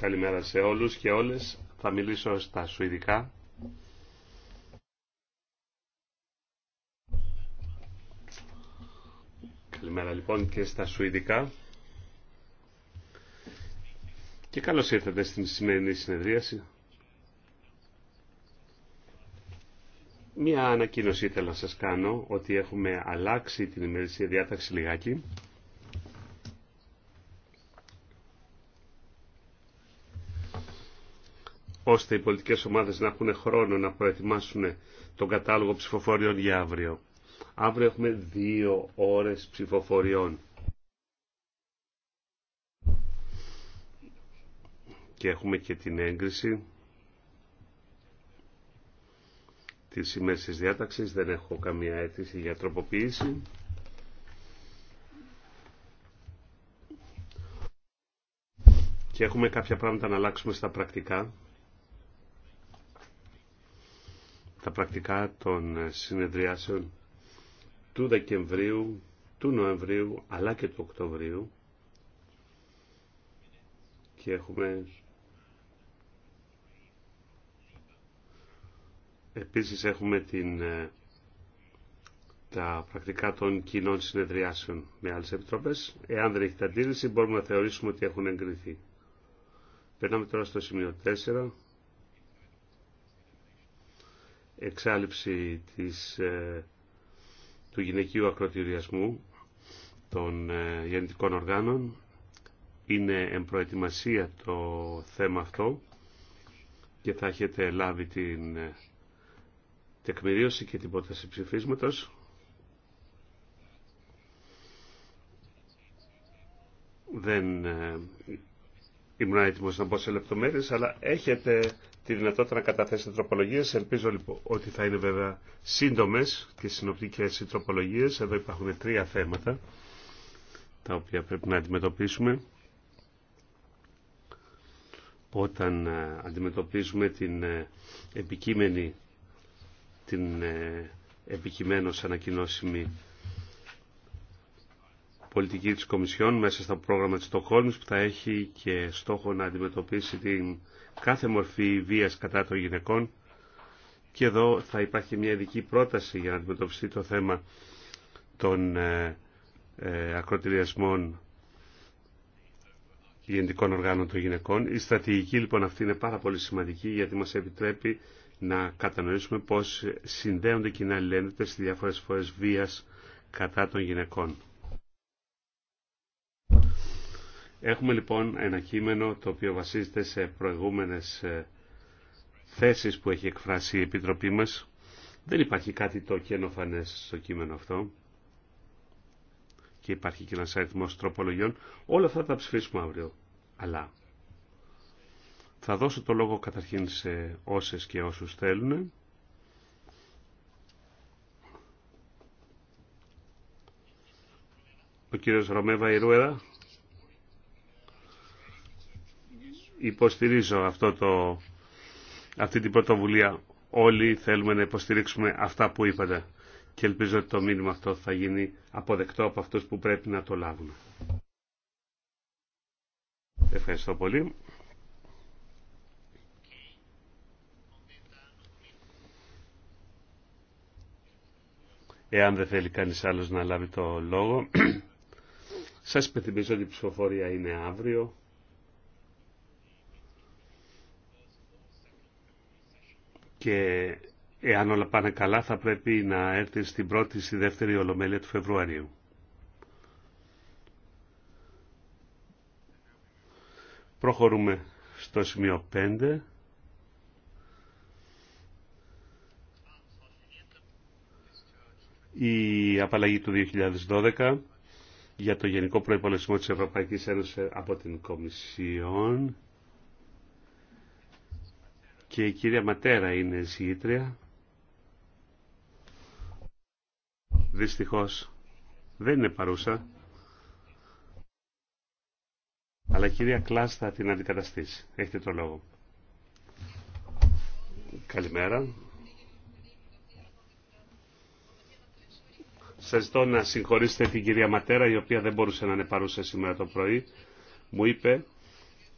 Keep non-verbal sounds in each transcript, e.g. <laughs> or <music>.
Καλημέρα σε όλους και όλες. Θα μιλήσω στα Σουηδικά. Καλημέρα λοιπόν και στα Σουηδικά. Και καλώς ήρθατε στην σημερινή συνεδρίαση. Μία ανακοίνωση ήθελα να σας κάνω ότι έχουμε αλλάξει την ημερήσια διάταξη λιγάκι. ώστε οι πολιτικές ομάδες να έχουν χρόνο να προετοιμάσουν τον κατάλογο ψηφοφοριών για αύριο. Αύριο έχουμε δύο ώρες ψηφοφοριών. Και έχουμε και την έγκριση της τη διάταξης. Δεν έχω καμία αίτηση για τροποποίηση. Και έχουμε κάποια πράγματα να αλλάξουμε στα πρακτικά. τα πρακτικά των ε, συνεδριάσεων του Δεκεμβρίου, του Νοεμβρίου αλλά και του Οκτωβρίου και έχουμε επίσης έχουμε την, ε, τα πρακτικά των κοινών συνεδριάσεων με άλλες επιτροπές. Εάν δεν έχετε αντίληση μπορούμε να θεωρήσουμε ότι έχουν εγκριθεί. Περνάμε τώρα στο σημείο 4 εξάλληψη της, ε, του γυναικείου ακροτηριασμού των ε, γεννητικών οργάνων. Είναι εμπροετοιμασία το θέμα αυτό και θα έχετε λάβει την ε, τεκμηρίωση και την πρόταση ψηφίσματος. Δεν ήμουν έτοιμος να μπω σε λεπτομέρειες, αλλά έχετε τη δυνατότητα να καταθέσετε τροπολογίες. Ελπίζω λοιπόν ότι θα είναι βέβαια σύντομε και συνοπτικέ οι τροπολογίες. Εδώ υπάρχουν τρία θέματα τα οποία πρέπει να αντιμετωπίσουμε όταν ε, αντιμετωπίζουμε την ε, επικείμενη την ε, επικειμένως ανακοινώσιμη πολιτική της Κομισιόν μέσα στο πρόγραμμα της Στοχόλμης που θα έχει και στόχο να αντιμετωπίσει την κάθε μορφή βίας κατά των γυναικών και εδώ θα υπάρχει μια ειδική πρόταση για να αντιμετωπιστεί το θέμα των ε, ε, ακροτηριασμών γενικών οργάνων των γυναικών. Η στρατηγική λοιπόν αυτή είναι πάρα πολύ σημαντική γιατί μας επιτρέπει να κατανοήσουμε πώς συνδέονται και να λένετε στις διάφορες φορές βίας κατά των γυναικών. Έχουμε λοιπόν ένα κείμενο το οποίο βασίζεται σε προηγούμενες ε, θέσεις που έχει εκφράσει η Επιτροπή μας. Δεν υπάρχει κάτι το καινοφανές στο κείμενο αυτό και υπάρχει και ένας αριθμός τροπολογιών. Όλα αυτά τα ψηφίσουμε αύριο. Αλλά θα δώσω το λόγο καταρχήν σε όσες και όσους θέλουν. Ο κύριος Ρωμέβα Ιρούερα. υποστηρίζω αυτό το, αυτή την πρωτοβουλία. Όλοι θέλουμε να υποστηρίξουμε αυτά που είπατε και ελπίζω ότι το μήνυμα αυτό θα γίνει αποδεκτό από αυτούς που πρέπει να το λάβουν. Ευχαριστώ πολύ. Εάν δεν θέλει κανείς άλλος να λάβει το λόγο, <clears throat> σας υπενθυμίζω ότι η ψηφοφορία είναι αύριο. και εάν όλα πάνε καλά θα πρέπει να έρθει στην πρώτη, στη δεύτερη ολομέλεια του Φεβρουαρίου. Προχωρούμε στο σημείο 5. Η απαλλαγή του 2012 για το Γενικό Προϋπολογισμό της Ευρωπαϊκής Ένωσης από την Κομισιόν και η κυρία Ματέρα είναι συγγήτρια. Δυστυχώς δεν είναι παρούσα. Αλλά η κυρία Κλάς θα την αντικαταστήσει. Έχετε το λόγο. Καλημέρα. Σας ζητώ να συγχωρήσετε την κυρία Ματέρα, η οποία δεν μπορούσε να είναι παρούσα σήμερα το πρωί. Μου είπε,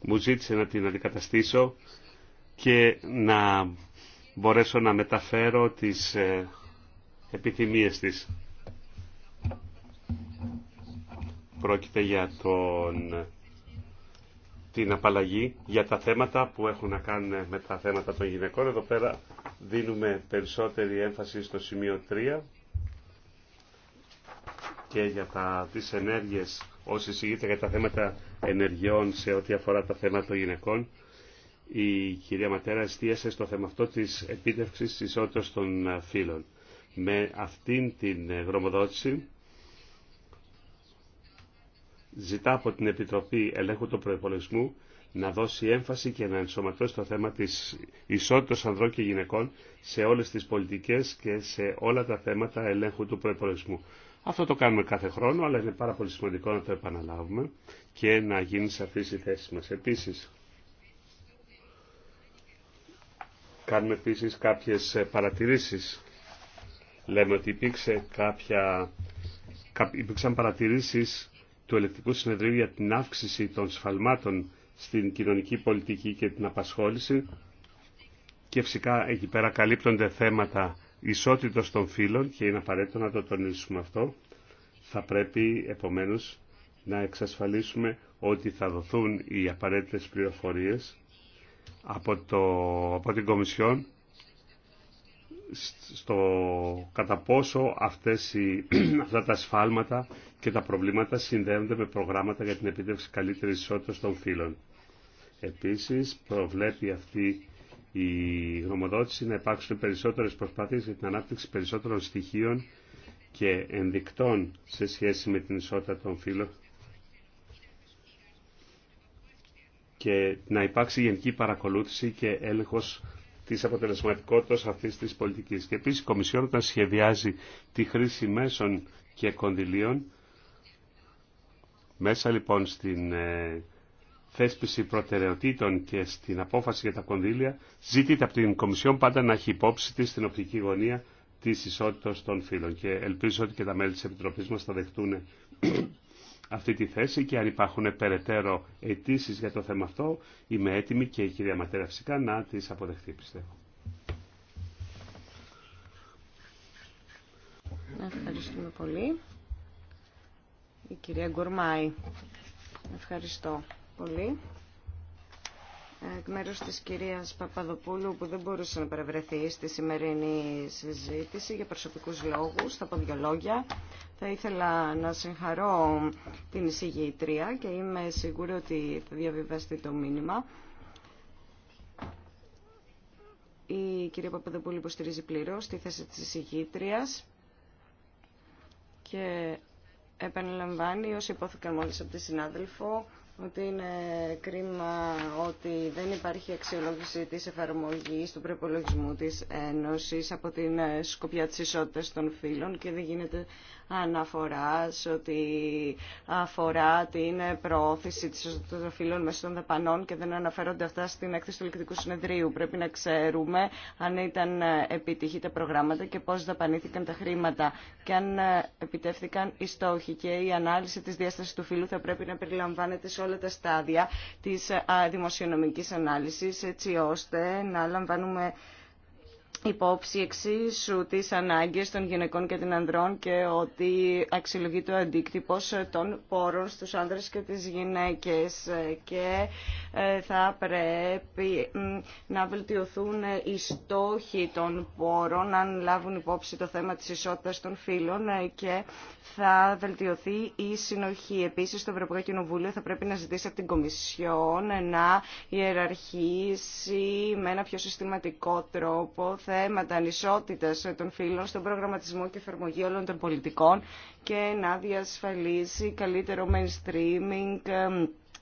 μου ζήτησε να την αντικαταστήσω και να μπορέσω να μεταφέρω τις ε, επιθυμίες της. Πρόκειται για τον, την απαλλαγή για τα θέματα που έχουν να κάνουν με τα θέματα των γυναικών. Εδώ πέρα δίνουμε περισσότερη έμφαση στο σημείο 3 και για τα, τις ενέργειες όσοι συγγείται για τα θέματα ενεργειών σε ό,τι αφορά τα θέματα των γυναικών η κυρία Ματέρα εστίασε στο θέμα αυτό της επίτευξης της ισότητας των ε, φύλων. Με αυτήν την ε, γρομοδότηση ζητά από την Επιτροπή Ελέγχου του Προϋπολογισμού να δώσει έμφαση και να ενσωματώσει το θέμα της ισότητας ανδρών και γυναικών σε όλες τις πολιτικές και σε όλα τα θέματα ελέγχου του προϋπολογισμού. Αυτό το κάνουμε κάθε χρόνο, αλλά είναι πάρα πολύ σημαντικό να το επαναλάβουμε και να γίνει σαφής η θέση μας. Κάνουμε επίσης κάποιες ε, παρατηρήσεις. Λέμε ότι υπήρξε κάποια, υπήρξαν παρατηρήσεις του ελεκτικού συνεδρίου για την αύξηση των σφαλμάτων στην κοινωνική πολιτική και την απασχόληση και φυσικά εκεί πέρα καλύπτονται θέματα ισότητος των φύλων και είναι απαραίτητο να το τονίσουμε αυτό. Θα πρέπει επομένως να εξασφαλίσουμε ότι θα δοθούν οι απαραίτητες πληροφορίες από, το, από την Κομισιόν στο κατά πόσο αυτές οι, <clears throat> αυτά τα σφάλματα και τα προβλήματα συνδέονται με προγράμματα για την επίτευξη καλύτερης ισότητας των φύλων. Επίσης, προβλέπει αυτή η γνωμοδότηση να υπάρξουν περισσότερες προσπάθειες για την ανάπτυξη περισσότερων στοιχείων και ενδεικτών σε σχέση με την ισότητα των φύλων και να υπάρξει γενική παρακολούθηση και έλεγχος της αποτελεσματικότητας αυτής της πολιτικής. Και επίσης η Κομισιόν όταν σχεδιάζει τη χρήση μέσων και κονδυλίων, μέσα λοιπόν στην ε, θέσπιση προτεραιοτήτων και στην απόφαση για τα κονδύλια, ζητείται από την Κομισιόν πάντα να έχει υπόψη της στην οπτική γωνία της ισότητας των φύλων. Και ελπίζω ότι και τα μέλη της Επιτροπής μας θα δεχτούν αυτή τη θέση και αν υπάρχουν περαιτέρω αιτήσει για το θέμα αυτό, είμαι έτοιμη και η κυρία Ματέρα φυσικά να τι αποδεχτεί, πιστεύω. Ευχαριστούμε πολύ. Η κυρία Γκουρμάη. Ευχαριστώ πολύ. Εκ μέρου τη κυρία Παπαδοπούλου, που δεν μπορούσε να παρευρεθεί στη σημερινή συζήτηση για προσωπικού λόγου, θα πω δύο λόγια. Θα ήθελα να συγχαρώ την εισηγήτρια και είμαι σίγουρη ότι θα διαβιβαστεί το μήνυμα. Η κυρία Παπαδοπούλη υποστηρίζει πλήρως τη θέση της εισηγήτριας και επαναλαμβάνει όσοι υπόθηκαν μόλις από τη συνάδελφο ότι είναι κρίμα ότι δεν υπάρχει αξιολόγηση της εφαρμογής του προπολογισμού της Ένωσης από την σκοπιά της ισότητας των φύλων και δεν γίνεται αναφοράς, ότι αφορά την προώθηση της ισοτροφιλών μέσω των δαπανών και δεν αναφέρονται αυτά στην έκθεση του λεκτικού Συνεδρίου. Πρέπει να ξέρουμε αν ήταν επιτυχή τα προγράμματα και πώς δαπανήθηκαν τα χρήματα και αν επιτεύθηκαν οι στόχοι και η ανάλυση της διάστασης του φύλου θα πρέπει να περιλαμβάνεται σε όλα τα στάδια της δημοσιονομικής ανάλυσης έτσι ώστε να λαμβάνουμε υπόψη εξίσου τις ανάγκες των γυναικών και των ανδρών και ότι αξιολογεί το αντίκτυπος των πόρων στους άνδρες και τις γυναίκες και ε, θα πρέπει να βελτιωθούν οι στόχοι των πόρων αν λάβουν υπόψη το θέμα της ισότητας των φύλων ε, και θα βελτιωθεί η συνοχή. Επίσης το Ευρωπαϊκό Κοινοβούλιο θα πρέπει να ζητήσει από την Κομισιόν να ιεραρχήσει με ένα πιο συστηματικό τρόπο θέματα ανισότητα των φύλων στον προγραμματισμό και εφαρμογή όλων των πολιτικών και να διασφαλίσει καλύτερο mainstreaming ε,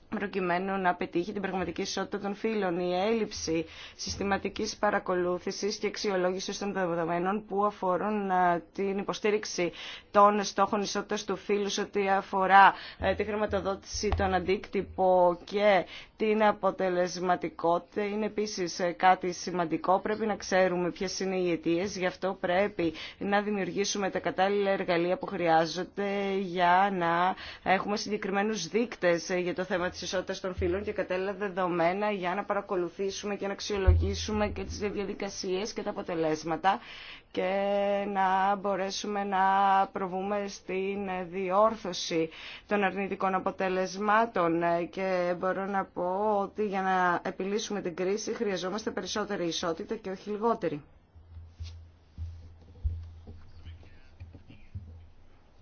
προκειμένου να πετύχει την πραγματική ισότητα των φύλων. Η έλλειψη συστηματικής παρακολούθησης και αξιολόγηση των δεδομένων που αφορούν ε, την υποστήριξη των στόχων ισότητα του φύλου σε ό,τι αφορά ε, τη χρηματοδότηση, τον αντίκτυπο και την αποτελεσματικότητα είναι επίσης ε, κάτι σημαντικό. Πρέπει να ξέρουμε ποιες είναι οι αιτίες, γι' αυτό πρέπει να δημιουργήσουμε τα κατάλληλα εργαλεία που χρειάζονται για να έχουμε συγκεκριμένους δείκτες ε, για το θέμα της ισότητας των φύλων και κατάλληλα δεδομένα για να παρακολουθήσουμε και να αξιολογήσουμε και τις διαδικασίες και τα αποτελέσματα και να μπορέσουμε να προβούμε στην διόρθωση των αρνητικών αποτελεσμάτων και μπορώ να πω ότι για να επιλύσουμε την κρίση χρειαζόμαστε περισσότερη ισότητα και όχι λιγότερη.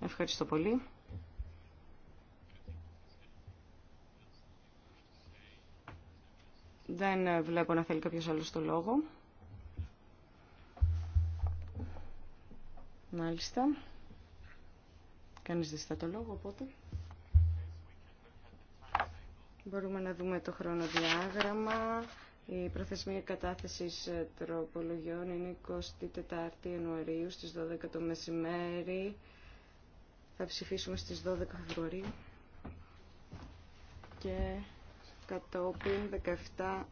Ευχαριστώ πολύ. Δεν βλέπω να θέλει κάποιος άλλος το λόγο. Μάλιστα. Κανείς δεν το λόγο, οπότε. Μπορούμε να δούμε το χρονοδιάγραμμα. Η προθεσμία κατάθεσης ε, τροπολογιών είναι 24 24η Ιανουαρίου στις 12 το μεσημέρι. Θα ψηφίσουμε στις 12 Φεβρουαρίου. Και κατόπιν 17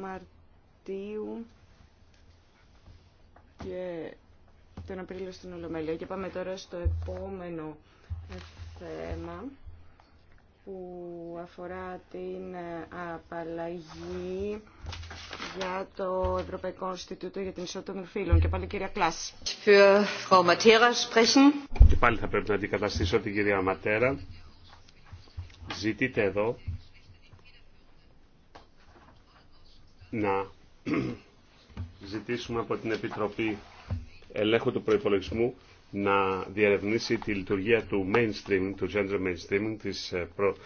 Μαρτίου και τον Απρίλιο στην Ολομέλεια. Και πάμε τώρα στο επόμενο θέμα που αφορά την απαλλαγή για το Ευρωπαϊκό Ινστιτούτο για την Ισότητα των Φύλων. Και πάλι κυρία Κλάς. Και πάλι θα πρέπει να αντικαταστήσω την κυρία Ματέρα. Ζητείτε εδώ να <clears throat> ζητήσουμε από την Επιτροπή ελέγχου του προϋπολογισμού να διερευνήσει τη λειτουργία του mainstream, του gender mainstream, της, ε, προ,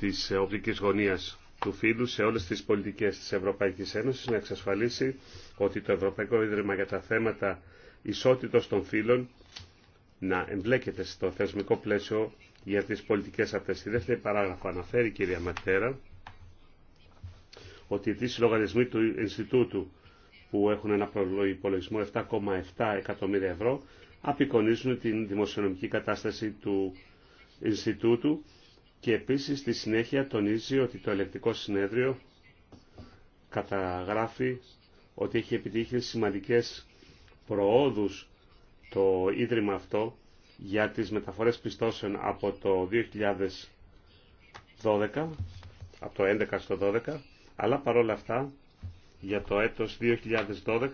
της ε, οπτικής γωνίας του φύλου σε όλες τις πολιτικές της Ευρωπαϊκής Ένωσης, να εξασφαλίσει ότι το Ευρωπαϊκό Ίδρυμα για τα θέματα ισότητος των φύλων να εμπλέκεται στο θεσμικό πλαίσιο για τις πολιτικές αυτές. Στη δεύτερη παράγραφο αναφέρει η κυρία Ματέρα ότι οι τρεις λογαριασμοί του Ινστιτούτου που έχουν ένα υπολογισμό 7,7 εκατομμύρια ευρώ απεικονίζουν την δημοσιονομική κατάσταση του Ινστιτούτου και επίσης στη συνέχεια τονίζει ότι το ελεκτικό συνέδριο καταγράφει ότι έχει επιτύχει σημαντικές προόδους το Ίδρυμα αυτό για τις μεταφορές πιστώσεων από το 2012, από το 2011 στο 2012, αλλά παρόλα αυτά για το έτος 2012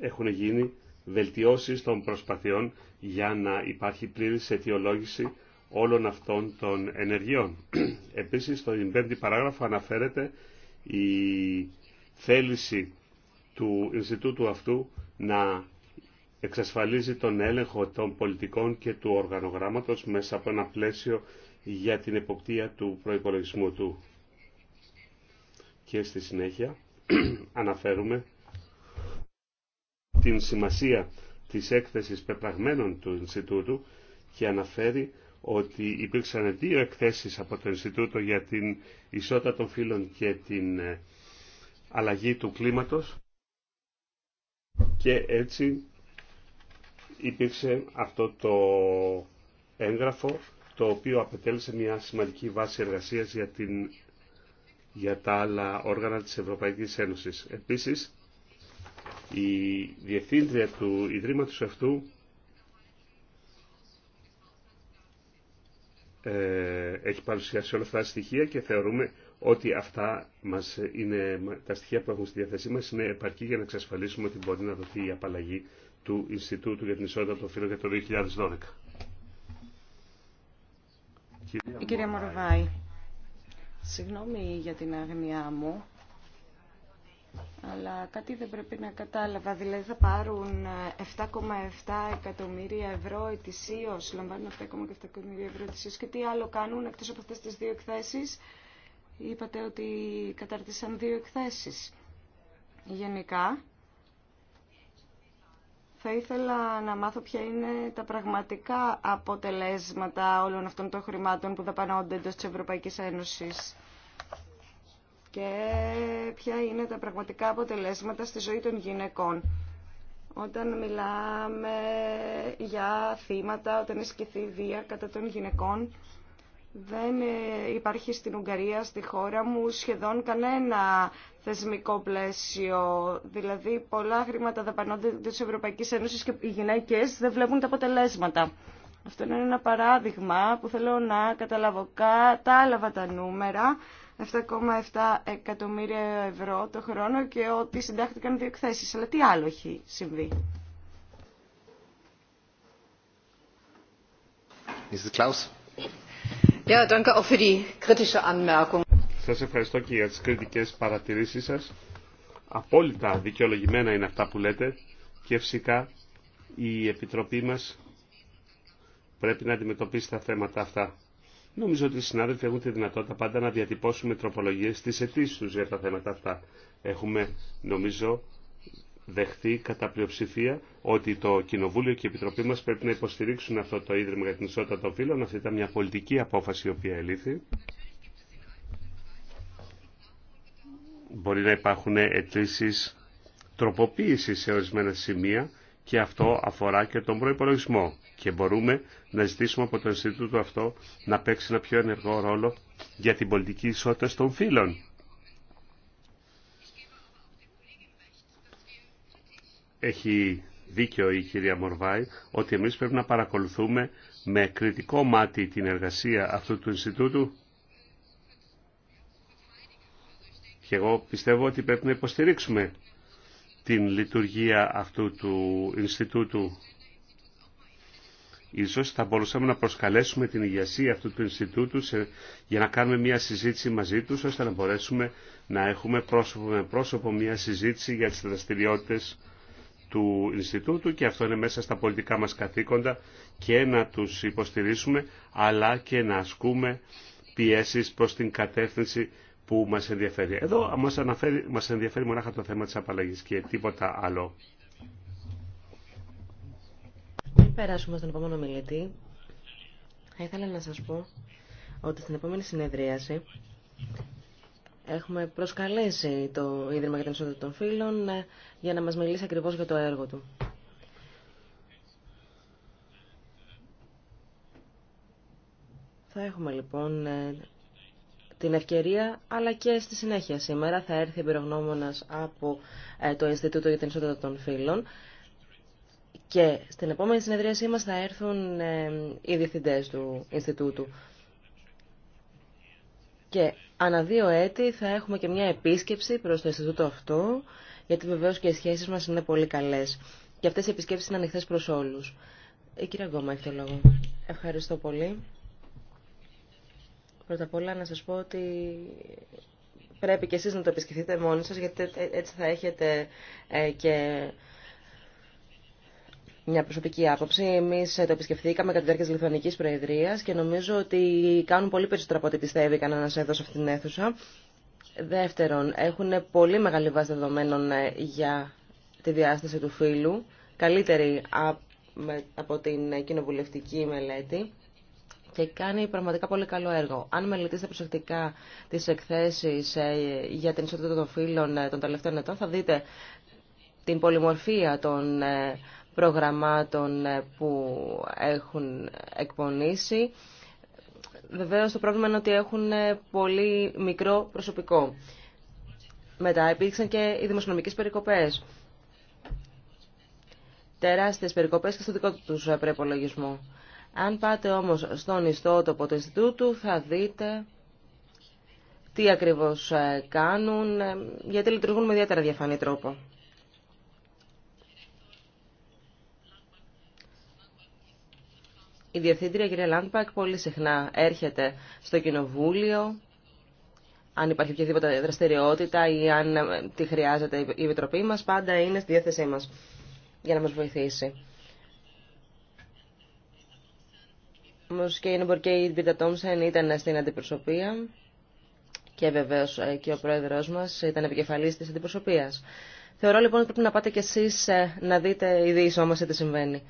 έχουν γίνει βελτιώσεις των προσπαθειών για να υπάρχει πλήρης αιτιολόγηση όλων αυτών των ενεργειών. <clears throat> Επίσης, 5η παράγραφο αναφέρεται η παράγραφο αναφέρεται η θέληση του Ινστιτούτου αυτού να εξασφαλίζει τον έλεγχο των πολιτικών και του οργανογράμματος μέσα από ένα πλαίσιο για την εποπτεία του προϋπολογισμού του και στη συνέχεια <clears throat> αναφέρουμε την σημασία της έκθεσης πεπραγμένων του Ινστιτούτου και αναφέρει ότι υπήρξαν δύο εκθέσεις από το Ινστιτούτο για την ισότητα των φύλων και την ε, αλλαγή του κλίματος και έτσι υπήρξε αυτό το έγγραφο το οποίο αποτέλεσε μια σημαντική βάση εργασίας για την για τα άλλα όργανα της Ευρωπαϊκής Ένωσης. Επίσης, η διευθύντρια του Ιδρύματος αυτού ε, έχει παρουσιάσει όλα αυτά τα στοιχεία και θεωρούμε ότι αυτά μας είναι, τα στοιχεία που έχουν στη διάθεσή μας είναι επαρκή για να εξασφαλίσουμε ότι μπορεί να δοθεί η απαλλαγή του Ινστιτούτου για την Ισότητα των Φύλων για το 2012. Η κυρία Συγγνώμη για την αγνοιά μου, αλλά κάτι δεν πρέπει να κατάλαβα. Δηλαδή θα πάρουν 7,7 ε, εκατομμύρια ευρώ ετησίως, λαμβάνουν 7,7 εκατομμύρια ευρώ ετησίως και τι άλλο κάνουν εκτός από αυτές τις δύο εκθέσεις. Είπατε ότι καταρτίσαν δύο εκθέσεις. Γενικά, θα ήθελα να μάθω ποια είναι τα πραγματικά αποτελέσματα όλων αυτών των χρημάτων που δαπανώνται εντός της Ευρωπαϊκής Ένωσης και ποια είναι τα πραγματικά αποτελέσματα στη ζωή των γυναικών. Όταν μιλάμε για θύματα, όταν ασκηθεί βία κατά των γυναικών, δεν ε, υπάρχει στην Ουγγαρία, στη χώρα μου, σχεδόν κανένα θεσμικό πλαίσιο. Δηλαδή, πολλά χρήματα δαπανώνται τη Ευρωπαϊκή Ένωση και οι γυναίκε δεν βλέπουν τα αποτελέσματα. Αυτό είναι ένα παράδειγμα που θέλω να καταλάβω. Κατάλαβα τα νούμερα, 7,7 εκατομμύρια ευρώ το χρόνο και ότι συντάχθηκαν δύο εκθέσει. Αλλά τι άλλο έχει συμβεί. Σα danke ευχαριστώ και για τις κριτικές παρατηρήσεις σας. Απόλυτα δικαιολογημένα είναι αυτά που λέτε και φυσικά η Επιτροπή μας πρέπει να αντιμετωπίσει τα θέματα αυτά. Νομίζω ότι οι συνάδελφοι έχουν τη δυνατότητα πάντα να διατυπώσουμε τροπολογίες στις αιτήσεις τους για τα θέματα αυτά. Έχουμε, νομίζω, δεχτεί κατά πλειοψηφία ότι το Κοινοβούλιο και η Επιτροπή μας πρέπει να υποστηρίξουν αυτό το Ίδρυμα για την Ισότητα των Φύλων. Αυτή ήταν μια πολιτική απόφαση η οποία ελήφθη. Μπορεί να υπάρχουν αιτήσει τροποποίηση σε ορισμένα σημεία και αυτό αφορά και τον προϋπολογισμό και μπορούμε να ζητήσουμε από το Ινστιτούτο αυτό να παίξει ένα πιο ενεργό ρόλο για την πολιτική ισότητα των φύλων. έχει δίκιο η κυρία Μορβάη ότι εμείς πρέπει να παρακολουθούμε με κριτικό μάτι την εργασία αυτού του Ινστιτούτου και εγώ πιστεύω ότι πρέπει να υποστηρίξουμε την λειτουργία αυτού του Ινστιτούτου. Ίσως θα μπορούσαμε να προσκαλέσουμε την ηγεσία αυτού του Ινστιτούτου για να κάνουμε μια συζήτηση μαζί τους, ώστε να μπορέσουμε να έχουμε πρόσωπο με πρόσωπο μια συζήτηση για τις δραστηριότητες του Ινστιτούτου και αυτό είναι μέσα στα πολιτικά μας καθήκοντα και να τους υποστηρίσουμε αλλά και να ασκούμε πιέσεις προς την κατεύθυνση που μας ενδιαφέρει. Εδώ μας, αναφέρει, μας ενδιαφέρει μονάχα το θέμα της απαλλαγής και τίποτα άλλο. Πριν περάσουμε στον επόμενο μιλητή, θα ήθελα να σας πω ότι στην επόμενη συνεδρίαση Έχουμε προσκαλέσει το Ίδρυμα για την Ισότητα των φίλων ε, για να μας μιλήσει ακριβώς για το έργο του. Θα έχουμε λοιπόν ε, την ευκαιρία, αλλά και στη συνέχεια σήμερα θα έρθει εμπειρογνώμονας από ε, το Ινστιτούτο για την Ισότητα των φίλων και στην επόμενη συνεδρίασή μας θα έρθουν οι διευθυντές του Ινστιτούτου. Και ανά δύο έτη θα έχουμε και μια επίσκεψη προς το Ινστιτούτο αυτό, γιατί βεβαίως και οι σχέσεις μας είναι πολύ καλές. Και αυτές οι επισκέψεις είναι ανοιχτές προς όλους. Η ε, κυρία Γκόμα έχει το λόγο. Ευχαριστώ πολύ. Πρώτα απ' όλα να σας πω ότι πρέπει και εσείς να το επισκεφτείτε μόνοι σας, γιατί έτσι θα έχετε ε, και μια προσωπική άποψη. Εμεί ε, το επισκεφθήκαμε κατά τη διάρκεια τη Λιθουανική Προεδρία και νομίζω ότι κάνουν πολύ περισσότερο από ό,τι πιστεύει κανένα εδώ σε αυτήν την αίθουσα. Δεύτερον, έχουν πολύ μεγάλη βάση δεδομένων ε, για τη διάσταση του φύλου, καλύτερη από την κοινοβουλευτική μελέτη και κάνει πραγματικά πολύ καλό έργο. Αν μελετήσετε προσεκτικά τις εκθέσεις ε, για την ισότητα των φύλων των τελευταίων ετών, θα δείτε την πολυμορφία των προγραμμάτων ε, που έχουν εκπονήσει. βεβαίω το πρόβλημα είναι ότι έχουν ε, πολύ μικρό προσωπικό. Μετά υπήρξαν και οι δημοσιονομικές περικοπές. Τεράστιες περικοπές και στο δικό τους ε, προπολογισμό. Αν πάτε όμως στον ιστότοπο του Ινστιτούτου θα δείτε τι ακριβώς κάνουν, γιατί λειτουργούν με ιδιαίτερα διαφανή τρόπο. Η Διευθύντρια κυρία Λάντπακ πολύ συχνά έρχεται στο Κοινοβούλιο αν υπάρχει οποιαδήποτε δραστηριότητα ή αν ε, τη χρειάζεται η Επιτροπή μας, πάντα είναι στη διάθεσή μας για να μας βοηθήσει. Όμω και η Νομπορ η Τόμσεν ήταν στην αντιπροσωπεία και βεβαίω ε, και ο πρόεδρο μα ήταν επικεφαλής της αντιπροσωπείας. Θεωρώ λοιπόν ότι πρέπει να πάτε κι εσεί ε, να δείτε ειδήσει όμω τι συμβαίνει.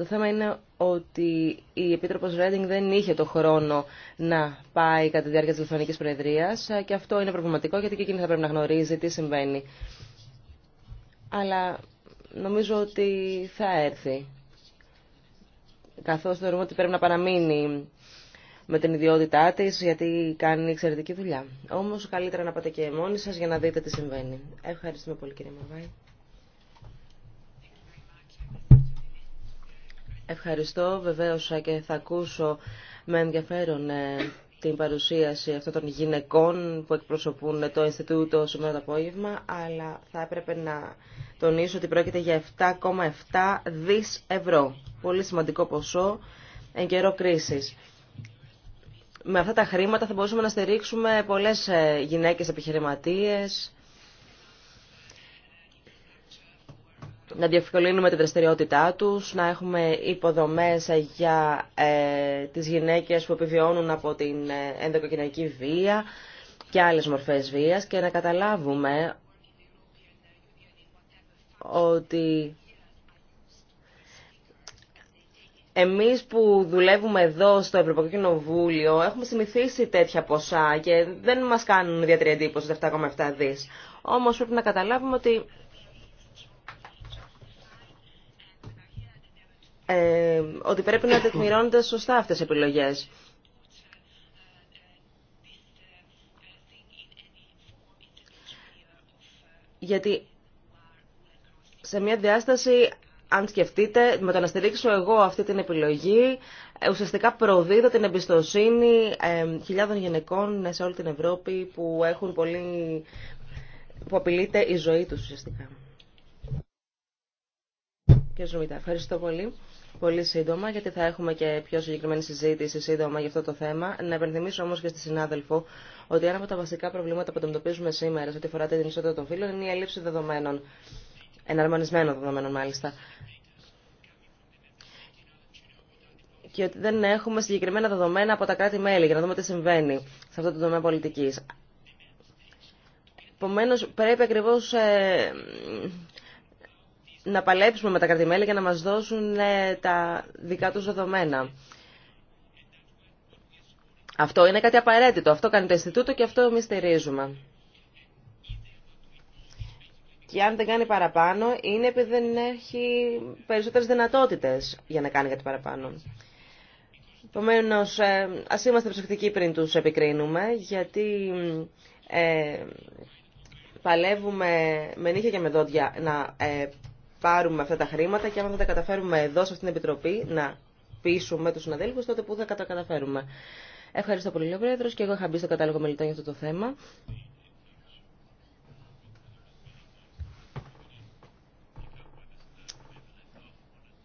Το θέμα είναι ότι η επίτροπο Ρέντινγκ δεν είχε το χρόνο να πάει κατά τη διάρκεια τη Λιθουανική Προεδρία και αυτό είναι προβληματικό γιατί και εκείνη θα πρέπει να γνωρίζει τι συμβαίνει. Αλλά νομίζω ότι θα έρθει. Καθώ θεωρούμε ότι πρέπει να παραμείνει με την ιδιότητά τη γιατί κάνει εξαιρετική δουλειά. Όμω καλύτερα να πάτε και μόνοι σα για να δείτε τι συμβαίνει. Ευχαριστούμε πολύ κύριε Μαβάη. Ευχαριστώ βεβαίως και θα ακούσω με ενδιαφέρον ε, την παρουσίαση αυτών των γυναικών που εκπροσωπούν το Ινστιτούτο σήμερα το απόγευμα, αλλά θα έπρεπε να τονίσω ότι πρόκειται για 7,7 δις ευρώ. Πολύ σημαντικό ποσό εν καιρό κρίσης. Με αυτά τα χρήματα θα μπορούσαμε να στηρίξουμε πολλές ε, γυναίκες επιχειρηματίες, να διευκολύνουμε την δραστηριότητά τους, να έχουμε υποδομές για ε, τις γυναίκες που επιβιώνουν από την ε, ενδοκοκοινωνική βία και άλλες μορφές βίας και να καταλάβουμε ότι εμείς που δουλεύουμε εδώ στο Ευρωπαϊκό Κοινοβούλιο έχουμε συνηθίσει τέτοια ποσά και δεν μας κάνουν ιδιαίτερη εντύπωση τα 7,7 δις. Όμως πρέπει να καταλάβουμε ότι Ε, ότι πρέπει να τεκμηρώνονται σωστά αυτές οι επιλογές. Γιατί σε μια διάσταση, αν σκεφτείτε, με το να στηρίξω εγώ αυτή την επιλογή, ε, ουσιαστικά προδίδω την εμπιστοσύνη ε, χιλιάδων γυναικών σε όλη την Ευρώπη που έχουν πολύ που απειλείται η ζωή τους ουσιαστικά. Κύριε ευχαριστώ πολύ πολύ σύντομα, γιατί θα έχουμε και πιο συγκεκριμένη συζήτηση σύντομα για αυτό το θέμα. Να επενθυμίσω όμω και στη συνάδελφο ότι ένα από τα βασικά προβλήματα που αντιμετωπίζουμε σήμερα σε ό,τι αφορά την ισότητα των φύλων είναι η έλλειψη δεδομένων. Εναρμονισμένων δεδομένων, μάλιστα. Και ότι δεν έχουμε συγκεκριμένα δεδομένα από τα κράτη-μέλη για να δούμε τι συμβαίνει σε αυτό το τομέα πολιτική. Επομένω, πρέπει ακριβώ ε, να παλέψουμε με τα κρατημέλη για να μας δώσουν ε, τα δικά τους δεδομένα. Αυτό είναι κάτι απαραίτητο. Αυτό κάνει το Ινστιτούτο και αυτό εμείς στηρίζουμε. Και αν δεν κάνει παραπάνω, είναι επειδή δεν έχει περισσότερες δυνατότητες για να κάνει κάτι παραπάνω. Επομένω, ε, α είμαστε προσεκτικοί πριν τους επικρίνουμε, γιατί ε, παλεύουμε με νύχια και με δόντια να ε, πάρουμε αυτά τα χρήματα και αν δεν τα καταφέρουμε εδώ σε αυτήν την Επιτροπή να πείσουμε τους συναδέλφους, τότε που θα τα καταφέρουμε. Ευχαριστώ πολύ, Πρόεδρο, και εγώ είχα μπει στο κατάλογο μελητών για αυτό το θέμα.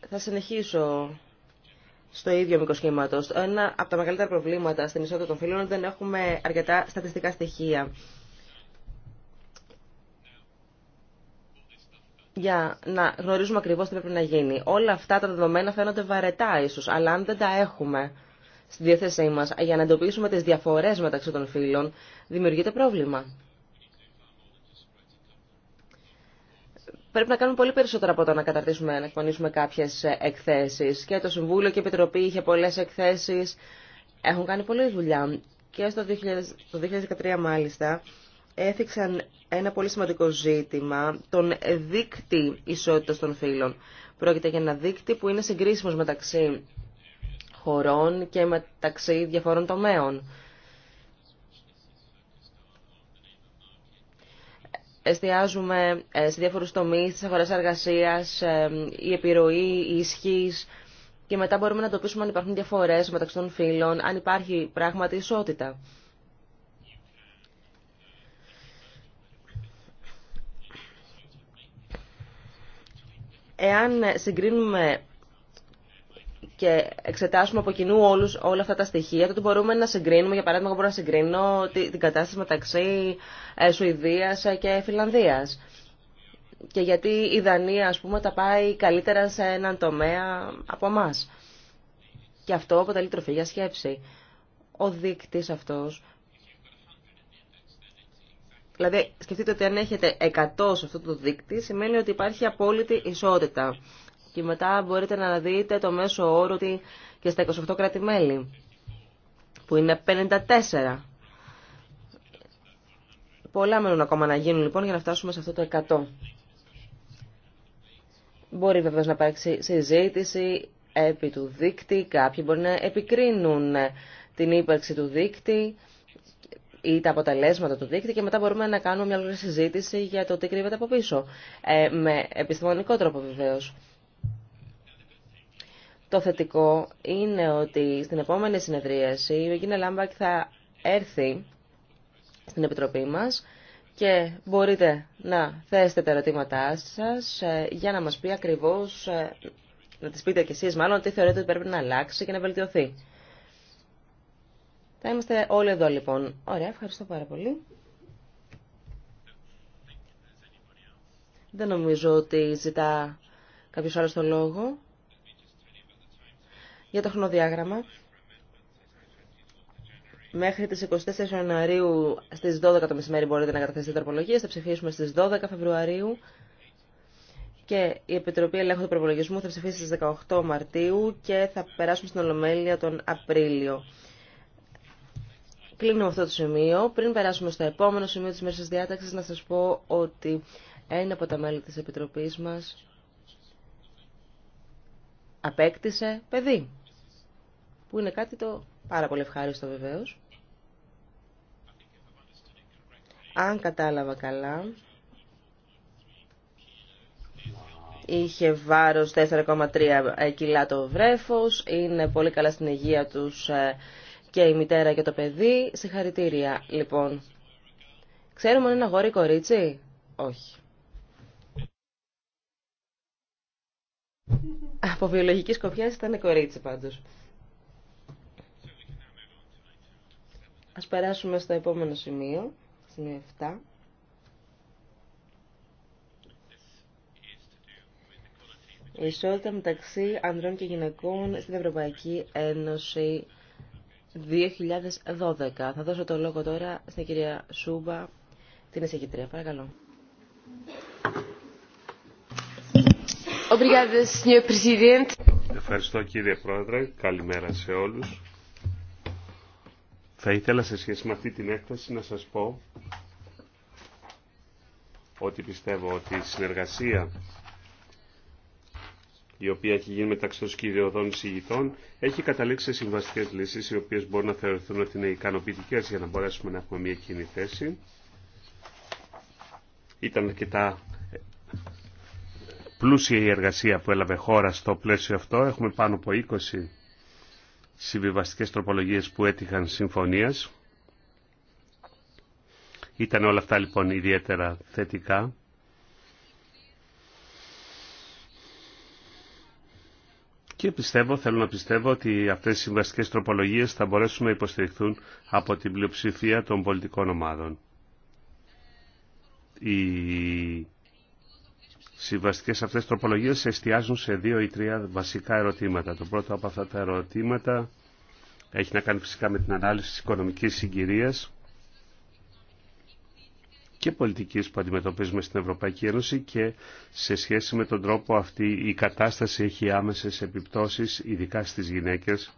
Θα συνεχίσω στο ίδιο μικροσχήματο. Ένα από τα μεγαλύτερα προβλήματα στην ισότητα των φίλων δεν έχουμε αρκετά στατιστικά στοιχεία. για να γνωρίζουμε ακριβώς τι πρέπει να γίνει. Όλα αυτά τα δεδομένα φαίνονται βαρετά ίσως, αλλά αν δεν τα έχουμε στη διάθεσή μας για να εντοπίσουμε τις διαφορές μεταξύ των φύλων, δημιουργείται πρόβλημα. Πρέπει να κάνουμε πολύ περισσότερα από το να καταρτήσουμε, να εκπονήσουμε κάποιες εκθέσεις. Και το Συμβούλιο και η Επιτροπή είχε πολλέ εκθέσει. Έχουν κάνει πολλή δουλειά. Και στο 2013 μάλιστα έθιξαν ένα πολύ σημαντικό ζήτημα, τον δίκτυ ισότητας των φύλων. Πρόκειται για ένα δίκτυ που είναι συγκρίσιμος μεταξύ χωρών και μεταξύ διαφορών τομέων. Εστιάζουμε ε, σε διάφορους τομείς της αγοράς εργασίας, ε, η επιρροή, η ισχύς και μετά μπορούμε να εντοπίσουμε αν υπάρχουν διαφορές μεταξύ των φύλων, αν υπάρχει πράγματι ισότητα. Εάν συγκρίνουμε και εξετάσουμε από κοινού όλους, όλα αυτά τα στοιχεία, τότε μπορούμε να συγκρίνουμε, για παράδειγμα, εγώ μπορώ να συγκρίνω την κατάσταση μεταξύ ε, Σουηδίας ε, και Φιλανδίας. Και γιατί η Δανία, ας πούμε, τα πάει καλύτερα σε έναν τομέα από εμά. Και αυτό αποτελεί τροφή για σκέψη. Ο δείκτης αυτός Δηλαδή, σκεφτείτε ότι αν έχετε 100 σε αυτό το δείκτη, σημαίνει ότι υπάρχει απόλυτη ισότητα. Και μετά μπορείτε να δείτε το μέσο όρο και στα 28 κράτη-μέλη, που είναι 54. Πολλά μένουν ακόμα να γίνουν λοιπόν για να φτάσουμε σε αυτό το 100. Μπορεί βεβαίω να υπάρξει συζήτηση επί του δείκτη, κάποιοι μπορεί να επικρίνουν την ύπαρξη του δείκτη ή τα αποτελέσματα του δείκτη και μετά μπορούμε να κάνουμε μια ολόκληρη συζήτηση για το τι κρύβεται από πίσω. Ε, με επιστημονικό τρόπο βεβαίω. Το θετικό είναι ότι στην επόμενη συνεδρίαση η Βεγίνα Λάμπακ θα έρθει στην Επιτροπή μας και μπορείτε να θέσετε τα ερωτήματά σας ε, για να μας πει ακριβώς, ε, να τις πείτε κι εσείς μάλλον, τι θεωρείτε ότι πρέπει να αλλάξει και να βελτιωθεί. Θα είμαστε όλοι εδώ λοιπόν. Ωραία, ευχαριστώ πάρα πολύ. Δεν νομίζω ότι ζητά κάποιο άλλο το λόγο. Για το χρονοδιάγραμμα. Μέχρι τις 24 Ιανουαρίου στις 12 το μεσημέρι μπορείτε να καταθέσετε τροπολογίες. Θα ψηφίσουμε στις 12 Φεβρουαρίου. Και η Επιτροπή Ελέγχου του Προπολογισμού θα ψηφίσει στις 18 Μαρτίου και θα περάσουμε στην Ολομέλεια τον Απρίλιο. Κλείνουμε αυτό το σημείο. Πριν περάσουμε στο επόμενο σημείο της μέρης διάταξης, να σας πω ότι ένα από τα μέλη της Επιτροπής μας απέκτησε παιδί, που είναι κάτι το πάρα πολύ ευχάριστο βεβαίως. Αν κατάλαβα καλά, είχε βάρος 4,3 κιλά το βρέφος, είναι πολύ καλά στην υγεία τους ε, και η μητέρα και το παιδί. Συγχαρητήρια, λοιπόν. Ξέρουμε αν είναι αγόρι κορίτσι. Όχι. Από βιολογική σκοπιά ήταν κορίτσι πάντως. Ας περάσουμε στο επόμενο σημείο, σημείο 7. Η ισότητα μεταξύ ανδρών και γυναικών στην Ευρωπαϊκή Ένωση 2012. Θα δώσω το λόγο τώρα στην κυρία Σούμπα, την εισηγητρία. Παρακαλώ. Ευχαριστώ κύριε Πρόεδρε. Καλημέρα σε όλους. Θα ήθελα σε σχέση με αυτή την έκθεση να σας πω ότι πιστεύω ότι η συνεργασία η οποία έχει γίνει μεταξύ των σκυριωδών συγητών, έχει καταλήξει σε συμβαστικέ λύσει, οι οποίε μπορούν να θεωρηθούν ότι είναι ικανοποιητικέ για να μπορέσουμε να έχουμε μια κοινή θέση. Ήταν αρκετά ε, πλούσια η εργασία που έλαβε χώρα στο πλαίσιο αυτό. Έχουμε πάνω από 20 συμβιβαστικές τροπολογίες που έτυχαν συμφωνίας. Ήταν όλα αυτά λοιπόν ιδιαίτερα θετικά Και πιστεύω, θέλω να πιστεύω ότι αυτές οι συμβαστικές τροπολογίες θα μπορέσουν να υποστηριχθούν από την πλειοψηφία των πολιτικών ομάδων. Οι συμβαστικές αυτές τροπολογίες εστιάζουν σε δύο ή τρία βασικά ερωτήματα. Το πρώτο από αυτά τα ερωτήματα έχει να κάνει φυσικά με την ανάλυση της οικονομικής συγκυρίας και πολιτικής που αντιμετωπίζουμε στην Ευρωπαϊκή Ένωση και σε σχέση με τον τρόπο αυτή η κατάσταση έχει άμεσες επιπτώσεις, ειδικά στις γυναίκες,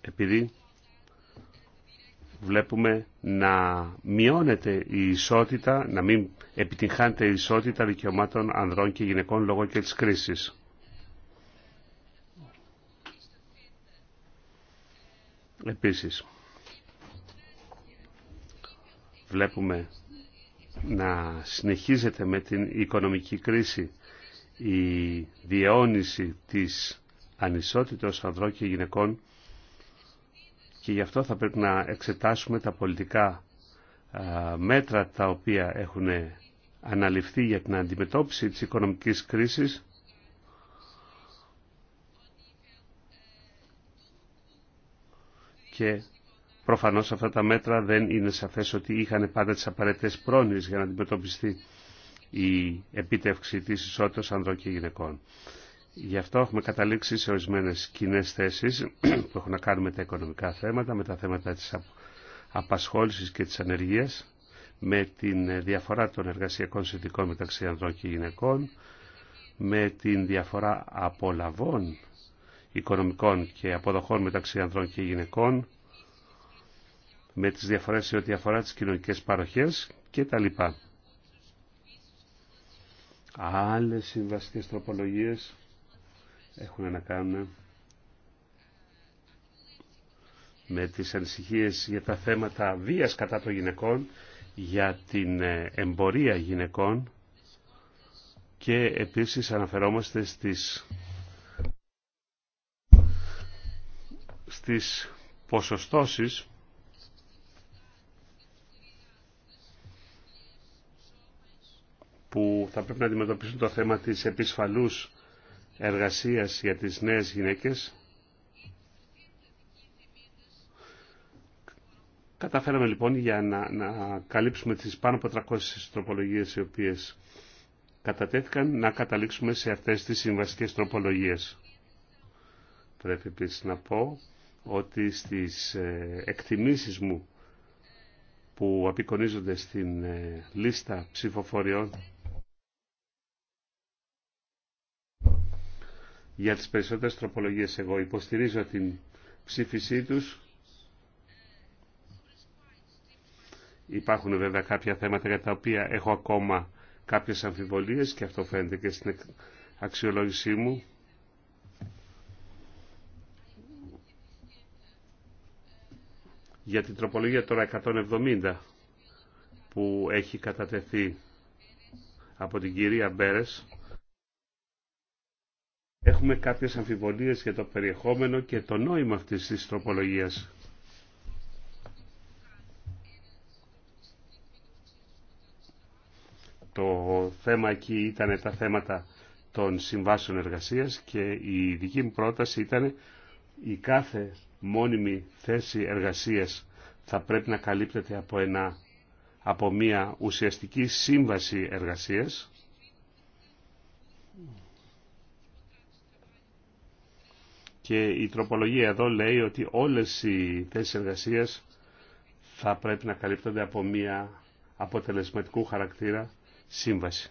επειδή βλέπουμε να μειώνεται η ισότητα, να μην επιτυγχάνεται η ισότητα δικαιωμάτων ανδρών και γυναικών λόγω και της κρίσης. Επίσης, βλέπουμε να συνεχίζεται με την οικονομική κρίση η διαιώνιση της ανισότητας ανδρών και γυναικών και γι' αυτό θα πρέπει να εξετάσουμε τα πολιτικά μέτρα τα οποία έχουν αναλυφθεί για την αντιμετώπιση της οικονομικής κρίσης και Προφανώς αυτά τα μέτρα δεν είναι σαφές ότι είχαν πάντα τις απαραίτητες πρόνοιες για να αντιμετωπιστεί η επίτευξη της ισότητας ανδρών και γυναικών. Γι' αυτό έχουμε καταλήξει σε ορισμένε κοινέ θέσεις που έχουν να κάνουν με τα οικονομικά θέματα, με τα θέματα της απασχόλησης και της ανεργίας, με την διαφορά των εργασιακών συνθηκών μεταξύ ανδρών και γυναικών, με την διαφορά απολαβών οικονομικών και αποδοχών μεταξύ ανδρών και γυναικών, με τις διαφορές σε ό,τι αφορά τις κοινωνικές παροχές και τα λοιπά. Άλλες συμβαστικές τροπολογίες έχουν να κάνουν με τις ανησυχίες για τα θέματα βίας κατά των γυναικών, για την ε, εμπορία γυναικών και επίσης αναφερόμαστε στις, στις ποσοστώσεις που θα πρέπει να αντιμετωπίσουν το θέμα της επισφαλούς εργασίας για τις νέες γυναίκες. Καταφέραμε λοιπόν για να, να καλύψουμε τις πάνω από 300 τροπολογίες οι οποίες κατατέθηκαν να καταλήξουμε σε αυτές τις συμβασικές τροπολογίες. Πρέπει επίσης να πω ότι στις ε, εκτιμήσεις μου που απεικονίζονται στην ε, λίστα ψηφοφοριών για τις περισσότερες τροπολογίες εγώ υποστηρίζω την ψήφισή τους. Υπάρχουν βέβαια κάποια θέματα για τα οποία έχω ακόμα κάποιες αμφιβολίες και αυτό φαίνεται και στην αξιολόγησή μου. Για την τροπολογία τώρα 170 που έχει κατατεθεί από την κυρία Μπέρες έχουμε κάποιες αμφιβολίες για το περιεχόμενο και το νόημα αυτής της τροπολογίας. Το θέμα εκεί ήταν τα θέματα των συμβάσεων εργασίας και η δική μου πρόταση ήταν η κάθε μόνιμη θέση εργασίας θα πρέπει να καλύπτεται από, ένα, από μια ουσιαστική σύμβαση εργασίας Και η τροπολογία εδώ λέει ότι όλες οι θέσεις εργασίας θα πρέπει να καλύπτονται από μια αποτελεσματικού χαρακτήρα σύμβαση.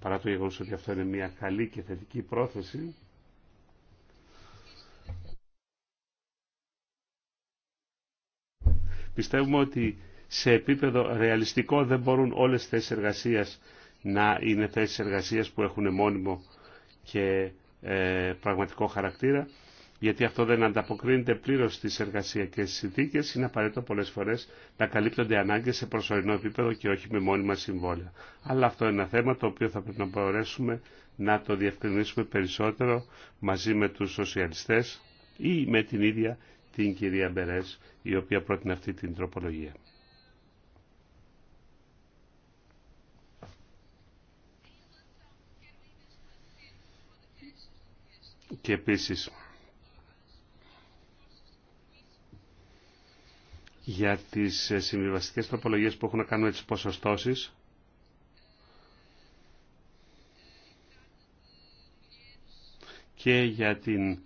Παρά το γεγονός ότι αυτό είναι μια καλή και θετική πρόθεση, πιστεύουμε ότι σε επίπεδο ρεαλιστικό δεν μπορούν όλες οι θέσεις εργασίας να είναι θέσεις εργασίας που έχουν μόνιμο και ε, πραγματικό χαρακτήρα, γιατί αυτό δεν ανταποκρίνεται πλήρως στις εργασιακές συνθήκες, είναι απαραίτητο πολλές φορές να καλύπτονται ανάγκες σε προσωρινό επίπεδο και όχι με μόνιμα συμβόλαια. Αλλά αυτό είναι ένα θέμα το οποίο θα πρέπει να μπορέσουμε να το διευκρινίσουμε περισσότερο μαζί με τους σοσιαλιστές ή με την ίδια την κυρία Μπερές, η οποία πρότεινε αυτή την τροπολογία. Και επίσης για τις ε, συμβιβαστικές τροπολογίες που έχουν να κάνουν τις ποσοστώσεις και για την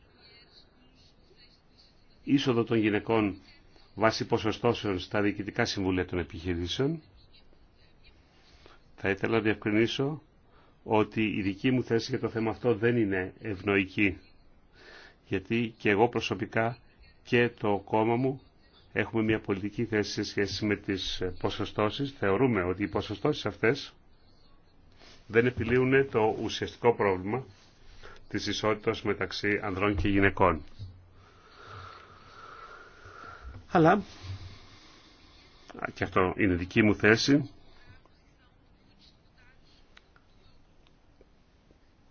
είσοδο των γυναικών βάσει ποσοστώσεων στα διοικητικά συμβούλια των επιχειρήσεων. Θα ήθελα να διευκρινίσω ότι η δική μου θέση για το θέμα αυτό δεν είναι ευνοϊκή. Γιατί και εγώ προσωπικά και το κόμμα μου έχουμε μια πολιτική θέση σε σχέση με τις ποσοστώσεις. Θεωρούμε ότι οι ποσοστώσεις αυτές δεν επιλύουν το ουσιαστικό πρόβλημα της ισότητας μεταξύ ανδρών και γυναικών. Αλλά, και αυτό είναι δική μου θέση,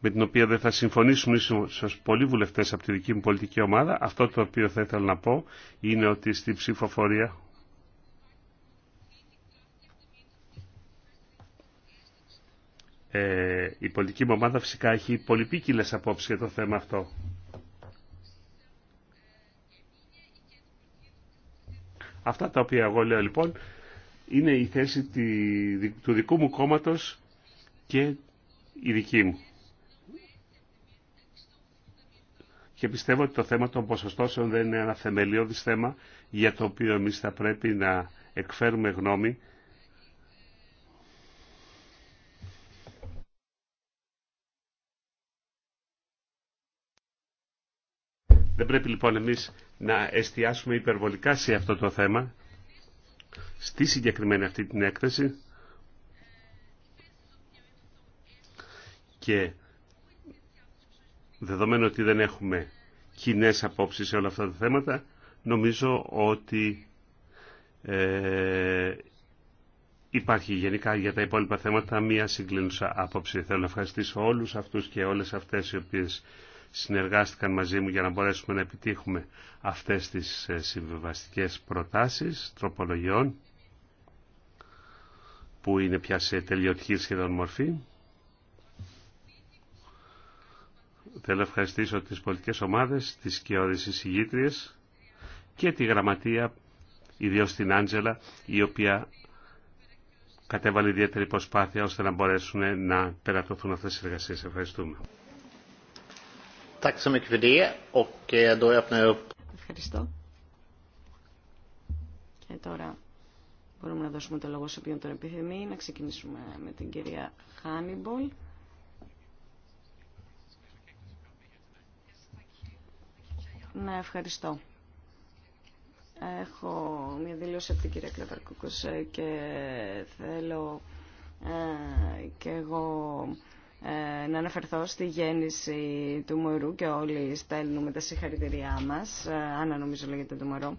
με την οποία δεν θα συμφωνήσουν ίσως πολλοί βουλευτές από τη δική μου πολιτική ομάδα. Αυτό το οποίο θα ήθελα να πω είναι ότι στη ψηφοφορία Ε, η πολιτική μου ομάδα φυσικά έχει πολυπίκυλες απόψεις για το θέμα αυτό. Αυτά τα οποία εγώ λέω λοιπόν είναι η θέση του δικού μου κόμματος και η δική μου. και πιστεύω ότι το θέμα των ποσοστώσεων δεν είναι ένα θεμελιώδης θέμα για το οποίο εμείς θα πρέπει να εκφέρουμε γνώμη Δεν πρέπει λοιπόν εμείς να εστιάσουμε υπερβολικά σε αυτό το θέμα, στη συγκεκριμένη αυτή την έκθεση και δεδομένου ότι δεν έχουμε κοινέ απόψεις σε όλα αυτά τα θέματα, νομίζω ότι ε, υπάρχει γενικά για τα υπόλοιπα θέματα μία συγκλίνουσα άποψη. Θέλω να ευχαριστήσω όλους αυτούς και όλες αυτές οι οποίες συνεργάστηκαν μαζί μου για να μπορέσουμε να επιτύχουμε αυτές τις ε, συμβιβαστικέ προτάσεις τροπολογιών που είναι πια σε τελειωτική σχεδόν μορφή. Θέλω να ευχαριστήσω τις πολιτικές ομάδες, τις σκιώδεις εισηγήτριες και τη γραμματεία, ιδιω την Άντζελα, η οποία κατέβαλε ιδιαίτερη προσπάθεια ώστε να μπορέσουν να περατωθούν αυτές τις εργασίες. Ευχαριστούμε. Eh, Ευχαριστώ. Και τώρα μπορούμε να δώσουμε το λόγο σε ποιον τον επιθυμεί. Να ξεκινήσουμε με την κυρία Χάνιμπολ. Ναι, ευχαριστώ. Έχω μια δήλωση από την κυρία ε, και θέλω ε, και εγώ ε, να αναφερθώ στη γέννηση του μωρού και όλοι στέλνουμε τα συγχαρητηριά μας, ε, Άννα νομίζω λέγεται το μωρό.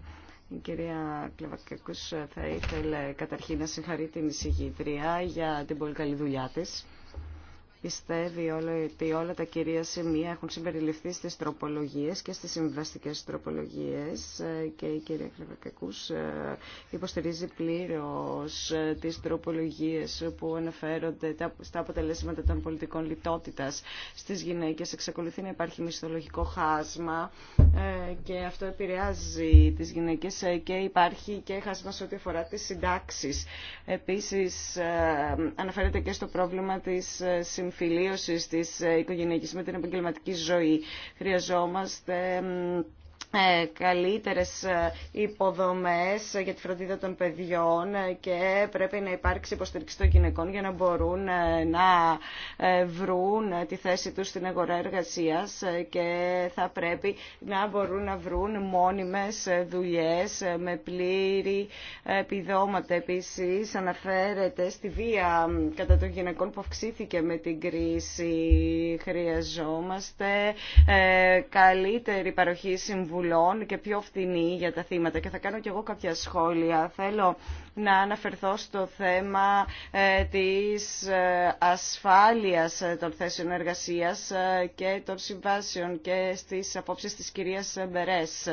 Η κυρία Κλαβακέκους θα ήθελε καταρχήν να συγχαρεί την εισηγήτρια για την πολύ καλή δουλειά της πιστεύει ότι όλα τα κυρία σημεία έχουν συμπεριληφθεί στις τροπολογίες και στις συμβαστικές τροπολογίες ε, και η κυρία Χρυβακάκους ε, υποστηρίζει πλήρως ε, τις τροπολογίες που αναφέρονται στα αποτελέσματα των πολιτικών λιτότητας στις γυναίκες. Εξακολουθεί να υπάρχει μισθολογικό χάσμα και αυτό επηρεάζει τις γυναίκες και υπάρχει και χάσμα σε ό,τι αφορά τις συντάξεις. Επίσης αναφέρεται και στο πρόβλημα της Φιλίωσης της ε, οικογενειακής με την επαγγελματική ζωή. Χρειαζόμαστε ε, καλύτερες ε, υποδομές για τη φροντίδα των παιδιών ε, και πρέπει να υπάρξει υποστήριξη των γυναικών για να μπορούν να βρουν τη θέση τους στην αγορά εργασίας και θα πρέπει να μπορούν να βρουν μόνιμες δουλειές με πλήρη επιδόματα. Επίσης αναφέρεται στη βία κατά των γυναικών που αυξήθηκε με την κρίση. Χρειαζόμαστε καλύτερη παροχή συμβουλή και πιο φθηνή για τα θύματα. Και θα κάνω και εγώ κάποια σχόλια. Θέλω να αναφερθώ στο θέμα ε, της ε, ασφάλειας ε, των θέσεων εργασίας και των συμβάσεων και στις απόψεις της κυρίας Μπερές.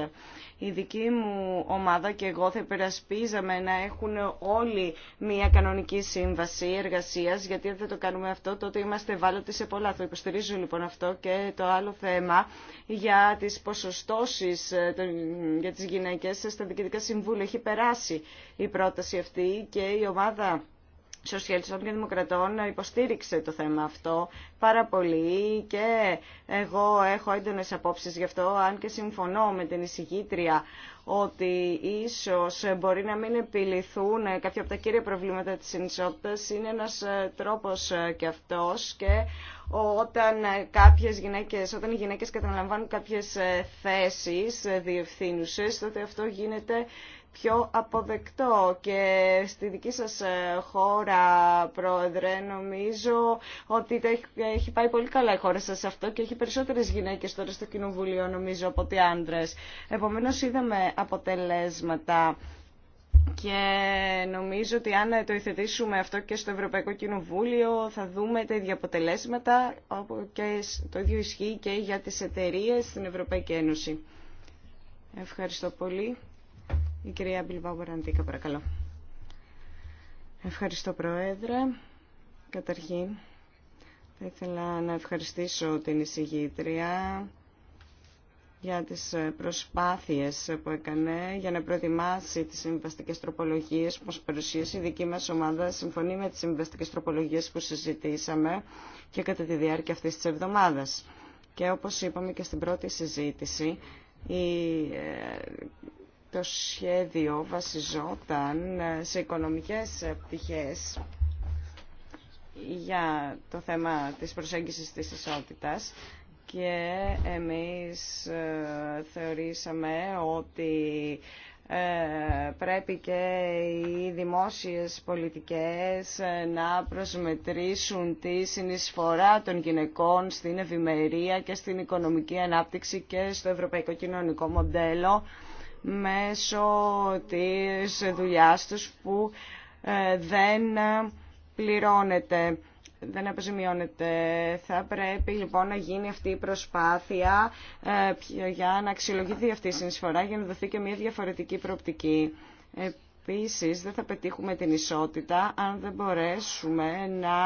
Η δική μου ομάδα και εγώ θα υπερασπίζαμε να έχουν όλοι μια κανονική σύμβαση εργασία, γιατί αν δεν το κάνουμε αυτό, τότε είμαστε ευάλωτοι σε πολλά. Το υποστηρίζω λοιπόν αυτό και το άλλο θέμα για τι ποσοστώσει ε, για τι γυναίκε στα διοικητικά συμβούλια. Έχει περάσει η πρόταση αυτή και η ομάδα Σοσιαλιστών και Δημοκρατών υποστήριξε το θέμα αυτό πάρα πολύ και εγώ έχω έντονες απόψεις γι' αυτό, αν και συμφωνώ με την εισηγήτρια ότι ίσως μπορεί να μην επιληθούν κάποια από τα κύρια προβλήματα της ενισότητας, είναι ένας ε, τρόπος ε, και αυτός και όταν ε, κάποιες γυναίκες, όταν οι γυναίκες καταλαμβάνουν κάποιες θέσεις διευθύνουσες, τότε αυτό γίνεται πιο αποδεκτό και στη δική σας ε, χώρα, Πρόεδρε, νομίζω ότι έχει, πάει πολύ καλά η χώρα σας αυτό και έχει περισσότερες γυναίκες τώρα στο Κοινοβουλίο, νομίζω, από ότι άντρε. Επομένως, είδαμε αποτελέσματα και νομίζω ότι αν το υθετήσουμε αυτό και στο Ευρωπαϊκό Κοινοβούλιο θα δούμε τα ίδια αποτελέσματα και το ίδιο ισχύει και για τις εταιρείες στην Ευρωπαϊκή Ένωση. Ευχαριστώ πολύ. Η κυρία Μπιλβάου Μπαραντίκα, παρακαλώ. Ευχαριστώ, Πρόεδρε. Καταρχήν, θα ήθελα να ευχαριστήσω την εισηγήτρια για τις προσπάθειες που έκανε για να προετοιμάσει τις συμβαστικές τροπολογίες που μας παρουσίασε η δική μας ομάδα συμφωνεί με τις συμβαστικές τροπολογίες που συζητήσαμε και κατά τη διάρκεια αυτής της εβδομάδας. Και όπως είπαμε και στην πρώτη συζήτηση, η ε, το σχέδιο βασιζόταν σε οικονομικές πτυχές για το θέμα της προσέγγισης της ισότητας και εμείς ε, θεωρήσαμε ότι ε, πρέπει και οι δημόσιες πολιτικές ε, να προσμετρήσουν τη συνεισφορά των γυναικών στην ευημερία και στην οικονομική ανάπτυξη και στο ευρωπαϊκό κοινωνικό μοντέλο μέσω της δουλειάς τους που ε, δεν πληρώνεται δεν αποζημιώνεται. Θα πρέπει λοιπόν να γίνει αυτή η προσπάθεια ε, για να αξιολογηθεί αυτή η συνεισφορά για να δοθεί και μια διαφορετική προοπτική. Επίσης δεν θα πετύχουμε την ισότητα αν δεν μπορέσουμε να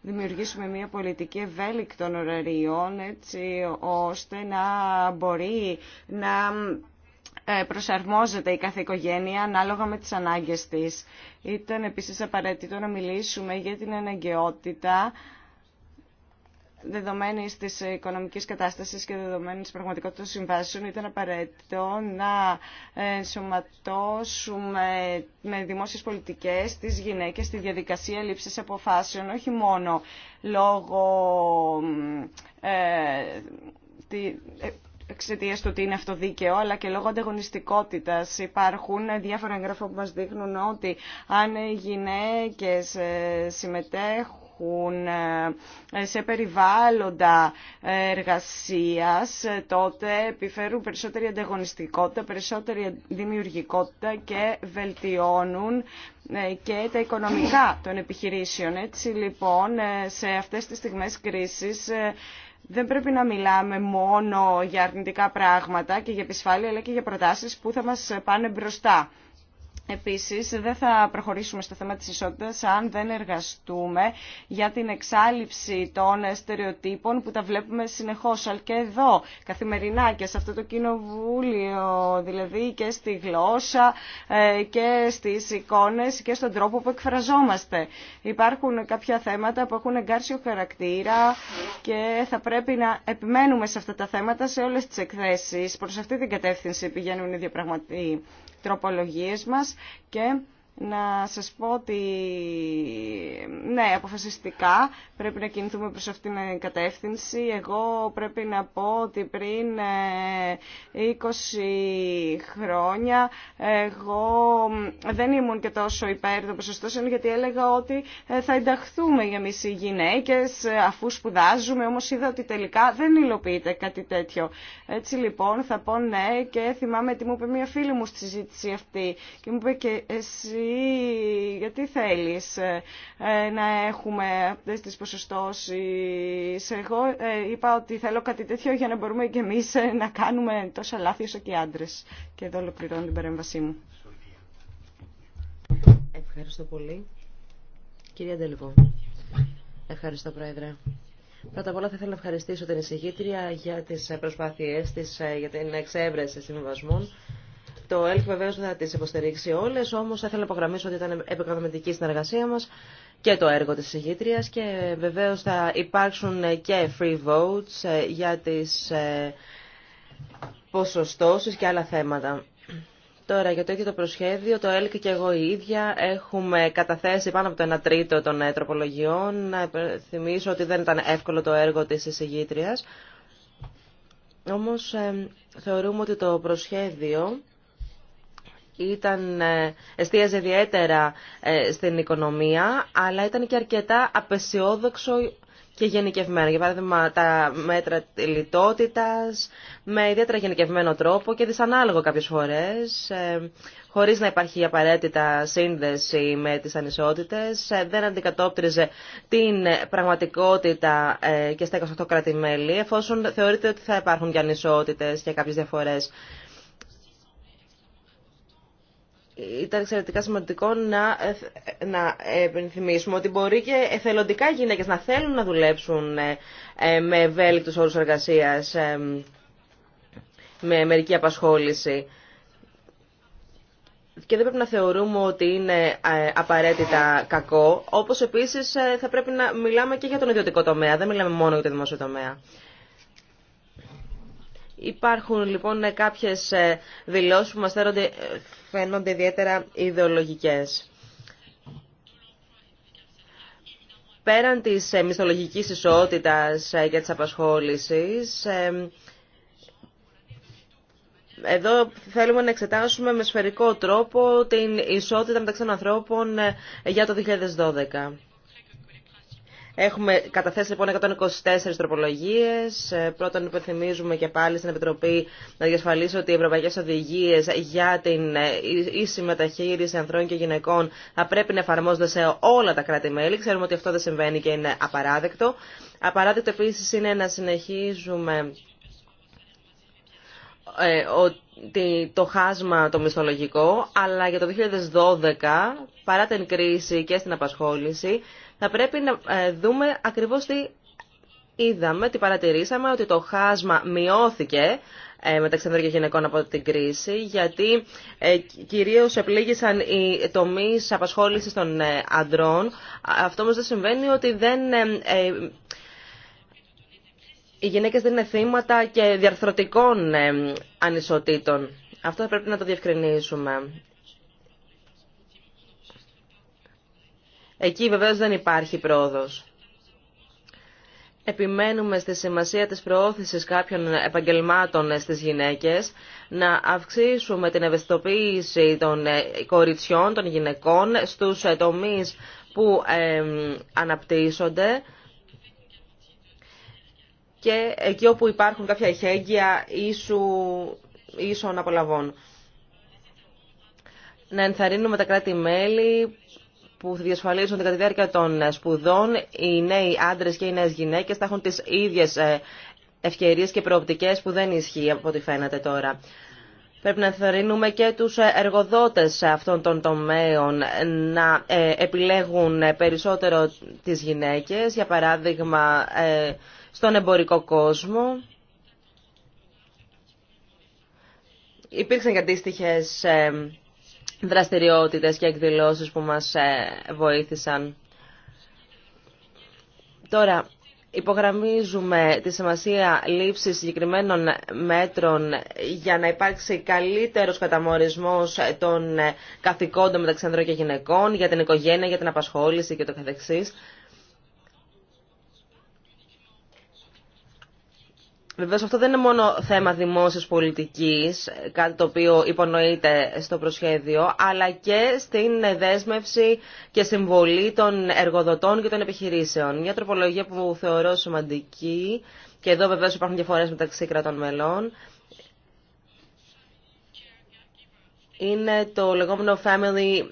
δημιουργήσουμε μια πολιτική ευέλικτων ωραρίων έτσι ώστε να μπορεί να ε, προσαρμόζεται η κάθε οικογένεια ανάλογα με τις ανάγκες της. Ήταν επίσης απαραίτητο να μιλήσουμε για την αναγκαιότητα δεδομένη τη οικονομική κατάσταση και δεδομένη τη πραγματικότητα των συμβάσεων, ήταν απαραίτητο να ενσωματώσουμε με δημόσιε πολιτικέ τι γυναίκε στη διαδικασία λήψη αποφάσεων, όχι μόνο λόγω. Ε, εξαιτία του ότι είναι αυτοδίκαιο, αλλά και λόγω ανταγωνιστικότητα. Υπάρχουν διάφορα έγγραφα που μα δείχνουν ότι αν οι γυναίκε ε, συμμετέχουν ε, σε περιβάλλοντα ε, εργασίας, τότε επιφέρουν περισσότερη ανταγωνιστικότητα, περισσότερη δημιουργικότητα και βελτιώνουν και τα οικονομικά των επιχειρήσεων. Έτσι λοιπόν, σε αυτές τις στιγμές κρίσης δεν πρέπει να μιλάμε μόνο για αρνητικά πράγματα και για επισφάλεια, αλλά και για προτάσεις που θα μας πάνε μπροστά. Επίσης, δεν θα προχωρήσουμε στο θέμα της ισότητας αν δεν εργαστούμε για την εξάλληψη των στερεοτύπων που τα βλέπουμε συνεχώς, αλλά και εδώ, καθημερινά και σε αυτό το κοινοβούλιο, δηλαδή και στη γλώσσα ε, και στις εικόνες και στον τρόπο που εκφραζόμαστε. Υπάρχουν κάποια θέματα που έχουν εγκάρσιο χαρακτήρα και θα πρέπει να επιμένουμε σε αυτά τα θέματα σε όλες τις εκθέσεις. Προς αυτή την κατεύθυνση πηγαίνουν οι διαπραγματοί τροπολογίες μας και να σας πω ότι ναι, αποφασιστικά πρέπει να κινηθούμε προς αυτήν την κατεύθυνση. Εγώ πρέπει να πω ότι πριν 20 ε, χρόνια εγώ δεν ήμουν και τόσο υπέρ των γιατί έλεγα ότι ε, θα ενταχθούμε για οι γυναίκες ε, αφού σπουδάζουμε, όμως είδα ότι τελικά δεν υλοποιείται κάτι τέτοιο. Έτσι λοιπόν θα πω ναι και θυμάμαι τι μου είπε μια φίλη μου στη συζήτηση αυτή και μου είπε και εσύ γιατί θέλεις ε, να έχουμε αυτές τις ποσοστώσεις. Εγώ ε, είπα ότι θέλω κάτι τέτοιο για να μπορούμε και εμείς ε, να κάνουμε τόσα λάθη όσο και οι άντρες. Και εδώ ολοκληρώνω την παρέμβασή μου. Ευχαριστώ πολύ. Κυρία Ντελβό. Ευχαριστώ, Πρόεδρε. Πρώτα απ' όλα θα ήθελα να ευχαριστήσω την εισηγήτρια για τις προσπάθειές της, για την εξέβρεση συμβασμών. Το ΕΛΚ βεβαίω θα τι υποστηρίξει όλε, όμω θα ήθελα να υπογραμμίσω ότι ήταν επικοδομητική συνεργασία μα και το έργο τη ηγήτρια και βεβαίω θα υπάρξουν και free votes ε, για τι ε, ποσοστώσει και άλλα θέματα. Τώρα, για το ίδιο το προσχέδιο, το ΕΛΚ και εγώ η ίδια έχουμε καταθέσει πάνω από το 1 τρίτο των ε, τροπολογιών. Να θυμίσω ότι δεν ήταν εύκολο το έργο τη εισηγήτριας. Όμως, θεωρούμε ότι το προσχέδιο ήταν, ε, εστίαζε ιδιαίτερα ε, στην οικονομία, αλλά ήταν και αρκετά απεσιόδοξο και γενικευμένο. Για παράδειγμα, τα μέτρα λιτότητα, με ιδιαίτερα γενικευμένο τρόπο και δυσανάλογο κάποιες φορές, ε, χωρίς να υπάρχει απαραίτητα σύνδεση με τις ανισότητες, δεν αντικατόπτριζε την πραγματικότητα και στα 28 κράτη-μέλη, εφόσον θεωρείται ότι θα υπάρχουν και ανισότητε και κάποιε διαφορέ ήταν εξαιρετικά σημαντικό να, να επενθυμίσουμε ότι μπορεί και εθελοντικά γυναίκες να θέλουν να δουλέψουν ε, ε, με ευέλικτους όρους εργασίας, ε, με μερική απασχόληση. Και δεν πρέπει να θεωρούμε ότι είναι απαραίτητα κακό, όπως επίσης θα πρέπει να μιλάμε και για τον ιδιωτικό τομέα, δεν μιλάμε μόνο για το δημόσιο τομέα. Υπάρχουν λοιπόν κάποιες ε, δηλώσεις που μας ε, φαίνονται ιδιαίτερα ιδεολογικές. Πέραν της ε, μισθολογικής ισότητας και της απασχόλησης, εδώ θέλουμε να εξετάσουμε με σφαιρικό τρόπο την ισότητα μεταξύ των ανθρώπων για το 2012. Έχουμε καταθέσει λοιπόν 124 τροπολογίες. Ε, πρώτον υπενθυμίζουμε και πάλι στην Επιτροπή να διασφαλίσει ότι οι Ευρωπαϊκέ οδηγίε για την ε, ίση μεταχείριση ανθρώπων και γυναικών θα πρέπει να εφαρμόζονται σε όλα τα κράτη-μέλη. Ξέρουμε ότι αυτό δεν συμβαίνει και είναι απαράδεκτο. Απαράδεκτο επίση είναι να συνεχίζουμε ε, το χάσμα το μισθολογικό, αλλά για το 2012, παρά την κρίση και στην απασχόληση, θα πρέπει να ε, δούμε ακριβώς τι είδαμε, τι παρατηρήσαμε, ότι το χάσμα μειώθηκε ε, μεταξύ ανδρών και γυναικών από την κρίση, γιατί ε, κυρίως επλήγησαν οι τομείς απασχόλησης των ανδρών. Αυτό όμως δεν συμβαίνει ότι δεν... οι γυναίκες δεν είναι θύματα και διαρθρωτικών ανισοτήτων. Αυτό θα πρέπει να το διευκρινίσουμε. Εκεί βεβαίως δεν υπάρχει πρόοδος. Επιμένουμε στη σημασία της προώθησης κάποιων επαγγελμάτων στις γυναίκες, να αυξήσουμε την ευαισθητοποίηση των ε, κοριτσιών, των γυναικών, στους ε, τομείς που αναπτύσσονται και εκεί όπου υπάρχουν κάποια εχέγγυα ίσων απολαβών. Να ενθαρρύνουμε τα κράτη-μέλη που θα διασφαλίζουν κατά τη διάρκεια των ε, σπουδών οι νέοι άντρε και οι νέε γυναίκε, θα έχουν τις ίδιες ε, ευκαιρίες και προοπτικές που δεν ισχύει από ό,τι φαίνεται τώρα. Πρέπει να θεωρήνουμε και τους ε, εργοδότες αυτών των τομέων να επιλέγουν περισσότερο τις γυναίκες, για παράδειγμα στον εμπορικό κόσμο. Υπήρξαν και αντίστοιχε δραστηριότητες και εκδηλώσεις που μας ε, βοήθησαν. Τώρα, υπογραμμίζουμε τη σημασία λήψης συγκεκριμένων μέτρων για να υπάρξει καλύτερος καταμορισμός των ε, καθηκόντων μεταξύ ανδρών και γυναικών, για την οικογένεια, για την απασχόληση και το καθεξής. Βεβαίω αυτό δεν είναι μόνο θέμα δημόσιας πολιτικής, κάτι το οποίο υπονοείται στο προσχέδιο, αλλά και στην δέσμευση και συμβολή των εργοδοτών και των επιχειρήσεων. Μια τροπολογία που θεωρώ σημαντική, και εδώ βεβαίω υπάρχουν διαφορές μεταξύ κρατών μελών, είναι το λεγόμενο family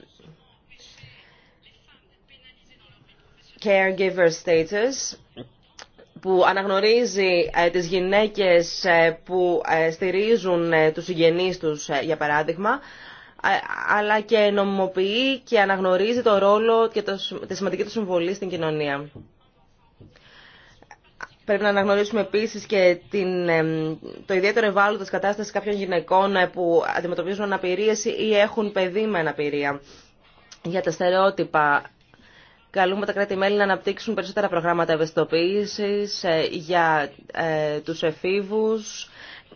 caregiver status, που αναγνωρίζει ε, τις γυναίκες ε, που ε, στηρίζουν τους συγγενείς τους, για παράδειγμα, αλλά και νομιμοποιεί και αναγνωρίζει το ρόλο και το, τη σημαντική του συμβολή στην κοινωνία. Πρέπει να αναγνωρίσουμε επίσης και την, το ιδιαίτερο ευάλωτο της κατάστασης κάποιων γυναικών που αντιμετωπίζουν αναπηρίαση ή έχουν παιδί με αναπηρία. Για τα στερεότυπα Καλούμε τα κράτη-μέλη να αναπτύξουν περισσότερα προγράμματα ευαισθητοποίηση ε, για ε, τους εφήβους,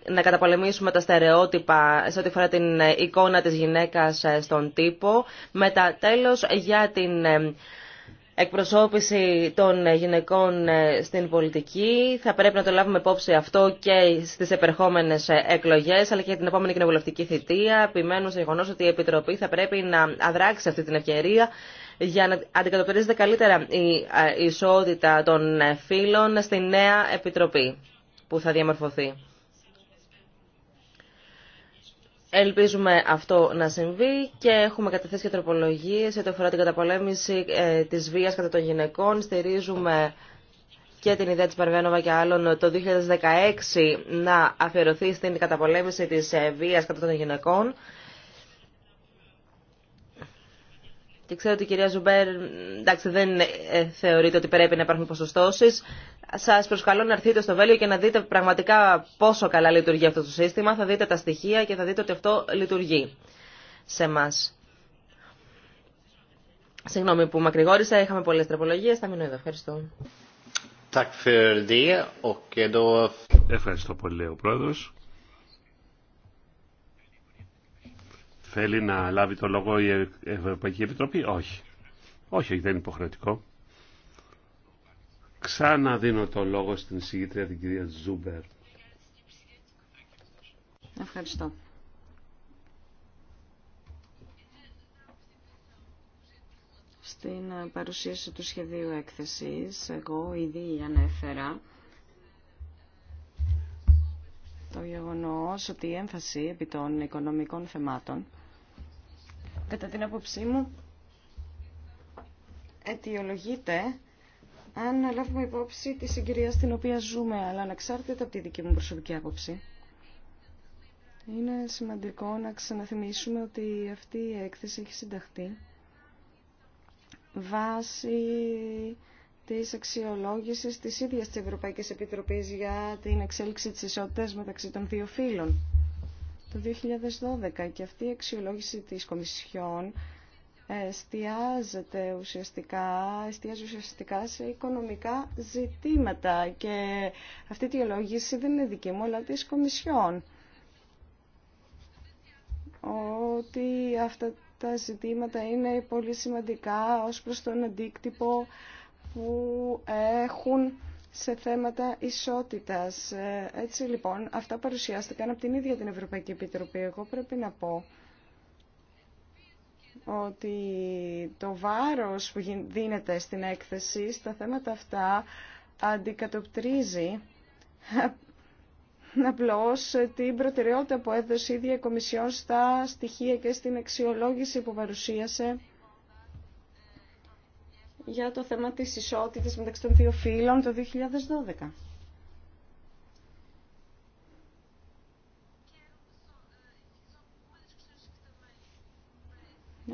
να καταπολεμήσουμε τα στερεότυπα σε ό,τι αφορά την ε, εικόνα της γυναίκας στον τύπο. Μετά τέλος για την εκπροσώπηση των γυναικών στην πολιτική. Θα πρέπει να το λάβουμε υπόψη αυτό και στις επερχόμενε εκλογές, αλλά και για την επόμενη κοινοβουλευτική θητεία. Επιμένουμε στο γεγονό ότι η Επιτροπή θα πρέπει να αδράξει αυτή την ευκαιρία για να αντικατοπτρίζεται καλύτερα η ισότητα των ε, φύλων στη νέα επιτροπή που θα διαμορφωθεί. Ελπίζουμε αυτό να συμβεί και έχουμε καταθέσει και τροπολογίε σε ό,τι αφορά την καταπολέμηση ε, τη βία κατά των γυναικών. Στηρίζουμε και την ιδέα τη Παρβένοβα και άλλων το 2016 να αφιερωθεί στην καταπολέμηση τη ε, βία κατά των γυναικών. Και ξέρω ότι η κυρία Ζουμπέρ, εντάξει, δεν ε, θεωρείται ότι πρέπει να υπάρχουν ποσοστώσει. Σα προσκαλώ να έρθετε στο Βέλιο και να δείτε πραγματικά πόσο καλά λειτουργεί αυτό το σύστημα. Θα δείτε τα στοιχεία και θα δείτε ότι αυτό λειτουργεί σε εμά. Συγγνώμη που μακρηγόρησα, είχαμε πολλέ τροπολογίε. Θα μείνω εδώ. Ευχαριστώ. Ευχαριστώ πολύ, ο πρόεδρος. Θέλει να λάβει το λόγο η Ευρωπαϊκή Επιτροπή. Όχι. Όχι, δεν είναι υποχρεωτικό. Ξαναδίνω το λόγο στην εισηγήτρια την κυρία Ζούμπερ. Ευχαριστώ. Στην ε, παρουσίαση του σχεδίου έκθεσης, εγώ ήδη ανέφερα το γεγονός ότι η έμφαση επί των οικονομικών θεμάτων κατά την άποψή μου, αιτιολογείται αν λάβουμε υπόψη τη συγκυρία στην οποία ζούμε, αλλά ανεξάρτητα από τη δική μου προσωπική άποψη. Είναι σημαντικό να ξαναθυμίσουμε ότι αυτή η έκθεση έχει συνταχθεί βάσει της αξιολόγησης της ίδιας της Ευρωπαϊκής Επιτροπής για την εξέλιξη της ισότητας μεταξύ των δύο φύλων το 2012 και αυτή η αξιολόγηση της Κομισιόν εστιάζεται ουσιαστικά, εστιάζει ουσιαστικά σε οικονομικά ζητήματα και αυτή η ολόγηση δεν είναι δική μου αλλά της Κομισιόν ότι αυτά τα ζητήματα είναι πολύ σημαντικά ως προς τον αντίκτυπο που έχουν σε θέματα ισότητας. Ε, έτσι λοιπόν, αυτά παρουσιάστηκαν από την ίδια την Ευρωπαϊκή Επιτροπή. Εγώ πρέπει να πω ότι το βάρος που δίνεται στην έκθεση στα θέματα αυτά αντικατοπτρίζει <laughs> απλώς την προτεραιότητα που έδωσε η ίδια η Κομισιόν στα στοιχεία και στην αξιολόγηση που παρουσίασε για το θέμα της ισότητας μεταξύ των δύο φύλων το 2012.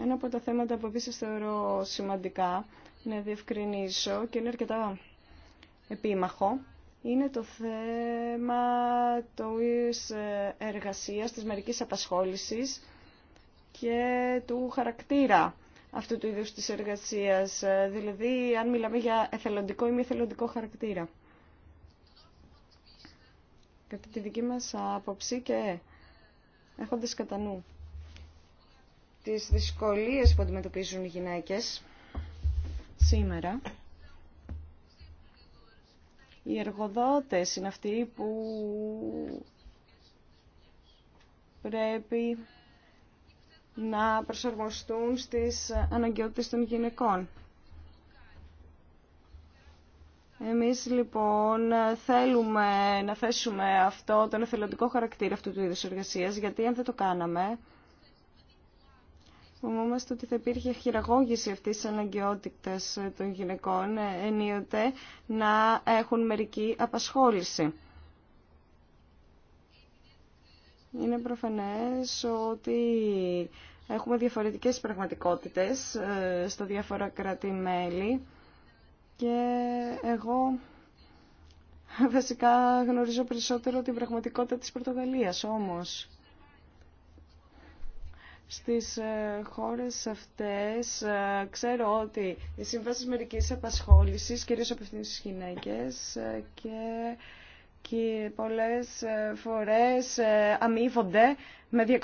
Ένα από τα θέματα που επίσης θεωρώ σημαντικά να διευκρινίσω και είναι αρκετά επίμαχο είναι το θέμα της ε, εργασίας, της μερικής απασχόλησης και του χαρακτήρα αυτού του είδους της εργασίας, ε, δηλαδή αν μιλάμε για εθελοντικό ή μη εθελοντικό χαρακτήρα. Κατά τη δική μας άποψη και έχοντας κατά νου τις δυσκολίες που αντιμετωπίζουν οι γυναίκες σήμερα, οι εργοδότες είναι αυτοί που πρέπει να προσαρμοστούν στις αναγκαιότητες των γυναικών. Εμείς λοιπόν θέλουμε να θέσουμε αυτό τον εθελοντικό χαρακτήρα αυτού του είδους εργασίας, γιατί αν δεν το κάναμε, Ομόμαστε ότι θα υπήρχε χειραγώγηση αυτής της αναγκαιότητας των γυναικών ενίοτε να έχουν μερική απασχόληση. Είναι προφανές ότι Έχουμε διαφορετικές πραγματικότητες ε, στο διάφορα κράτη-μέλη και εγώ βασικά γνωρίζω περισσότερο την πραγματικότητα της Πορτογαλίας όμως. Στις ε, χώρες αυτές ε, ξέρω ότι οι σύμβασεις μερικής απασχόλησης, κυρίως απευθύνουν στις γυναίκες και και πολλές φορές αμείβονται με 250-300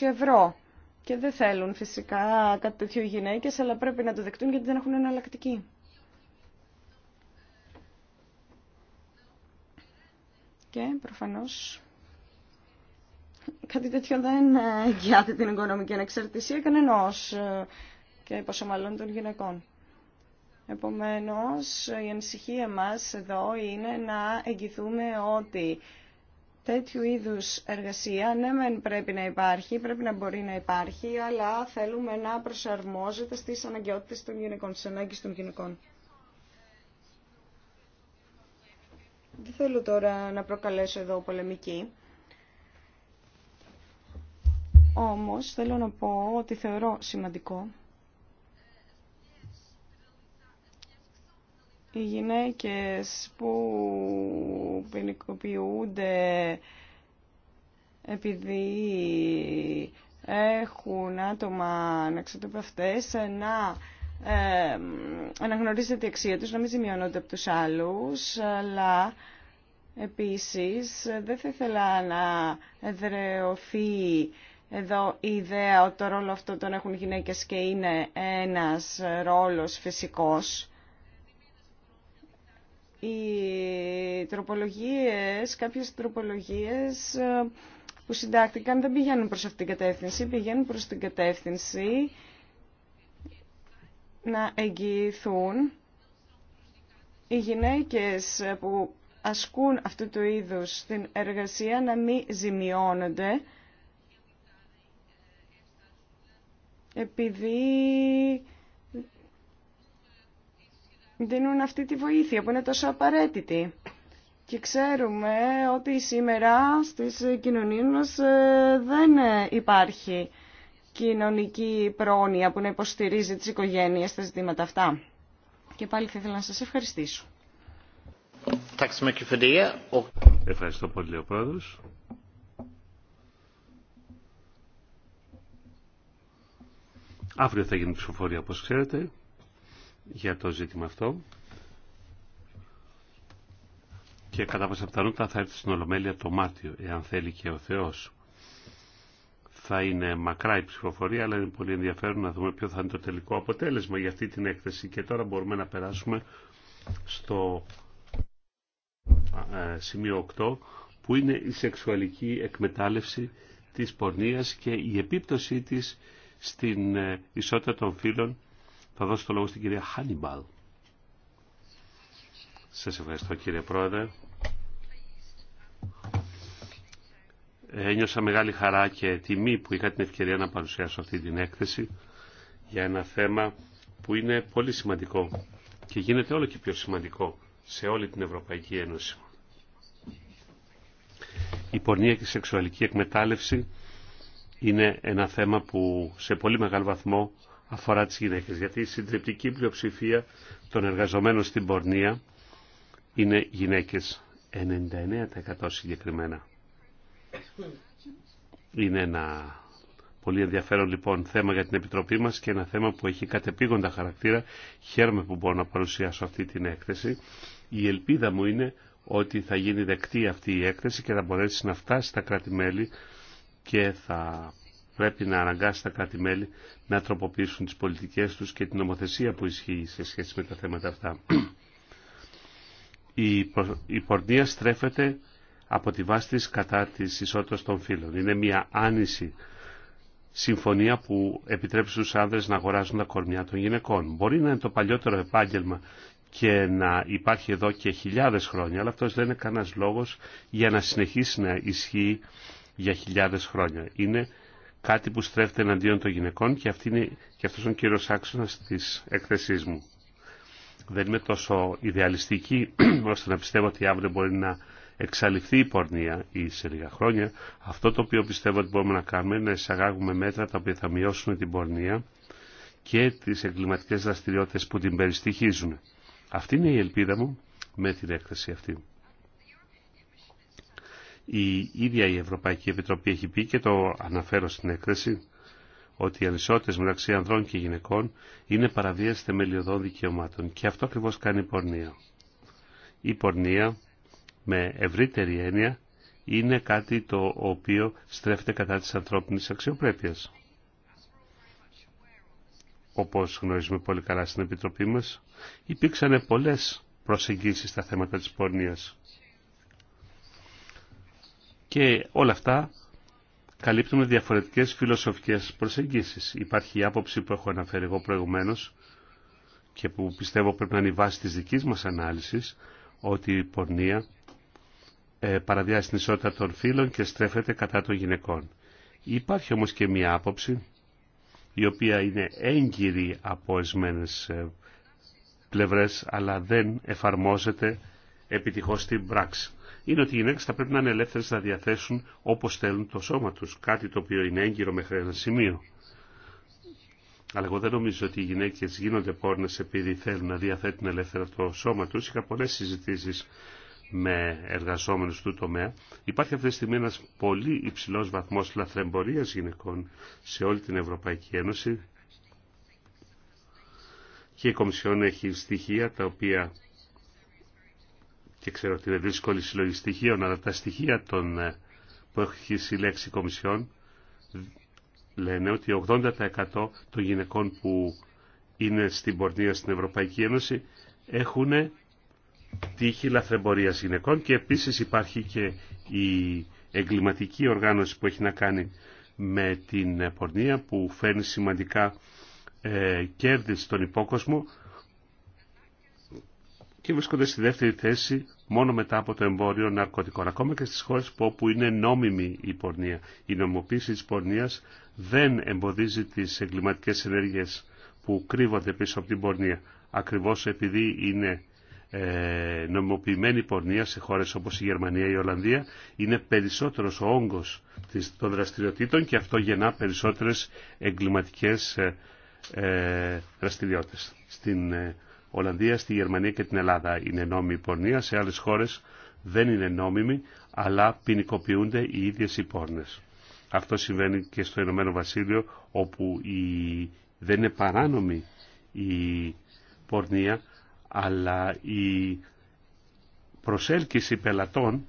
ευρώ. Και δεν θέλουν φυσικά κάτι τέτοιο οι γυναίκε, αλλά πρέπει να το δεκτούν γιατί δεν έχουν εναλλακτική. Και προφανώ. κάτι τέτοιο δεν ε, εγγυάται την οικονομική ανεξαρτησία κανενός ε, και πόσο μάλλον των γυναικών. Επομένως, η ανησυχία μας εδώ είναι να εγγυθούμε ότι τέτοιου είδους εργασία, ναι πρέπει να υπάρχει, πρέπει να μπορεί να υπάρχει, αλλά θέλουμε να προσαρμόζεται στις αναγκαιότητες των γυναικών, στις ανάγκες των γυναικών. Δεν θέλω τώρα να προκαλέσω εδώ πολεμική. Όμως θέλω να πω ότι θεωρώ σημαντικό οι γυναίκες που ποινικοποιούνται επειδή έχουν άτομα να αυτές, να ε, αναγνωρίζετε η αξία τους, να μην ζημιώνονται από τους άλλους, αλλά επίσης δεν θα ήθελα να εδρεωθεί εδώ η ιδέα ότι το ρόλο αυτό τον έχουν γυναίκες και είναι ένας ρόλος φυσικός οι τροπολογίες, κάποιες τροπολογίες ε, που συντάχθηκαν δεν πηγαίνουν προς αυτήν την κατεύθυνση, πηγαίνουν προς την κατεύθυνση να εγγυηθούν οι γυναίκες που ασκούν αυτού του είδους την εργασία να μην ζημιώνονται επειδή δίνουν αυτή τη βοήθεια που είναι τόσο απαραίτητη. Και ξέρουμε ότι σήμερα στις κοινωνίες μας ε, δεν υπάρχει κοινωνική πρόνοια που να υποστηρίζει τις οικογένειες στα ζητήματα αυτά. Και πάλι θα ήθελα να σας ευχαριστήσω. Ευχαριστώ πολύ ο Πρόεδρος. Αύριο θα γίνει ψηφοφορία όπως ξέρετε για το ζήτημα αυτό και κατά πάσα πιθανότητα θα έρθει στην Ολομέλεια το Μάρτιο, εάν θέλει και ο Θεός. Θα είναι μακρά η ψηφοφορία, αλλά είναι πολύ ενδιαφέρον να δούμε ποιο θα είναι το τελικό αποτέλεσμα για αυτή την έκθεση. Και τώρα μπορούμε να περάσουμε στο ε, σημείο 8, που είναι η σεξουαλική εκμετάλλευση της πορνείας και η επίπτωσή της στην ε, ισότητα των φύλων θα δώσω το λόγο στην κυρία Χάνιμπαλ. Σας ευχαριστώ κύριε Πρόεδρε. Ένιωσα μεγάλη χαρά και τιμή που είχα την ευκαιρία να παρουσιάσω αυτή την έκθεση για ένα θέμα που είναι πολύ σημαντικό και γίνεται όλο και πιο σημαντικό σε όλη την Ευρωπαϊκή Ένωση. Η πορνεία και η σεξουαλική εκμετάλλευση είναι ένα θέμα που σε πολύ μεγάλο βαθμό αφορά τις γυναίκες, γιατί η συντριπτική πλειοψηφία των εργαζομένων στην πορνεία είναι γυναίκες, 99% συγκεκριμένα. Είναι ένα πολύ ενδιαφέρον λοιπόν θέμα για την Επιτροπή μας και ένα θέμα που έχει κατεπήγοντα χαρακτήρα. Χαίρομαι που μπορώ να παρουσιάσω αυτή την έκθεση. Η ελπίδα μου είναι ότι θα γίνει δεκτή αυτή η έκθεση και θα μπορέσει να φτάσει στα κράτη-μέλη και θα πρέπει να αναγκάσει τα κράτη-μέλη να τροποποιήσουν τις πολιτικές τους και την νομοθεσία που ισχύει σε σχέση με τα θέματα αυτά. Η, προ... η πορνεία στρέφεται από τη βάση της κατά της ισότητας των φύλων. Είναι μια άνηση συμφωνία που επιτρέπει στους άνδρες να αγοράζουν τα κορμιά των γυναικών. Μπορεί να είναι το παλιότερο επάγγελμα και να υπάρχει εδώ και χιλιάδες χρόνια, αλλά αυτός δεν είναι κανένας λόγος για να συνεχίσει να ισχύει για χιλιάδες χρόνια. Είναι κάτι που στρέφεται εναντίον των γυναικών και, αυτή είναι, και αυτός είναι ο κύριος άξονας της έκθεσής μου. Δεν είμαι τόσο ιδεαλιστική <clears throat> ώστε να πιστεύω ότι αύριο μπορεί να εξαλειφθεί η πορνεία ή σε λίγα χρόνια. Αυτό το οποίο πιστεύω ότι μπορούμε να κάνουμε είναι να εισαγάγουμε μέτρα τα οποία θα μειώσουν την πορνεία και τις εγκληματικές δραστηριότητες που την περιστοιχίζουν. Αυτή είναι η ελπίδα μου με την έκθεση αυτή. Η ίδια η Ευρωπαϊκή Επιτροπή έχει πει και το αναφέρω στην έκθεση ότι οι ανισότητες μεταξύ ανδρών και γυναικών είναι παραβίαση θεμελιωδών δικαιωμάτων και αυτό ακριβώ κάνει η πορνεία. Η πορνεία με ευρύτερη έννοια είναι κάτι το οποίο στρέφεται κατά της ανθρώπινης αξιοπρέπειας. Όπως γνωρίζουμε πολύ καλά στην Επιτροπή μας, υπήρξαν πολλές προσεγγίσεις στα θέματα της πορνείας. Και όλα αυτά καλύπτουν διαφορετικές φιλοσοφικές προσεγγίσεις. Υπάρχει η άποψη που έχω αναφέρει εγώ προηγουμένως και που πιστεύω πρέπει να είναι η βάση της δικής μας ανάλυσης ότι η πορνεία ε, την ισότητα των φίλων και στρέφεται κατά των γυναικών. Υπάρχει όμως και μία άποψη η οποία είναι έγκυρη από εσμένε ε, πλευρές αλλά δεν εφαρμόζεται επιτυχώς στην πράξη είναι ότι οι γυναίκε θα πρέπει να είναι ελεύθερε να διαθέσουν όπω θέλουν το σώμα του. Κάτι το οποίο είναι έγκυρο μέχρι ένα σημείο. Αλλά εγώ δεν νομίζω ότι οι γυναίκε γίνονται πόρνε επειδή θέλουν να διαθέτουν ελεύθερα το σώμα του. Είχα πολλέ συζητήσει με εργαζόμενου του τομέα. Υπάρχει αυτή τη στιγμή ένα πολύ υψηλό βαθμό λαθρεμπορία γυναικών σε όλη την Ευρωπαϊκή Ένωση. Και η Κομισιόν έχει στοιχεία τα οποία και ξέρω ότι είναι δύσκολη συλλογή στοιχείων, αλλά τα στοιχεία των, ε, που έχει συλλέξει η Κομισιόν λένε ότι 80% των γυναικών που είναι στην πορνεία στην Ευρωπαϊκή Ένωση έχουν τύχη λαθρεμπορίας γυναικών και επίσης υπάρχει και η εγκληματική οργάνωση που έχει να κάνει με την πορνεία που φέρνει σημαντικά ε, κέρδη στον υπόκοσμο και βρίσκονται στη δεύτερη θέση μόνο μετά από το εμπόριο ναρκωτικών. Ακόμα και στις χώρες που όπου είναι νόμιμη η πορνεία. Η νομοποίηση της πορνείας δεν εμποδίζει τις εγκληματικές ενέργειες που κρύβονται πίσω από την πορνεία. Ακριβώς επειδή είναι ε, νομιμοποιημένη η πορνεία σε χώρες όπως η Γερμανία ή η Ολλανδία είναι περισσότερος ο όγκος των δραστηριοτήτων και αυτό γεννά περισσότερες εγκληματικές ε, ε δραστηριότητες. Στην ε, Ολλανδία, στη Γερμανία και την Ελλάδα είναι νόμιμη η πορνεία, σε άλλες χώρες δεν είναι νόμιμη, αλλά ποινικοποιούνται οι ίδιες οι πόρνες. Αυτό συμβαίνει και στο Ηνωμένο Βασίλειο, όπου η... δεν είναι παράνομη η πορνεία, αλλά η προσέλκυση πελατών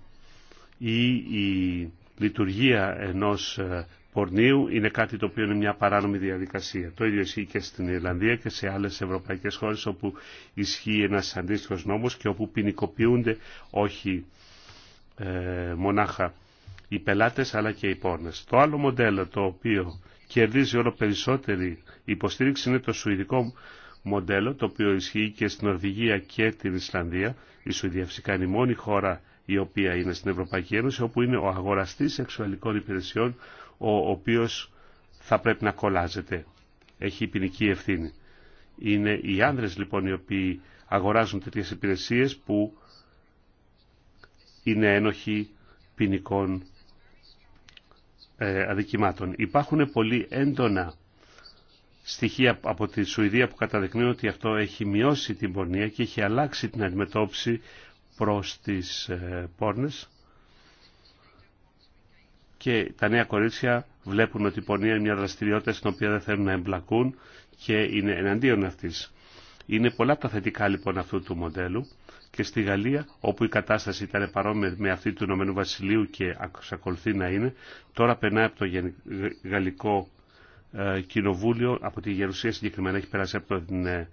ή η λειτουργία ενός ε, Πορνίου είναι κάτι το οποίο είναι μια παράνομη διαδικασία. Το ίδιο ισχύει και στην Ιρλανδία και σε άλλες ευρωπαϊκές χώρες όπου ισχύει ένας αντίστοιχος νόμος και όπου ποινικοποιούνται όχι ε, μονάχα οι πελάτες αλλά και οι πόρνες. Το άλλο μοντέλο το οποίο κερδίζει όλο περισσότερη υποστήριξη είναι το σουηδικό μοντέλο το οποίο ισχύει και στην Νορβηγία και την Ισλανδία. Η Σουηδία φυσικά είναι η μόνη χώρα η οποία είναι στην Ευρωπαϊκή Ένωση όπου είναι ο αγοραστής σεξουαλικών υπηρεσιών ο οποίος θα πρέπει να κολλάζεται. Έχει ποινική ευθύνη. Είναι οι άνδρες λοιπόν οι οποίοι αγοράζουν τέτοιες υπηρεσίες που είναι ένοχοι ποινικών ε, αδικημάτων. Υπάρχουν πολύ έντονα στοιχεία από τη Σουηδία που καταδεικνύουν ότι αυτό έχει μειώσει την πορνεία και έχει αλλάξει την αντιμετώπιση προς τις ε, πόρνες και τα νέα κορίτσια βλέπουν ότι η πορνεία είναι μια δραστηριότητα στην οποία δεν θέλουν να εμπλακούν και είναι εναντίον αυτής. Είναι πολλά τα θετικά λοιπόν αυτού του μοντέλου και στη Γαλλία όπου η κατάσταση ήταν παρόμοια με αυτή του Ηνωμένου Βασιλείου και ακολουθεί να είναι, τώρα περνάει από το Γαλλικό ε, Κοινοβούλιο, από τη Γερουσία συγκεκριμένα έχει περάσει από την ε,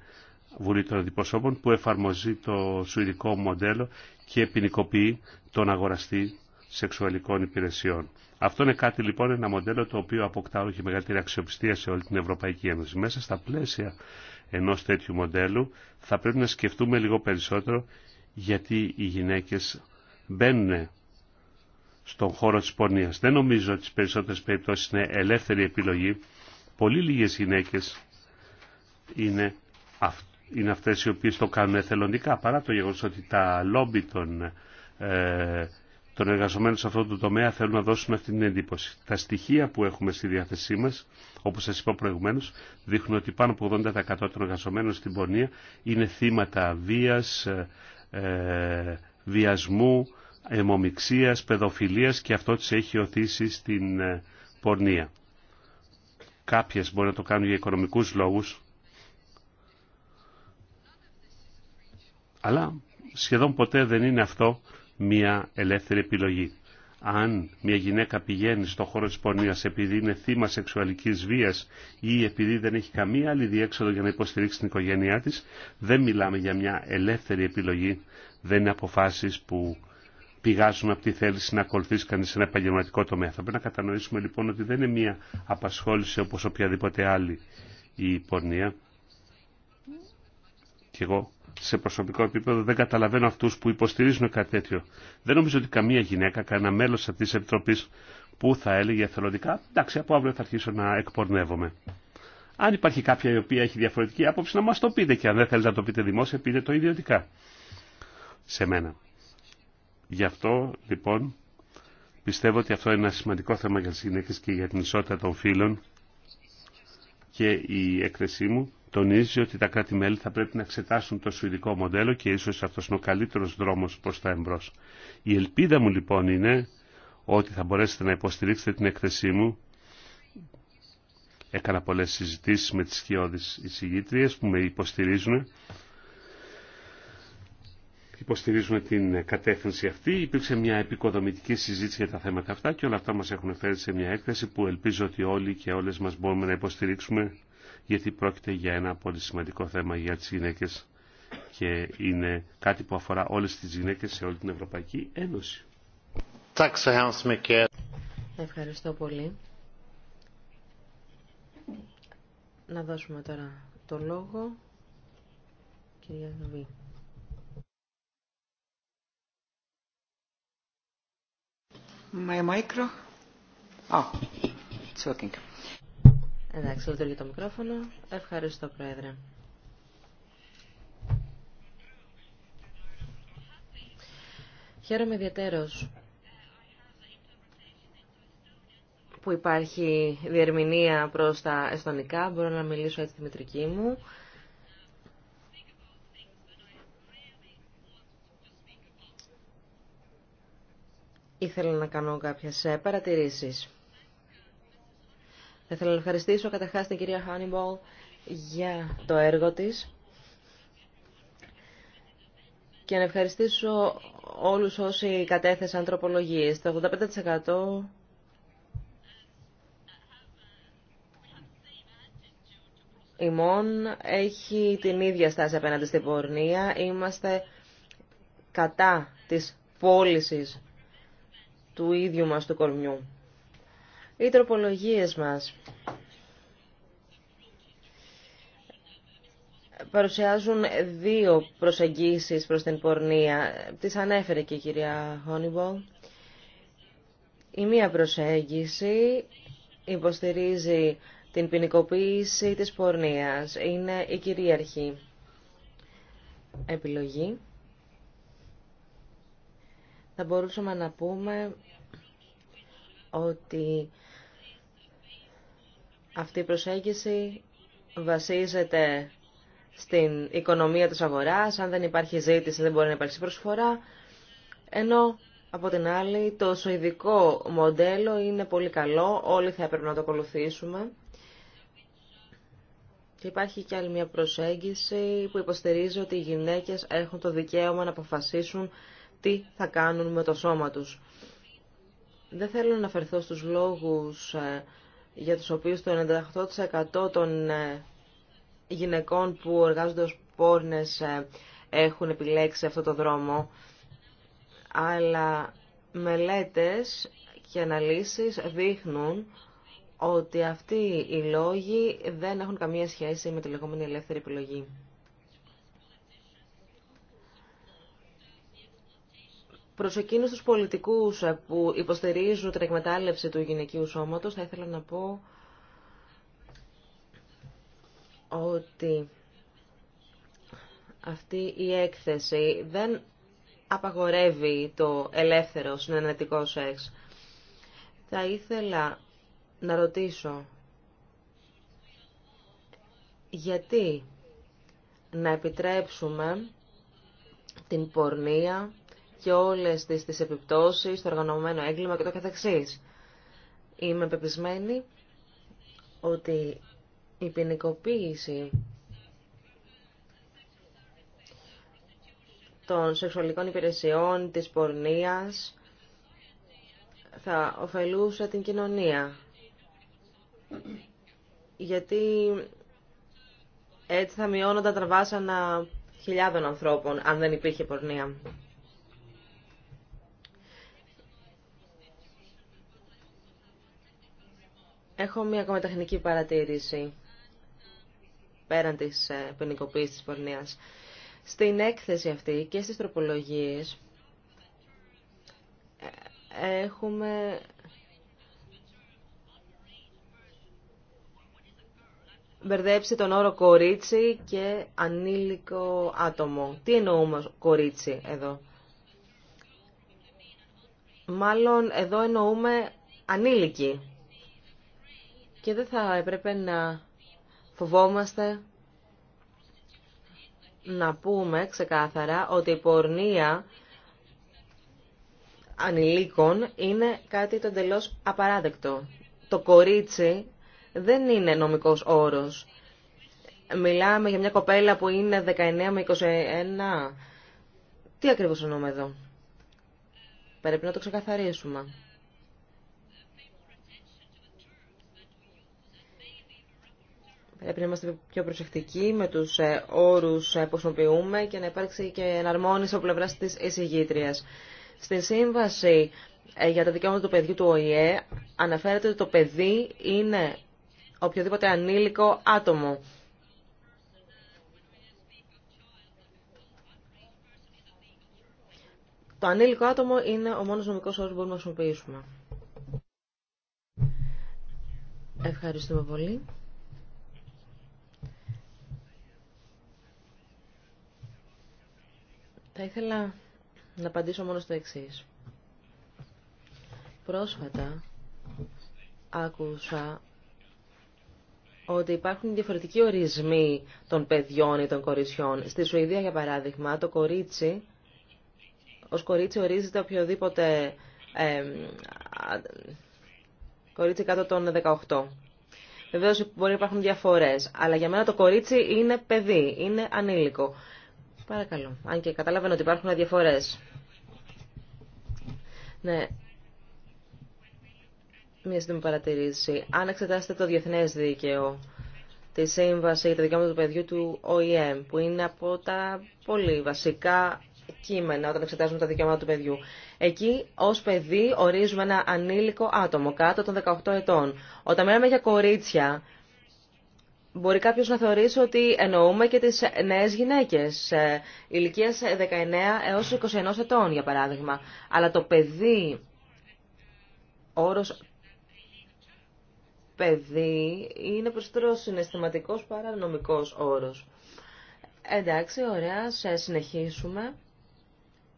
Βουλή των Αντιπροσώπων που εφαρμοζεί το σουηδικό μοντέλο και ποινικοποιεί τον αγοραστή σεξουαλικών υπηρεσιών. Αυτό είναι κάτι λοιπόν, ένα μοντέλο το οποίο αποκτά όλο και μεγαλύτερη αξιοπιστία σε όλη την Ευρωπαϊκή Ένωση. Μέσα στα πλαίσια ενός τέτοιου μοντέλου θα πρέπει να σκεφτούμε λίγο περισσότερο γιατί οι γυναίκες μπαίνουν στον χώρο της πορνείας. Δεν νομίζω ότι στις περισσότερες περιπτώσεις είναι ελεύθερη επιλογή. Πολύ λίγες γυναίκες είναι, αυ... αυτές οι οποίες το κάνουν εθελοντικά, παρά το γεγονός ότι τα λόμπι των ε, των εργαζομένων σε αυτό το τομέα θέλουν να δώσουν αυτή την εντύπωση. Τα στοιχεία που έχουμε στη διάθεσή μας, όπως σας είπα προηγουμένως, δείχνουν ότι πάνω από 80% των εργαζομένων στην πορνεία είναι θύματα βίας, ε, ε, βιασμού, αιμομιξίας, παιδοφιλίας και αυτό τις έχει οθήσει στην ε, πορνεία. Κάποιες μπορεί να το κάνουν για οικονομικούς λόγους, αλλά σχεδόν ποτέ δεν είναι αυτό μια ελεύθερη επιλογή. Αν μια γυναίκα πηγαίνει στον χώρο της πορνείας επειδή είναι θύμα σεξουαλικής βίας ή επειδή δεν έχει καμία άλλη διέξοδο για να υποστηρίξει την οικογένειά της, δεν μιλάμε για μια ελεύθερη επιλογή, δεν είναι αποφάσεις που πηγάζουν από τη θέληση να ακολουθήσει κανεί ένα επαγγελματικό τομέα. Θα πρέπει να κατανοήσουμε λοιπόν ότι δεν είναι μια απασχόληση όπω οποιαδήποτε άλλη η πορνεία. Και εγώ σε προσωπικό επίπεδο δεν καταλαβαίνω αυτούς που υποστηρίζουν κάτι τέτοιο. Δεν νομίζω ότι καμία γυναίκα, κανένα μέλος αυτής της Επιτροπής που θα έλεγε εθελοντικά εντάξει από αύριο θα αρχίσω να εκπορνεύομαι. Αν υπάρχει κάποια η οποία έχει διαφορετική άποψη να μας το πείτε και αν δεν θέλετε να το πείτε δημόσια πείτε το ιδιωτικά σε μένα. Γι' αυτό λοιπόν πιστεύω ότι αυτό είναι ένα σημαντικό θέμα για τις γυναίκες και για την ισότητα των φίλων και η έκθεσή μου τονίζει ότι τα κράτη-μέλη θα πρέπει να εξετάσουν το σουηδικό μοντέλο και ίσως αυτός είναι ο καλύτερος δρόμος προς τα εμπρός. Η ελπίδα μου λοιπόν είναι ότι θα μπορέσετε να υποστηρίξετε την έκθεσή μου. Έκανα πολλές συζητήσεις με τις σκιώδεις εισηγήτριες που με υποστηρίζουν. Υποστηρίζουν την κατεύθυνση αυτή. Υπήρξε μια επικοδομητική συζήτηση για τα θέματα αυτά και όλα αυτά μας έχουν φέρει σε μια έκθεση που ελπίζω ότι όλοι και όλες μας μπορούμε να υποστηρίξουμε γιατί πρόκειται για ένα πολύ σημαντικό θέμα για τις γυναίκες και είναι κάτι που αφορά όλες τις γυναίκες σε όλη την Ευρωπαϊκή Ένωση. Ευχαριστώ πολύ. Να δώσουμε τώρα το λόγο. Κυρία Δουβή. My micro. Oh, Εντάξει, λειτουργεί το μικρόφωνο. Ευχαριστώ, Πρόεδρε. Χαίρομαι ιδιαίτερος που υπάρχει διερμηνία προς τα εστονικά. Μπορώ να μιλήσω έτσι τη μητρική μου. Ήθελα να κάνω κάποιες ε, παρατηρήσεις. Θα ήθελα να ευχαριστήσω καταρχάς την κυρία Χάνιμπολ για το έργο της και να ευχαριστήσω όλους όσοι κατέθεσαν τροπολογίες. Το 85% ημών έχει την ίδια στάση απέναντι στην πορνεία. Είμαστε κατά της πώληση του ίδιου μας του κορμιού οι τροπολογίες μας παρουσιάζουν δύο προσεγγίσεις προς την πορνεία. Τις ανέφερε και η κυρία Χόνιμπολ. Η μία προσέγγιση υποστηρίζει την ποινικοποίηση της πορνείας. Είναι η κυρίαρχη επιλογή. Θα μπορούσαμε να πούμε ότι αυτή η προσέγγιση βασίζεται στην οικονομία της αγοράς, αν δεν υπάρχει ζήτηση δεν μπορεί να υπάρξει προσφορά, ενώ από την άλλη το σοηδικό μοντέλο είναι πολύ καλό, όλοι θα έπρεπε να το ακολουθήσουμε. Και υπάρχει και άλλη μια προσέγγιση που υποστηρίζει ότι οι γυναίκες έχουν το δικαίωμα να αποφασίσουν τι θα κάνουν με το σώμα τους. Δεν θέλω να αναφερθώ στους λόγους ε, για τους οποίους το 98% των ε, γυναικών που εργάζονται ως πόρνες ε, έχουν επιλέξει αυτό το δρόμο. Αλλά μελέτες και αναλύσεις δείχνουν ότι αυτοί οι λόγοι δεν έχουν καμία σχέση με τη λεγόμενη ελεύθερη επιλογή. Προ εκείνου τους πολιτικούς ε, που υποστηρίζουν την εκμετάλλευση του γυναικείου σώματος, θα ήθελα να πω ότι αυτή η έκθεση δεν απαγορεύει το ελεύθερο συνενετικό σεξ. Θα ήθελα να ρωτήσω γιατί να επιτρέψουμε την πορνεία και όλες τις, τις επιπτώσεις, το οργανωμένο έγκλημα και το καθεξής. Είμαι πεπισμένη ότι η ποινικοποίηση των σεξουαλικών υπηρεσιών, της πορνείας, θα ωφελούσε την κοινωνία. Γιατί έτσι θα μειώνονταν τα τραβάσανα χιλιάδων ανθρώπων, αν δεν υπήρχε πορνεία. Έχω μία ακόμα παρατήρηση πέραν της ε, ποινικοποίησης της πορνείας. Στην έκθεση αυτή και στις τροπολογίες ε, έχουμε μπερδέψει τον όρο κορίτσι και ανήλικο άτομο. Τι εννοούμε κορίτσι εδώ. Μάλλον εδώ εννοούμε ανήλικη και δεν θα έπρεπε να φοβόμαστε να πούμε ξεκάθαρα ότι η πορνεία ανηλίκων είναι κάτι το εντελώ απαράδεκτο. Το κορίτσι δεν είναι νομικός όρος. Μιλάμε για μια κοπέλα που είναι 19 με 21. Τι ακριβώς εννοούμε εδώ. Πρέπει να το ξεκαθαρίσουμε. Πρέπει να είμαστε πιο προσεκτικοί με τους ε, όρους ε, που χρησιμοποιούμε και να υπάρξει και εναρμόνιση από πλευρά τη εισηγήτρια. Στην σύμβαση ε, για τα δικαιώματα του παιδιού του ΟΗΕ αναφέρεται ότι το παιδί είναι οποιοδήποτε ανήλικο άτομο. Το ανήλικο άτομο είναι ο μόνος νομικός όρος που μπορούμε να χρησιμοποιήσουμε. Ευχαριστούμε πολύ. Θα ήθελα να απαντήσω μόνο στο εξή. Πρόσφατα άκουσα ότι υπάρχουν διαφορετικοί ορισμοί των παιδιών ή των κοριτσιών. Στη Σουηδία, για παράδειγμα, το κορίτσι, ως κορίτσι ορίζεται οποιοδήποτε κορίτσι κάτω των 18. Βεβαίω μπορεί να υπάρχουν διαφορές, αλλά για μένα το κορίτσι είναι παιδί, είναι ανήλικο. Παρακαλώ. Αν και καταλαβαίνω ότι υπάρχουν διαφορέ. Ναι. Μια σύντομη παρατηρήση. Αν εξετάσετε το διεθνέ δίκαιο, τη Σύμβαση για τα Δικαιώματα του Παιδιού του ΟΗΕ, που είναι από τα πολύ βασικά κείμενα όταν εξετάζουμε τα δικαιώματα του παιδιού. Εκεί ω παιδί ορίζουμε ένα ανήλικο άτομο κάτω των 18 ετών. Όταν μιλάμε για κορίτσια, Μπορεί κάποιος να θεωρήσει ότι εννοούμε και τις νέες γυναίκες ε, ηλικίας 19 έως 21 ετών, για παράδειγμα. Αλλά το παιδί, όρος παιδί, είναι περισσότερο συναισθηματικός παρά νομικός όρος. Εντάξει, ωραία, σε συνεχίσουμε.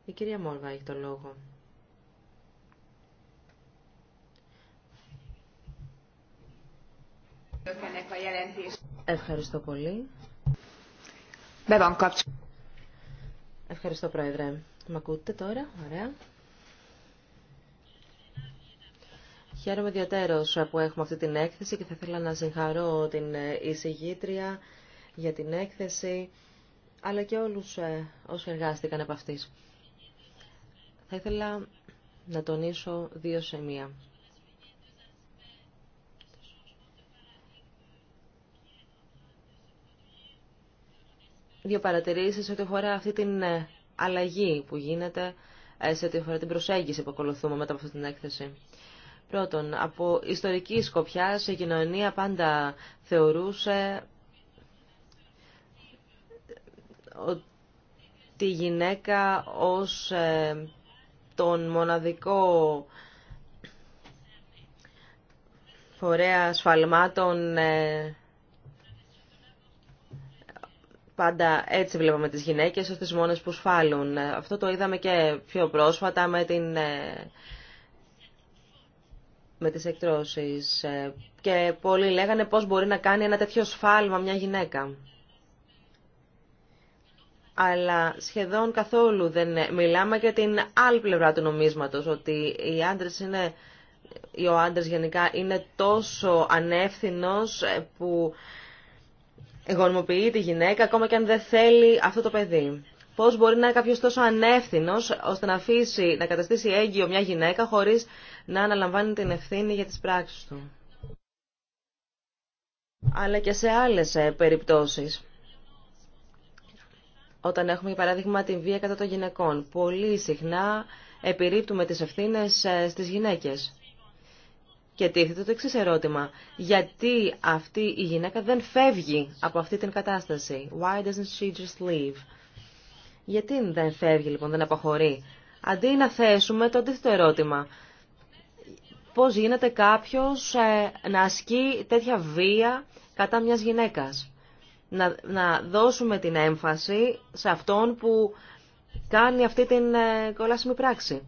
Η κυρία Μόρβα έχει το λόγο. Ευχαριστώ πολύ. Ευχαριστώ, Πρόεδρε. Μ' ακούτε τώρα, ωραία. Χαίρομαι ιδιαίτερως που έχουμε αυτή την έκθεση και θα ήθελα να συγχαρώ την εισηγήτρια για την έκθεση, αλλά και όλους ε, όσοι εργάστηκαν από αυτής. Θα ήθελα να τονίσω δύο σημεία. δύο παρατηρήσεις ό,τι αφορά αυτή την ε, αλλαγή που γίνεται ε, σε ό,τι αφορά την προσέγγιση που ακολουθούμε μετά από αυτή την έκθεση. Πρώτον, από ιστορική σκοπιά η κοινωνία πάντα θεωρούσε τη γυναίκα ως ε, τον μοναδικό φορέα σφαλμάτων Πάντα έτσι βλέπαμε τις γυναίκες ως τις μόνες που σφάλουν. Ε, αυτό το είδαμε και πιο πρόσφατα με, την, ε, με τις εκτρώσεις. Ε, και πολλοί λέγανε πώς μπορεί να κάνει ένα τέτοιο σφάλμα μια γυναίκα. Αλλά σχεδόν καθόλου δεν μιλάμε για την άλλη πλευρά του νομίσματος, ότι οι άντρες είναι, ο άντρας γενικά είναι τόσο ανεύθυνος που γονιμοποιεί τη γυναίκα ακόμα και αν δεν θέλει αυτό το παιδί. Πώς μπορεί να είναι κάποιο τόσο ανεύθυνος ώστε να αφήσει, να καταστήσει έγκυο μια γυναίκα χωρίς να αναλαμβάνει την ευθύνη για τις πράξεις του. Αλλά και σε άλλες ε, περιπτώσει. Όταν έχουμε, για παράδειγμα, την βία κατά των γυναικών. Πολύ συχνά επιρρύπτουμε τις ευθύνες ε, στις γυναίκες. Και τίθεται το εξή ερώτημα. Γιατί αυτή η γυναίκα δεν φεύγει από αυτή την κατάσταση. Why doesn't she just leave? Γιατί δεν φεύγει λοιπόν, δεν αποχωρεί. Αντί να θέσουμε το αντίθετο ερώτημα. Πώς γίνεται κάποιος ε, να ασκεί τέτοια βία κατά μιας γυναίκας. Να, να δώσουμε την έμφαση σε αυτόν που κάνει αυτή την ε, κολάσιμη πράξη.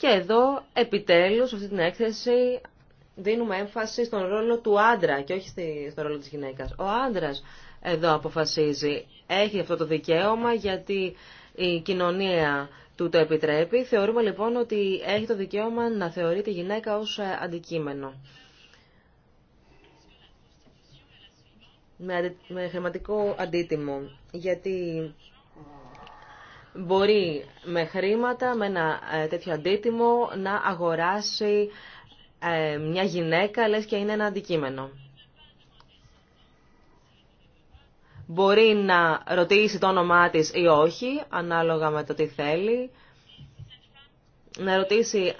Και εδώ επιτέλους αυτή την έκθεση δίνουμε έμφαση στον ρόλο του άντρα και όχι στον ρόλο της γυναίκας. Ο άντρας εδώ αποφασίζει, έχει αυτό το δικαίωμα γιατί η κοινωνία του το επιτρέπει. Θεωρούμε λοιπόν ότι έχει το δικαίωμα να θεωρεί τη γυναίκα ως ε, αντικείμενο. Με χρηματικό αντίτιμο, γιατί μπορεί με χρήματα, με ένα ε, τέτοιο αντίτιμο, να αγοράσει ε, μια γυναίκα, λες και είναι ένα αντικείμενο. Μπορεί να ρωτήσει το όνομά της ή όχι, ανάλογα με το τι θέλει. Να ρωτήσει,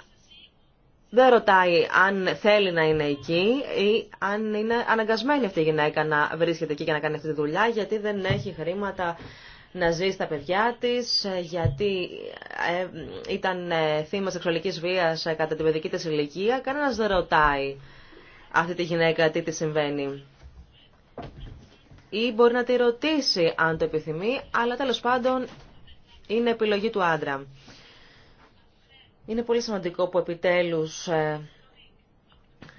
δεν ρωτάει αν θέλει να είναι εκεί ή αν είναι αναγκασμένη αυτή η γυναίκα να βρίσκεται εκεί και να κάνει αυτή τη δουλειά, γιατί δεν έχει χρήματα να ζει στα παιδιά της γιατί ε, ήταν ε, θύμα σεξουαλικής βίας ε, κατά την παιδική της ηλικία. Κανένας δεν ρωτάει αυτή τη γυναίκα τι της συμβαίνει. Ή μπορεί να τη ρωτήσει αν το επιθυμεί, αλλά τέλος πάντων είναι επιλογή του άντρα. Είναι πολύ σημαντικό που επιτέλους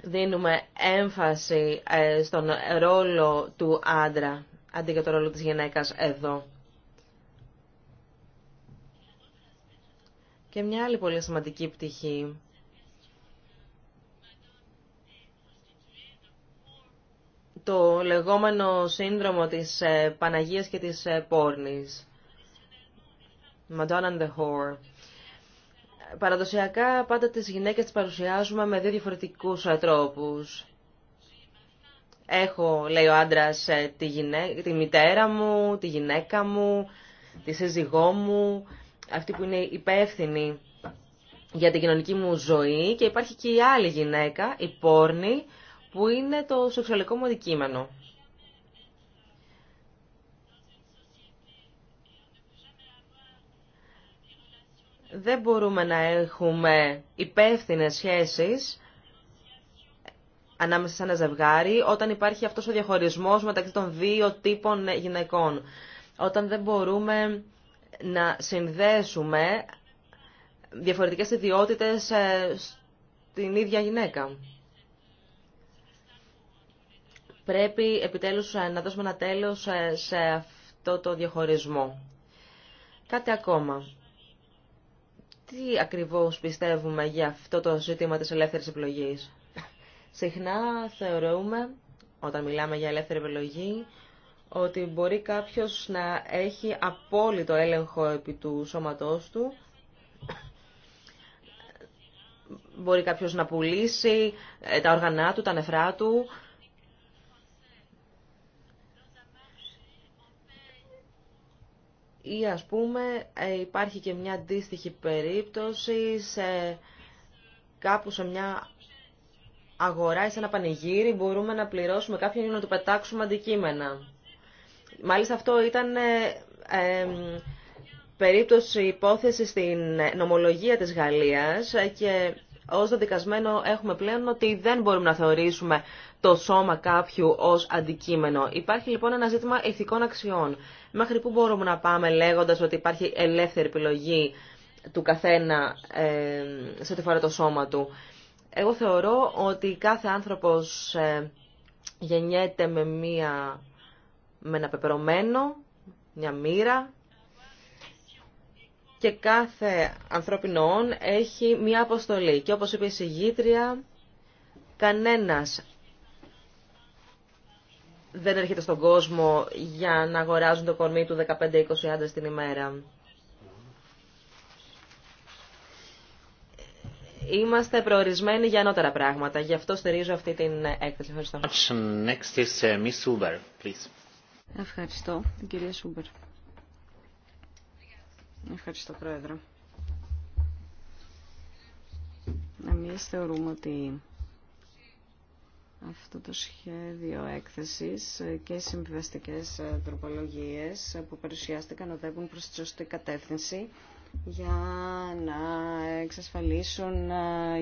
δίνουμε έμφαση στον ρόλο του άντρα αντί για τον ρόλο της γυναίκας εδώ. Και μια άλλη πολύ σημαντική πτυχή. Το λεγόμενο σύνδρομο της ε, Παναγίας και της ε, Πόρνης. Madonna and the Whore. Παραδοσιακά πάντα τις γυναίκες τις παρουσιάζουμε με δύο διαφορετικούς ε, τρόπους. Έχω, λέει ο άντρας, τη, τη μητέρα μου, τη γυναίκα μου, τη σύζυγό μου, αυτή που είναι υπεύθυνη για την κοινωνική μου ζωή και υπάρχει και η άλλη γυναίκα, η πόρνη, που είναι το σεξουαλικό μου αντικείμενο. Δεν μπορούμε να έχουμε υπεύθυνε σχέσεις ανάμεσα σε ένα ζευγάρι όταν υπάρχει αυτός ο διαχωρισμός μεταξύ των δύο τύπων γυναικών. Όταν δεν μπορούμε να συνδέσουμε διαφορετικές ιδιότητες ε, στην ίδια γυναίκα. Πρέπει επιτέλους ε, να δώσουμε ένα τέλος ε, σε αυτό το διαχωρισμό. Κάτι ακόμα. Τι ακριβώς πιστεύουμε για αυτό το ζήτημα της ελεύθερης επιλογής. Συχνά θεωρούμε, όταν μιλάμε για ελεύθερη επιλογή, ότι μπορεί κάποιος να έχει απόλυτο έλεγχο επί του σώματός του. Μπορεί κάποιος να πουλήσει ε, τα οργανά του, τα νεφρά του. Ή ας πούμε ε, υπάρχει και μια αντίστοιχη περίπτωση σε κάπου σε μια αγορά ή σε ένα πανηγύρι μπορούμε να πληρώσουμε κάποιον για να του πετάξουμε αντικείμενα. Μάλιστα αυτό ήταν ε, ε, περίπτωση υπόθεση στην νομολογία της Γαλλίας και ως δεδικασμένο έχουμε πλέον ότι δεν μπορούμε να θεωρήσουμε το σώμα κάποιου ως αντικείμενο. Υπάρχει λοιπόν ένα ζήτημα ηθικών αξιών. Μέχρι πού μπορούμε να πάμε λέγοντας ότι υπάρχει ελεύθερη επιλογή του καθένα ε, σε ό,τι φορά το σώμα του. Εγώ θεωρώ ότι κάθε άνθρωπος ε, γεννιέται με μία με ένα πεπρωμένο, μια μοίρα και κάθε ανθρώπινο έχει μια αποστολή. Και όπως είπε η συγγήτρια, κανένας δεν έρχεται στον κόσμο για να αγοράζουν το κορμί του 15-20 άντρες την ημέρα. Είμαστε προορισμένοι για ανώτερα πράγματα. Γι' αυτό στηρίζω αυτή την έκθεση. Ευχαριστώ. Next is uh, please. Ευχαριστώ, την κυρία Σούμπερ. Ευχαριστώ, Πρόεδρο. Εμείς θεωρούμε ότι αυτό το σχέδιο έκθεσης και οι συμβιβαστικές τροπολογίες που παρουσιάστηκαν οδεύουν προς τη σωστή κατεύθυνση για να εξασφαλίσουν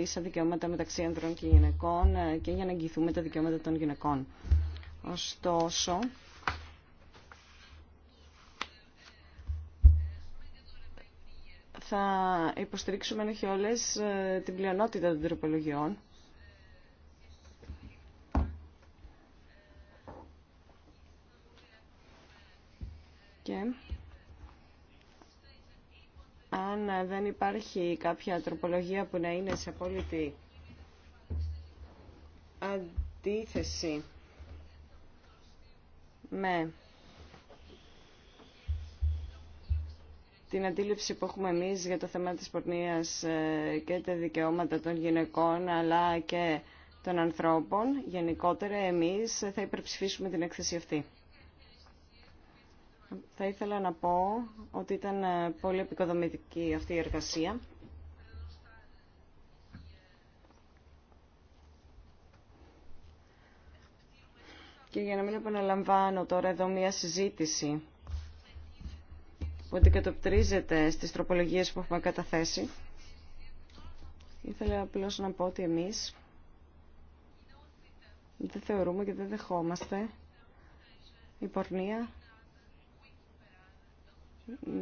ίσα δικαιώματα μεταξύ ανδρών και γυναικών και για να εγγυηθούμε τα δικαιώματα των γυναικών. Ωστόσο, θα υποστηρίξουμε όχι όλες ε, την πλειονότητα των τροπολογιών. Και αν δεν υπάρχει κάποια τροπολογία που να είναι σε απόλυτη αντίθεση με την αντίληψη που έχουμε εμείς για το θέμα της πορνείας ε, και τα δικαιώματα των γυναικών αλλά και των ανθρώπων, γενικότερα εμείς θα υπερψηφίσουμε την έκθεση αυτή. Θα ήθελα να πω ότι ήταν ε, πολύ επικοδομητική αυτή η εργασία. Και για να μην επαναλαμβάνω τώρα εδώ μία συζήτηση που αντικατοπτρίζεται στις τροπολογίες που έχουμε καταθέσει. Ήθελα απλώς να πω ότι εμείς δεν θεωρούμε και δεν δεχόμαστε η πορνεία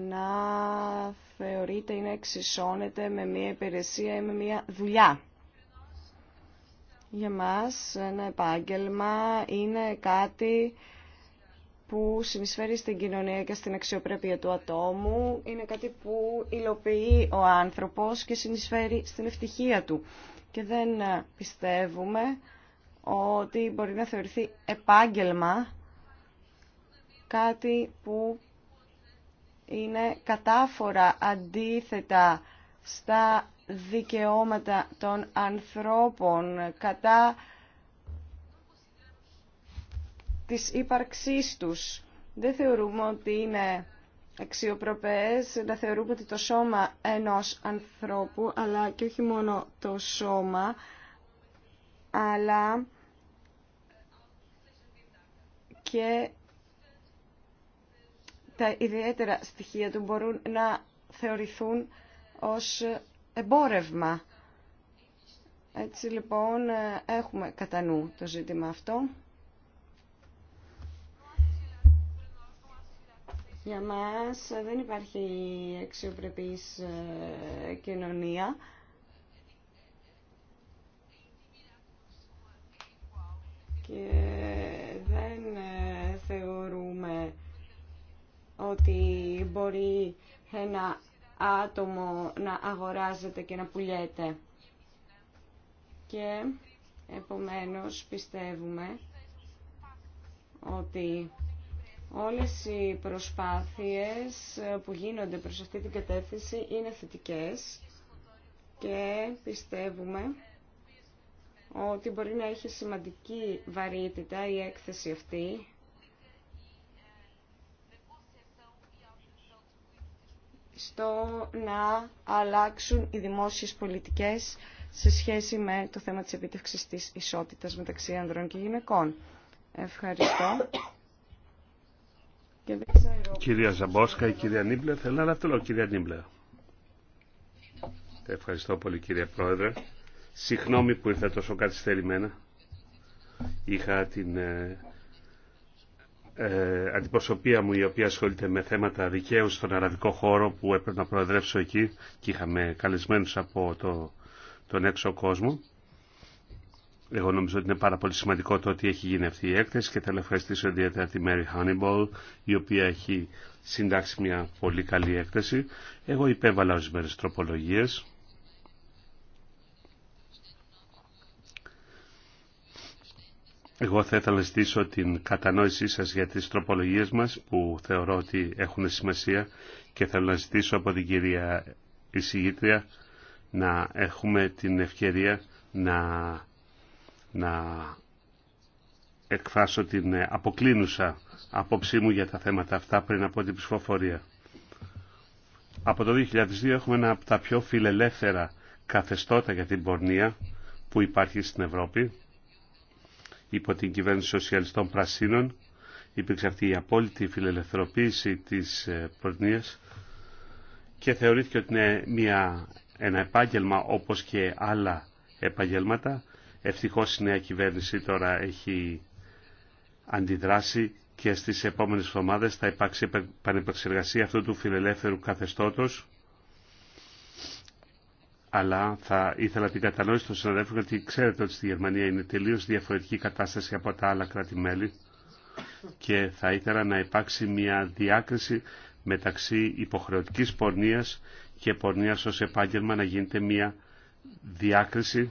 να θεωρείται ή να εξισώνεται με μια υπηρεσία ή με μια δουλειά. Για μας ένα επάγγελμα είναι κάτι που συνεισφέρει στην κοινωνία και στην αξιοπρέπεια του ατόμου. Είναι κάτι που υλοποιεί ο άνθρωπος και συνεισφέρει στην ευτυχία του. Και δεν ε, πιστεύουμε ότι μπορεί να θεωρηθεί επάγγελμα κάτι που είναι κατάφορα αντίθετα στα δικαιώματα των ανθρώπων κατά της ύπαρξής τους. Δεν θεωρούμε ότι είναι αξιοπροπές, να θεωρούμε ότι το σώμα ενός ανθρώπου, αλλά και όχι μόνο το σώμα, αλλά και τα ιδιαίτερα στοιχεία του μπορούν να θεωρηθούν ως εμπόρευμα. Έτσι λοιπόν έχουμε κατά νου το ζήτημα αυτό. Για μας δεν υπάρχει αξιοπρεπής ε, κοινωνία. Και δεν ε, θεωρούμε ότι μπορεί ένα άτομο να αγοράζεται και να πουλιέται. Και επομένως πιστεύουμε ότι Όλες οι προσπάθειες που γίνονται προς αυτή την κατεύθυνση είναι θετικές και πιστεύουμε ότι μπορεί να έχει σημαντική βαρύτητα η έκθεση αυτή στο να αλλάξουν οι δημόσιες πολιτικές σε σχέση με το θέμα της επίτευξης της ισότητας μεταξύ ανδρών και γυναικών. Ευχαριστώ. Και Κυρία Ζαμπόσκα, η κυρία Νίμπλε, θέλω να το λέω, κυρία Νίμπλε. Ευχαριστώ πολύ κύριε Πρόεδρε. Συγγνώμη που ήρθα τόσο καθυστερημένα. Είχα την ε, ε αντιπροσωπεία μου η οποία ασχολείται με θέματα δικαίου στον αραβικό χώρο που έπρεπε να προεδρεύσω εκεί και είχαμε καλεσμένους από το, τον έξω κόσμο. Εγώ νομίζω ότι είναι πάρα πολύ σημαντικό το ότι έχει γίνει αυτή η έκθεση και να ευχαριστήσω ιδιαίτερα τη Mary Hannibal, η οποία έχει συντάξει μια πολύ καλή έκθεση. Εγώ υπέβαλα ορισμένε τροπολογίε. Εγώ θα ήθελα να ζητήσω την κατανόησή σας για τις τροπολογίες μας που θεωρώ ότι έχουν σημασία και θέλω να ζητήσω από την κυρία εισηγήτρια να έχουμε την ευκαιρία να να εκφράσω την ε, αποκλίνουσα απόψή μου για τα θέματα αυτά πριν από την ψηφοφορία. Από το 2002 έχουμε ένα από τα πιο φιλελεύθερα καθεστώτα για την πορνεία που υπάρχει στην Ευρώπη. Υπό την κυβέρνηση σοσιαλιστών πρασίνων υπήρξε αυτή η απόλυτη φιλελευθερωποίηση της ε, πορνείας και θεωρήθηκε ότι είναι μια, ένα επάγγελμα όπως και άλλα επαγγέλματα Ευτυχώς η νέα κυβέρνηση τώρα έχει αντιδράσει και στις επόμενες εβδομάδες θα υπάρξει πανεπεξεργασία αυτού του φιλελεύθερου καθεστώτος αλλά θα ήθελα την κατανόηση των συναδέλφων γιατί ξέρετε ότι στη Γερμανία είναι τελείως διαφορετική κατάσταση από τα άλλα κράτη-μέλη και θα ήθελα να υπάρξει μια διάκριση μεταξύ υποχρεωτικής πορνείας και πορνείας ως επάγγελμα να γίνεται μια διάκριση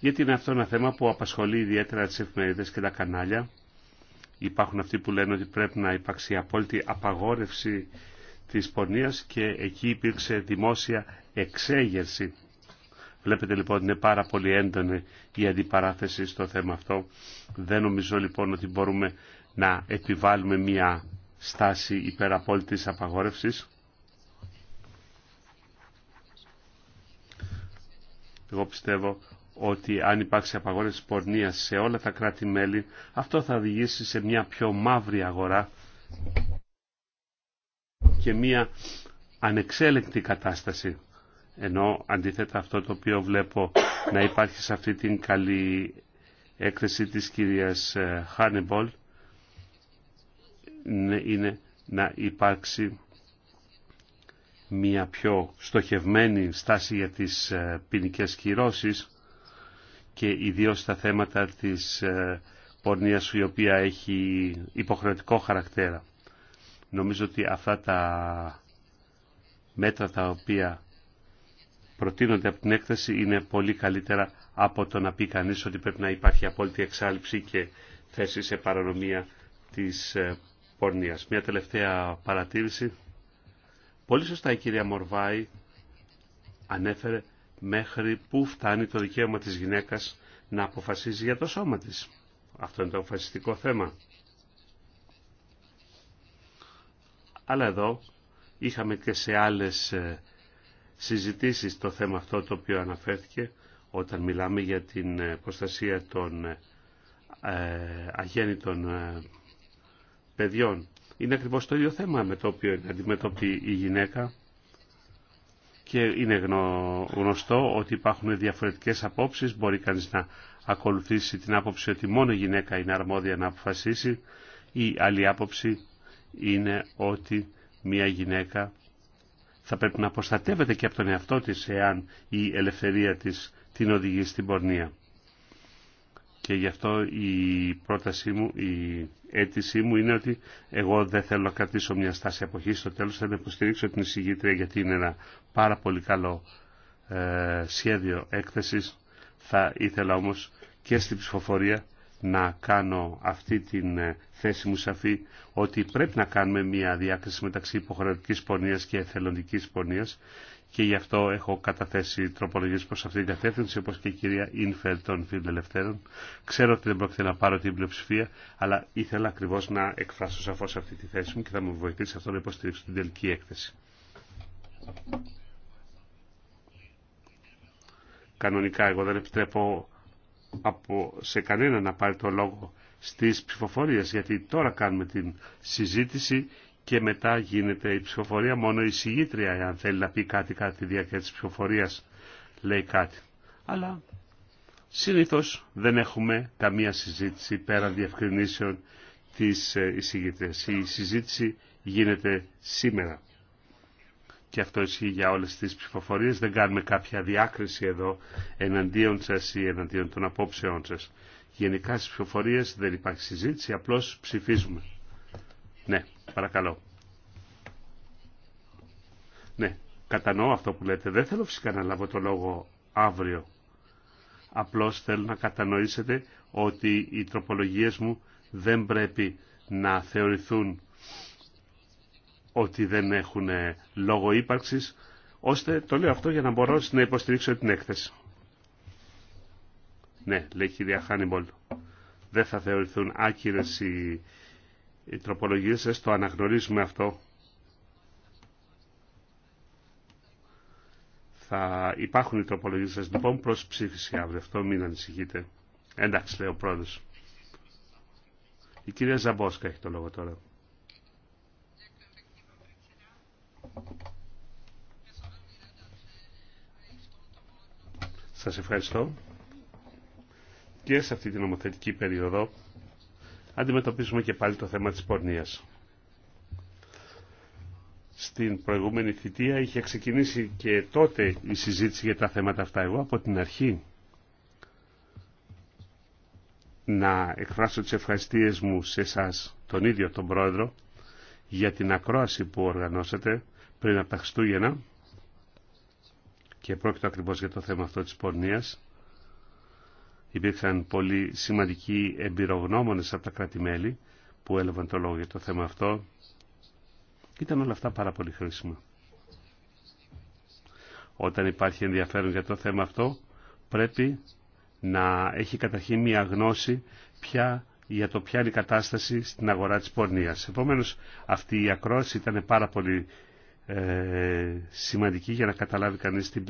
γιατί είναι αυτό ένα θέμα που απασχολεί ιδιαίτερα τις εφημερίδες και τα κανάλια. Υπάρχουν αυτοί που λένε ότι πρέπει να υπάρξει απόλυτη απαγόρευση της πονίας και εκεί υπήρξε δημόσια εξέγερση. Βλέπετε λοιπόν ότι είναι πάρα πολύ έντονη η αντιπαράθεση στο θέμα αυτό. Δεν νομίζω λοιπόν ότι μπορούμε να επιβάλλουμε μια στάση υπεραπόλυτης απαγόρευσης. Εγώ πιστεύω ότι αν υπάρξει απαγόρευση πορνείας σε όλα τα κράτη-μέλη, αυτό θα οδηγήσει σε μια πιο μαύρη αγορά και μια ανεξέλεγκτη κατάσταση. Ενώ αντίθετα αυτό το οποίο βλέπω να υπάρχει σε αυτή την καλή έκθεση της κυρίας ε, Χάνεμπολ ναι, είναι να υπάρξει μια πιο στοχευμένη στάση για τις ε, ποινικές κυρώσεις και ιδίως στα θέματα της ε, πορνείας η οποία έχει υποχρεωτικό χαρακτήρα. Νομίζω ότι αυτά τα μέτρα τα οποία προτείνονται από την έκθεση είναι πολύ καλύτερα από το να πει κανείς ότι πρέπει να υπάρχει απόλυτη εξάλληψη και θέση σε παρανομία της ε, πορνείας. Μια τελευταία παρατήρηση. Πολύ σωστά η κυρία Μορβάη ανέφερε μέχρι πού φτάνει το δικαίωμα της γυναίκας να αποφασίζει για το σώμα της. Αυτό είναι το αποφασιστικό θέμα. Αλλά εδώ είχαμε και σε άλλες ε, συζητήσεις το θέμα αυτό το οποίο αναφέρθηκε όταν μιλάμε για την ε, προστασία των ε, αγέννητων παιδιών. Είναι ακριβώς το ίδιο θέμα με το οποίο αντιμετωπίζει η γυναίκα και είναι γνωστό ότι υπάρχουν διαφορετικές απόψεις. Μπορεί κανείς να ακολουθήσει την άποψη ότι μόνο η γυναίκα είναι αρμόδια να αποφασίσει. Η άλλη άποψη είναι ότι μια γυναίκα θα πρέπει να προστατεύεται και από τον εαυτό της εάν η ελευθερία της την οδηγεί στην πορνεία και γι' αυτό η πρότασή μου, η αίτησή μου είναι ότι εγώ δεν θέλω να κρατήσω μια στάση αποχής. Στο τέλος θα την υποστηρίξω την εισηγήτρια γιατί είναι ένα πάρα πολύ καλό ε, σχέδιο έκθεσης. Θα ήθελα όμως και στην ψηφοφορία να κάνω αυτή την ε, θέση μου σαφή ότι πρέπει να κάνουμε μια διάκριση μεταξύ υποχρεωτικής πορνείας και εθελοντικής πορνείας και γι' αυτό έχω καταθέσει τροπολογίες προς αυτήν την κατεύθυνση, όπως και η κυρία Ινφελ των Φιλελευθέρων. Ξέρω ότι δεν πρόκειται να πάρω την πλειοψηφία, αλλά ήθελα ακριβώς να εκφράσω σαφώς αυτή τη θέση μου και θα μου βοηθήσει αυτό να υποστηρίξω την τελική έκθεση. Κανονικά εγώ δεν επιτρέπω από σε κανένα να πάρει το λόγο στις ψηφοφορίες, γιατί τώρα κάνουμε την συζήτηση και μετά γίνεται η ψηφοφορία. Μόνο η συγγήτρια, Αν θέλει να πει κάτι κατά τη διάρκεια της ψηφοφορίας, λέει κάτι. Αλλά συνήθως δεν έχουμε καμία συζήτηση πέραν διευκρινήσεων της ε, εισηγήτριας. Η συζήτηση γίνεται σήμερα. Και αυτό ισχύει για όλες τις ψηφοφορίες. Δεν κάνουμε κάποια διάκριση εδώ εναντίον σας ή εναντίον των απόψεών σας. Γενικά στις ψηφοφορίες δεν υπάρχει συζήτηση, απλώς ψηφίζουμε. Ναι. Παρακαλώ. Ναι, κατανοώ αυτό που λέτε. Δεν θέλω φυσικά να λάβω το λόγο αύριο. Απλώς θέλω να κατανοήσετε ότι οι τροπολογίες μου δεν πρέπει να θεωρηθούν ότι δεν έχουν ε, λόγο ύπαρξης, ώστε το λέω αυτό για να μπορώ να υποστηρίξω την έκθεση. Ναι, λέει η κυρία Χάνιμπολ, δεν θα θεωρηθούν άκυρες οι οι τροπολογίες σας το αναγνωρίζουμε αυτό. Θα υπάρχουν οι τροπολογίες σας λοιπόν προς ψήφιση αύριο. Αυτό μην ανησυχείτε. Εντάξει λέει ο πρόεδρος. Η κυρία Ζαμπόσκα έχει το λόγο τώρα. Σας ευχαριστώ. Και σε αυτή την νομοθετική περίοδο Αντιμετωπίσουμε και πάλι το θέμα της πορνείας. Στην προηγούμενη θητεία είχε ξεκινήσει και τότε η συζήτηση για τα θέματα αυτά. Εγώ από την αρχή να εκφράσω τις ευχαριστίες μου σε εσά τον ίδιο τον Πρόεδρο για την ακρόαση που οργανώσατε πριν από τα Χριστούγεννα και πρόκειται ακριβώς για το θέμα αυτό της πορνείας Υπήρξαν πολύ σημαντικοί εμπειρογνώμονες από τα κρατη που έλαβαν το λόγο για το θέμα αυτό. Ήταν όλα αυτά πάρα πολύ χρήσιμα. Όταν υπάρχει ενδιαφέρον για το θέμα αυτό, πρέπει να έχει καταρχήν μια γνώση πια για το ποια είναι η κατάσταση στην αγορά της πορνείας. Επομένως, αυτή η ακρόαση ήταν πάρα πολύ ε, σημαντική για να καταλάβει κανείς την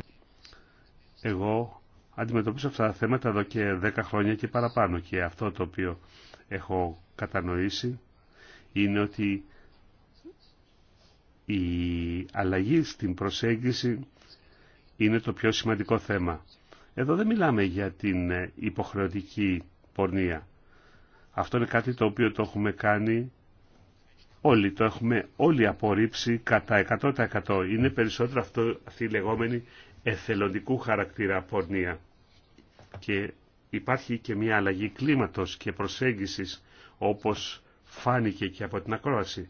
Εγώ αντιμετωπίζω αυτά τα θέματα εδώ και 10 χρόνια και παραπάνω και αυτό το οποίο έχω κατανοήσει είναι ότι η αλλαγή στην προσέγγιση είναι το πιο σημαντικό θέμα. Εδώ δεν μιλάμε για την υποχρεωτική πορνεία. Αυτό είναι κάτι το οποίο το έχουμε κάνει όλοι. Το έχουμε όλοι απορρίψει κατά 100%. Είναι περισσότερο αυτό, αυτή η λεγόμενη εθελοντικού χαρακτήρα πορνεία και υπάρχει και μια αλλαγή κλίματος και προσέγγισης όπως φάνηκε και από την ακρόαση.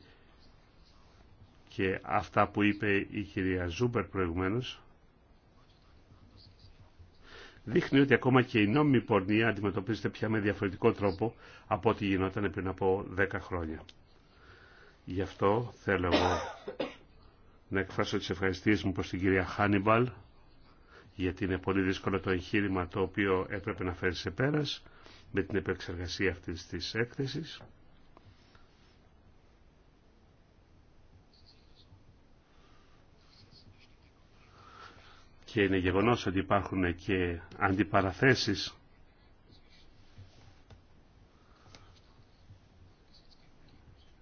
Και αυτά που είπε η κυρία Ζούμπερ προηγουμένως δείχνει ότι ακόμα και η νόμιμη πορνεία αντιμετωπίζεται πια με διαφορετικό τρόπο από ό,τι γινόταν πριν από 10 χρόνια. Γι' αυτό θέλω εγώ να εκφράσω τις ευχαριστίες μου προς την κυρία Χάνιμπαλ γιατί είναι πολύ δύσκολο το εγχείρημα το οποίο έπρεπε να φέρει σε πέρας με την επεξεργασία αυτής της έκθεσης. Και είναι γεγονός ότι υπάρχουν και αντιπαραθέσεις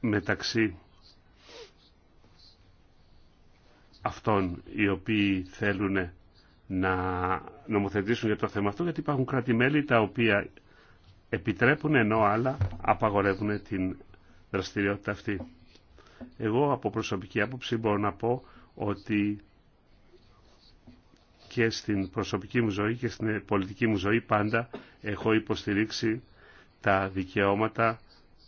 μεταξύ αυτών οι οποίοι θέλουν να νομοθετήσουν για το θέμα αυτό, γιατί υπάρχουν κράτη-μέλη τα οποία επιτρέπουν ενώ άλλα απαγορεύουν την δραστηριότητα αυτή. Εγώ από προσωπική άποψη μπορώ να πω ότι και στην προσωπική μου ζωή και στην πολιτική μου ζωή πάντα έχω υποστηρίξει τα δικαιώματα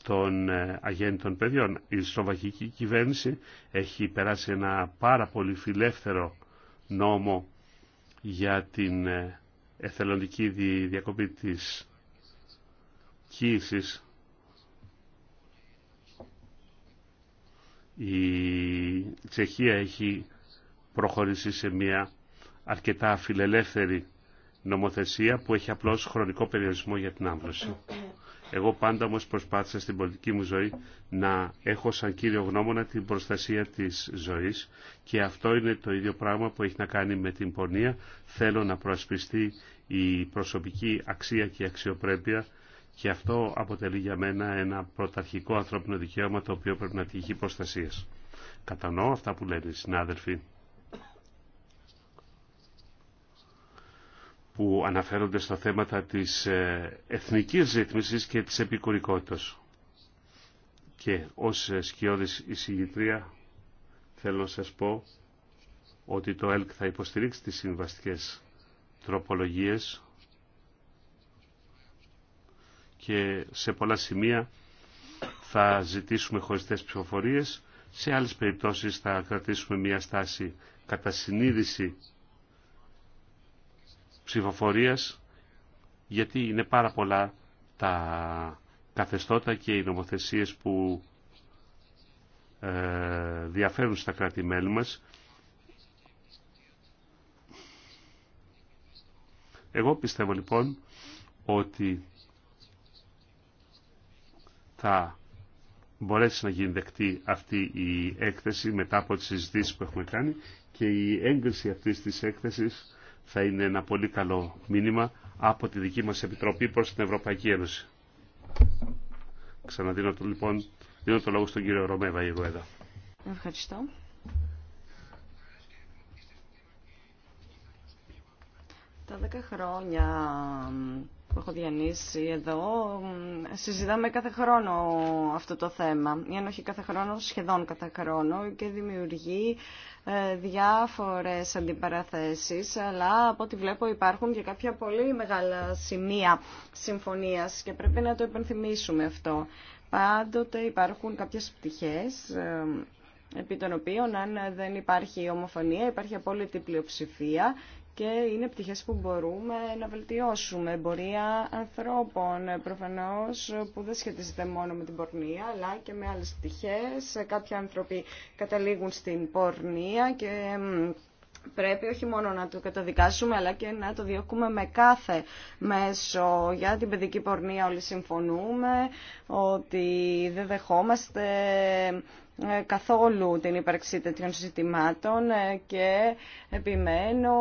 των ε, των παιδιών. Η σοβαχική κυβέρνηση έχει περάσει ένα πάρα πολύ φιλεύθερο νόμο για την ε, εθελοντική διακοπή της κοίησης η Τσεχία έχει προχωρήσει σε μια αρκετά φιλελεύθερη νομοθεσία που έχει απλώς χρονικό περιορισμό για την άμβλωση. Εγώ πάντα όμως προσπάθησα στην πολιτική μου ζωή να έχω σαν κύριο γνώμονα την προστασία της ζωής και αυτό είναι το ίδιο πράγμα που έχει να κάνει με την πορνεία. Θέλω να προασπιστεί η προσωπική αξία και αξιοπρέπεια και αυτό αποτελεί για μένα ένα πρωταρχικό ανθρώπινο δικαίωμα το οποίο πρέπει να τύχει προστασίας. Κατανοώ αυτά που λένε οι συνάδελφοι που αναφέρονται στα θέματα της ε, εθνικής ρύθμισης και της επικουρικότητας. Και ως ε, σκιώδης εισηγητρία θέλω να σας πω ότι το ΕΛΚ θα υποστηρίξει τις συμβαστικές τροπολογίες και σε πολλά σημεία θα ζητήσουμε χωριστές ψηφοφορίες. Σε άλλες περιπτώσεις θα κρατήσουμε μια στάση κατά συνείδηση ψηφοφορίας γιατί είναι πάρα πολλά τα καθεστώτα και οι νομοθεσίες που ε, διαφέρουν στα κράτη-μέλη μας. Εγώ πιστεύω λοιπόν ότι θα μπορέσει να γίνει δεκτή αυτή η έκθεση μετά από τις συζητήσεις που έχουμε κάνει και η έγκριση αυτής της έκθεσης θα είναι ένα πολύ καλό μήνυμα από τη δική μας Επιτροπή προς την Ευρωπαϊκή Ένωση. Ξαναδίνω το, λοιπόν, δίνω το λόγο στον κύριο Ρωμέβα εγώ εδώ. Ευχαριστώ. Τα δέκα χρόνια που έχω διανύσει εδώ, συζητάμε κάθε χρόνο αυτό το θέμα, ή αν όχι κάθε χρόνο, σχεδόν κάθε χρόνο και δημιουργεί ε, διάφορες αντιπαραθέσεις, αλλά από ό,τι βλέπω υπάρχουν και κάποια πολύ μεγάλα σημεία συμφωνίας και πρέπει να το επενθυμίσουμε αυτό. Πάντοτε υπάρχουν κάποιες πτυχές ε, επί των οποίων αν δεν υπάρχει ομοφωνία υπάρχει απόλυτη πλειοψηφία και είναι πτυχές που μπορούμε να βελτιώσουμε. Εμπορία ανθρώπων προφανώς που δεν σχετίζεται μόνο με την πορνεία αλλά και με άλλες πτυχές. Κάποιοι άνθρωποι καταλήγουν στην πορνεία και πρέπει όχι μόνο να το καταδικάσουμε αλλά και να το διώκουμε με κάθε μέσο για την παιδική πορνεία όλοι συμφωνούμε ότι δεν δεχόμαστε ε, καθόλου την ύπαρξη τέτοιων συζητημάτων ε, και επιμένω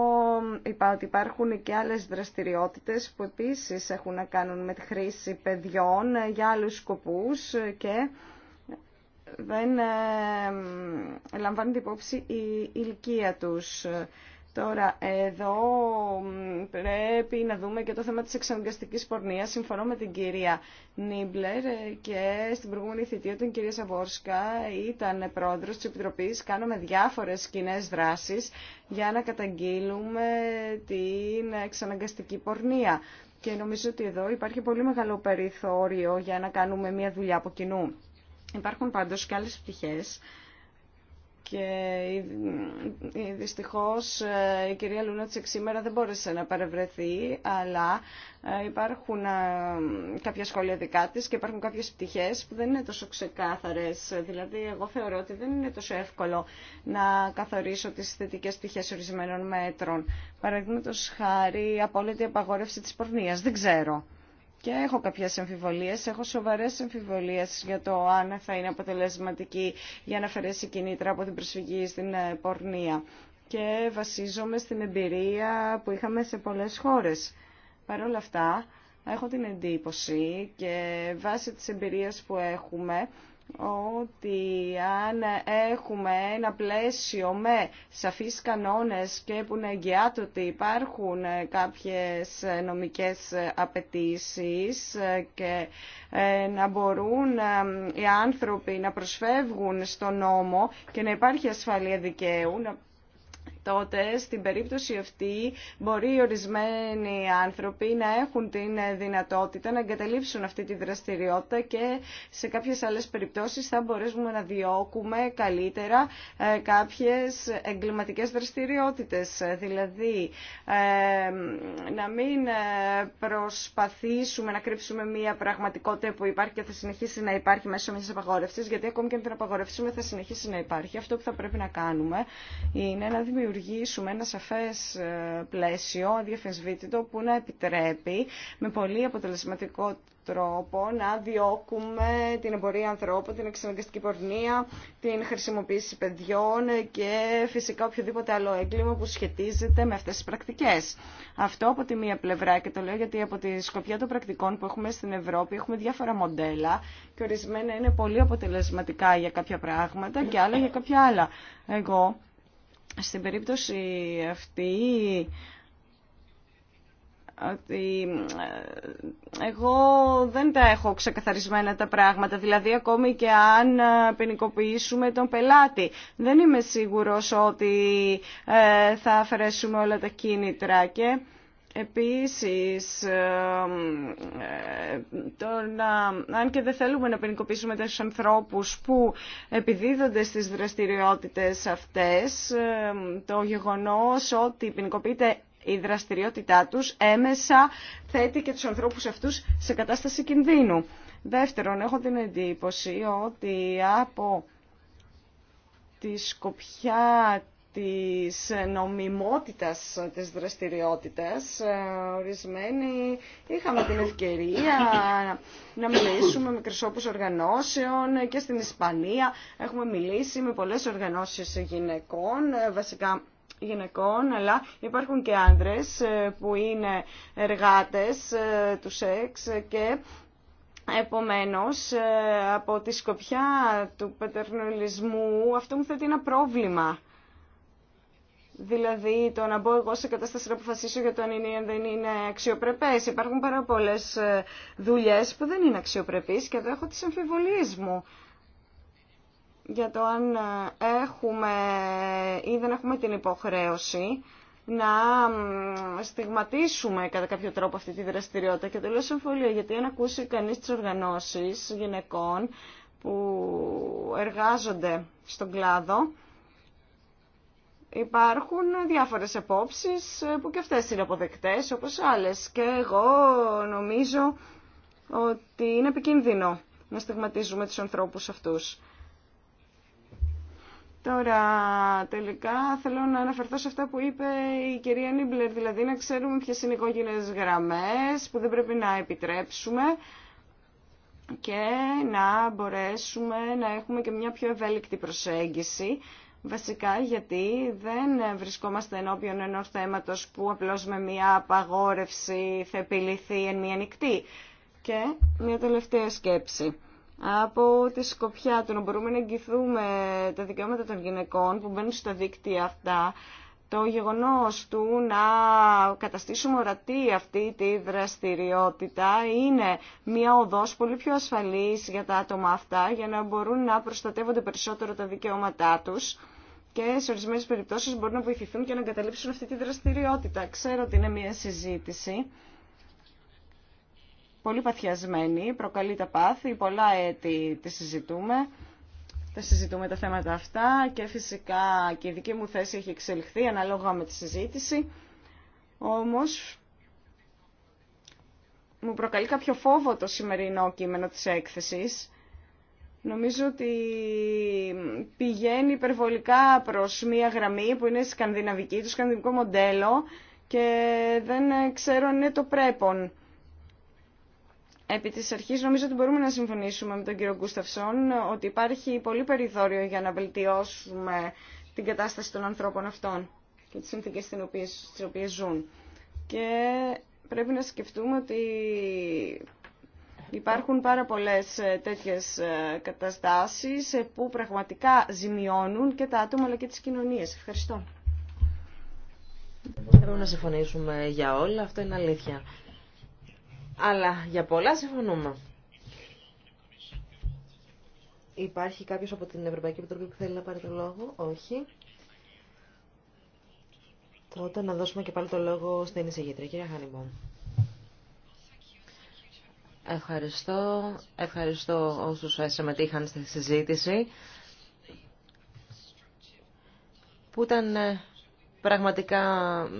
είπα ότι υπάρχουν και άλλες δραστηριότητες που επίσης έχουν να κάνουν με τη χρήση παιδιών ε, για άλλους σκοπούς και δεν λαμβάνεται υπόψη η ηλικία τους. Τώρα, εδώ πρέπει να δούμε και το θέμα της εξαναγκαστικής πορνείας. Συμφωνώ με την κυρία Νίμπλερ ε, και στην προηγούμενη θητεία την κυρία Σαβόρσκα ήταν πρόεδρος της Επιτροπής. Κάναμε διάφορες κοινέ δράσεις για να καταγγείλουμε την εξαναγκαστική πορνεία. Και νομίζω ότι εδώ υπάρχει πολύ μεγάλο περιθώριο για να κάνουμε μια δουλειά από κοινού. Υπάρχουν πάντως και άλλες πτυχές και δυστυχώς ε, η κυρία Λούνατσεκ σήμερα δεν μπόρεσε να παρευρεθεί, αλλά ε, υπάρχουν ε, κάποια σχόλια δικά της και υπάρχουν κάποιες πτυχές που δεν είναι τόσο ξεκάθαρες. Δηλαδή, εγώ θεωρώ ότι δεν είναι τόσο εύκολο να καθορίσω τις θετικές πτυχές ορισμένων μέτρων. Παραδείγματος χάρη, απόλυτη απαγόρευση της πορνείας. Δεν ξέρω. Και έχω κάποιες αμφιβολίες. έχω σοβαρές αμφιβολίες για το αν θα είναι αποτελεσματική για να αφαιρέσει κινήτρα από την προσφυγή στην ε, πορνεία. Και βασίζομαι στην εμπειρία που είχαμε σε πολλές χώρες. Παρ' όλα αυτά, έχω την εντύπωση και βάσει της εμπειρίας που έχουμε, ότι αν έχουμε ένα πλαίσιο με σαφείς κανόνες και που να εγγυάται ότι υπάρχουν κάποιες νομικές απαιτήσεις και ε, να μπορούν ε, οι άνθρωποι να προσφεύγουν στον νόμο και να υπάρχει ασφαλεία δικαίου, τότε στην περίπτωση αυτή μπορεί οι ορισμένοι άνθρωποι να έχουν την δυνατότητα να εγκαταλείψουν αυτή τη δραστηριότητα και σε κάποιες άλλες περιπτώσεις θα μπορέσουμε να διώκουμε καλύτερα ε, κάποιες εγκληματικές δραστηριότητες. Δηλαδή ε, να μην ε, προσπαθήσουμε να κρύψουμε μια πραγματικότητα που υπάρχει και θα συνεχίσει να υπάρχει μέσω μιας απαγόρευσης γιατί ακόμη και αν την απαγορεύσουμε θα συνεχίσει να υπάρχει. Αυτό που θα πρέπει να κάνουμε είναι να δημιουργήσουμε δημιουργήσουμε ένα σαφές ε, πλαίσιο αδιαφεσβήτητο που να επιτρέπει με πολύ αποτελεσματικό τρόπο να διώκουμε την εμπορία ανθρώπων, την εξαναγκαστική πορνεία, την χρησιμοποίηση παιδιών και φυσικά οποιοδήποτε άλλο έγκλημα που σχετίζεται με αυτές τις πρακτικές. Αυτό από τη μία πλευρά και το λέω γιατί από τη σκοπιά των πρακτικών που έχουμε στην Ευρώπη έχουμε διάφορα μοντέλα και ορισμένα είναι πολύ αποτελεσματικά για κάποια πράγματα και άλλα για κάποια άλλα. Εγώ στην περίπτωση αυτή ότι ε, εγώ δεν τα έχω ξεκαθαρισμένα τα πράγματα, δηλαδή ακόμη και αν ε, ποινικοποιήσουμε τον πελάτη. Δεν είμαι σίγουρος ότι ε, θα αφαιρέσουμε όλα τα κίνητρα και Επίσης, ε, το να, αν και δεν θέλουμε να ποινικοποιήσουμε τους ανθρώπους που επιδίδονται στις δραστηριότητες αυτές, το γεγονός ότι ποινικοποιείται η δραστηριότητά τους έμεσα θέτει και τους ανθρώπους αυτούς σε κατάσταση κινδύνου. Δεύτερον, έχω την εντύπωση ότι από τη σκοπιά της νομιμότητας της δραστηριότητας ε, ορισμένοι είχαμε την ευκαιρία να μιλήσουμε με κρυσόπους οργανώσεων και στην Ισπανία έχουμε μιλήσει με πολλές οργανώσεις γυναικών ε, βασικά γυναικών, αλλά υπάρχουν και άνδρες ε, που είναι εργάτες του σεξ και επομένως από τη σκοπιά του πετερνολισμού αυτό μου θέτει ένα πρόβλημα Δηλαδή το να μπω εγώ σε κατάσταση να αποφασίσω για το αν είναι ή δεν είναι αξιοπρεπές. Υπάρχουν πάρα πολλέ ε, δουλειές που δεν είναι αξιοπρεπείς και εδώ έχω τις αμφιβολίες μου για το αν ε, έχουμε ή δεν έχουμε την υποχρέωση να στιγματίσουμε κατά κάποιο τρόπο αυτή τη δραστηριότητα. Και το λέω σε εμφωλία, γιατί αν ακούσει κανείς τις οργανώσεις γυναικών που εργάζονται στον κλάδο, Υπάρχουν διάφορες επόψεις ε, που και αυτές είναι αποδεκτές όπως άλλες και εγώ νομίζω ότι είναι επικίνδυνο να στιγματίζουμε τους ανθρώπους αυτούς. Τώρα, τελικά θέλω να αναφερθώ σε αυτά που είπε η κυρία Νίμπλερ, δηλαδή να ξέρουμε ποιες είναι οι κόκκινες γραμμές που δεν πρέπει να επιτρέψουμε και να μπορέσουμε να έχουμε και μια πιο ευέλικτη προσέγγιση Βασικά γιατί δεν βρισκόμαστε ενώπιον ενός θέματος που απλώς με μια απαγόρευση θα επιληθεί εν μια νυχτή. Και μια τελευταία σκέψη. Από τη σκοπιά του να μπορούμε να εγγυθούμε τα δικαιώματα των γυναικών που μπαίνουν στα δίκτυα αυτά, το γεγονός του να καταστήσουμε ορατή αυτή τη δραστηριότητα είναι μια οδός πολύ πιο ασφαλής για τα άτομα αυτά για να μπορούν να προστατεύονται περισσότερο τα δικαιώματά τους και σε ορισμένες περιπτώσεις μπορούν να βοηθηθούν και να εγκαταλείψουν αυτή τη δραστηριότητα. Ξέρω ότι είναι μια συζήτηση πολύ παθιασμένη, προκαλεί τα πάθη, πολλά έτη τη συζητούμε θα συζητούμε τα θέματα αυτά και φυσικά και η δική μου θέση έχει εξελιχθεί ανάλογα με τη συζήτηση. Όμως, μου προκαλεί κάποιο φόβο το σημερινό κείμενο της έκθεσης. Νομίζω ότι πηγαίνει υπερβολικά προς μία γραμμή που είναι σκανδιναβική, το σκανδιναβικό μοντέλο και δεν ξέρω αν είναι το πρέπον. Επί της αρχής νομίζω ότι μπορούμε να συμφωνήσουμε με τον κύριο Γκούσταυσον ότι υπάρχει πολύ περιθώριο για να βελτιώσουμε την κατάσταση των ανθρώπων αυτών και τις συνθήκες στις οποίες, ζουν. Και πρέπει να σκεφτούμε ότι υπάρχουν πάρα πολλές ε, τέτοιες ε, καταστάσεις ε, που πραγματικά ζημιώνουν και τα άτομα αλλά και τις κοινωνίες. Ευχαριστώ. Πρέπει να συμφωνήσουμε για όλα, αυτό είναι αλήθεια αλλά για πολλά συμφωνούμε. Υπάρχει κάποιος από την Ευρωπαϊκή Επιτροπή που θέλει να πάρει το λόγο. Όχι. Τότε να δώσουμε και πάλι το λόγο στην εισηγήτρια. Κυρία Χάνιμπομ. Ευχαριστώ. Ευχαριστώ όσους συμμετείχαν στη συζήτηση που ήταν ε, πραγματικά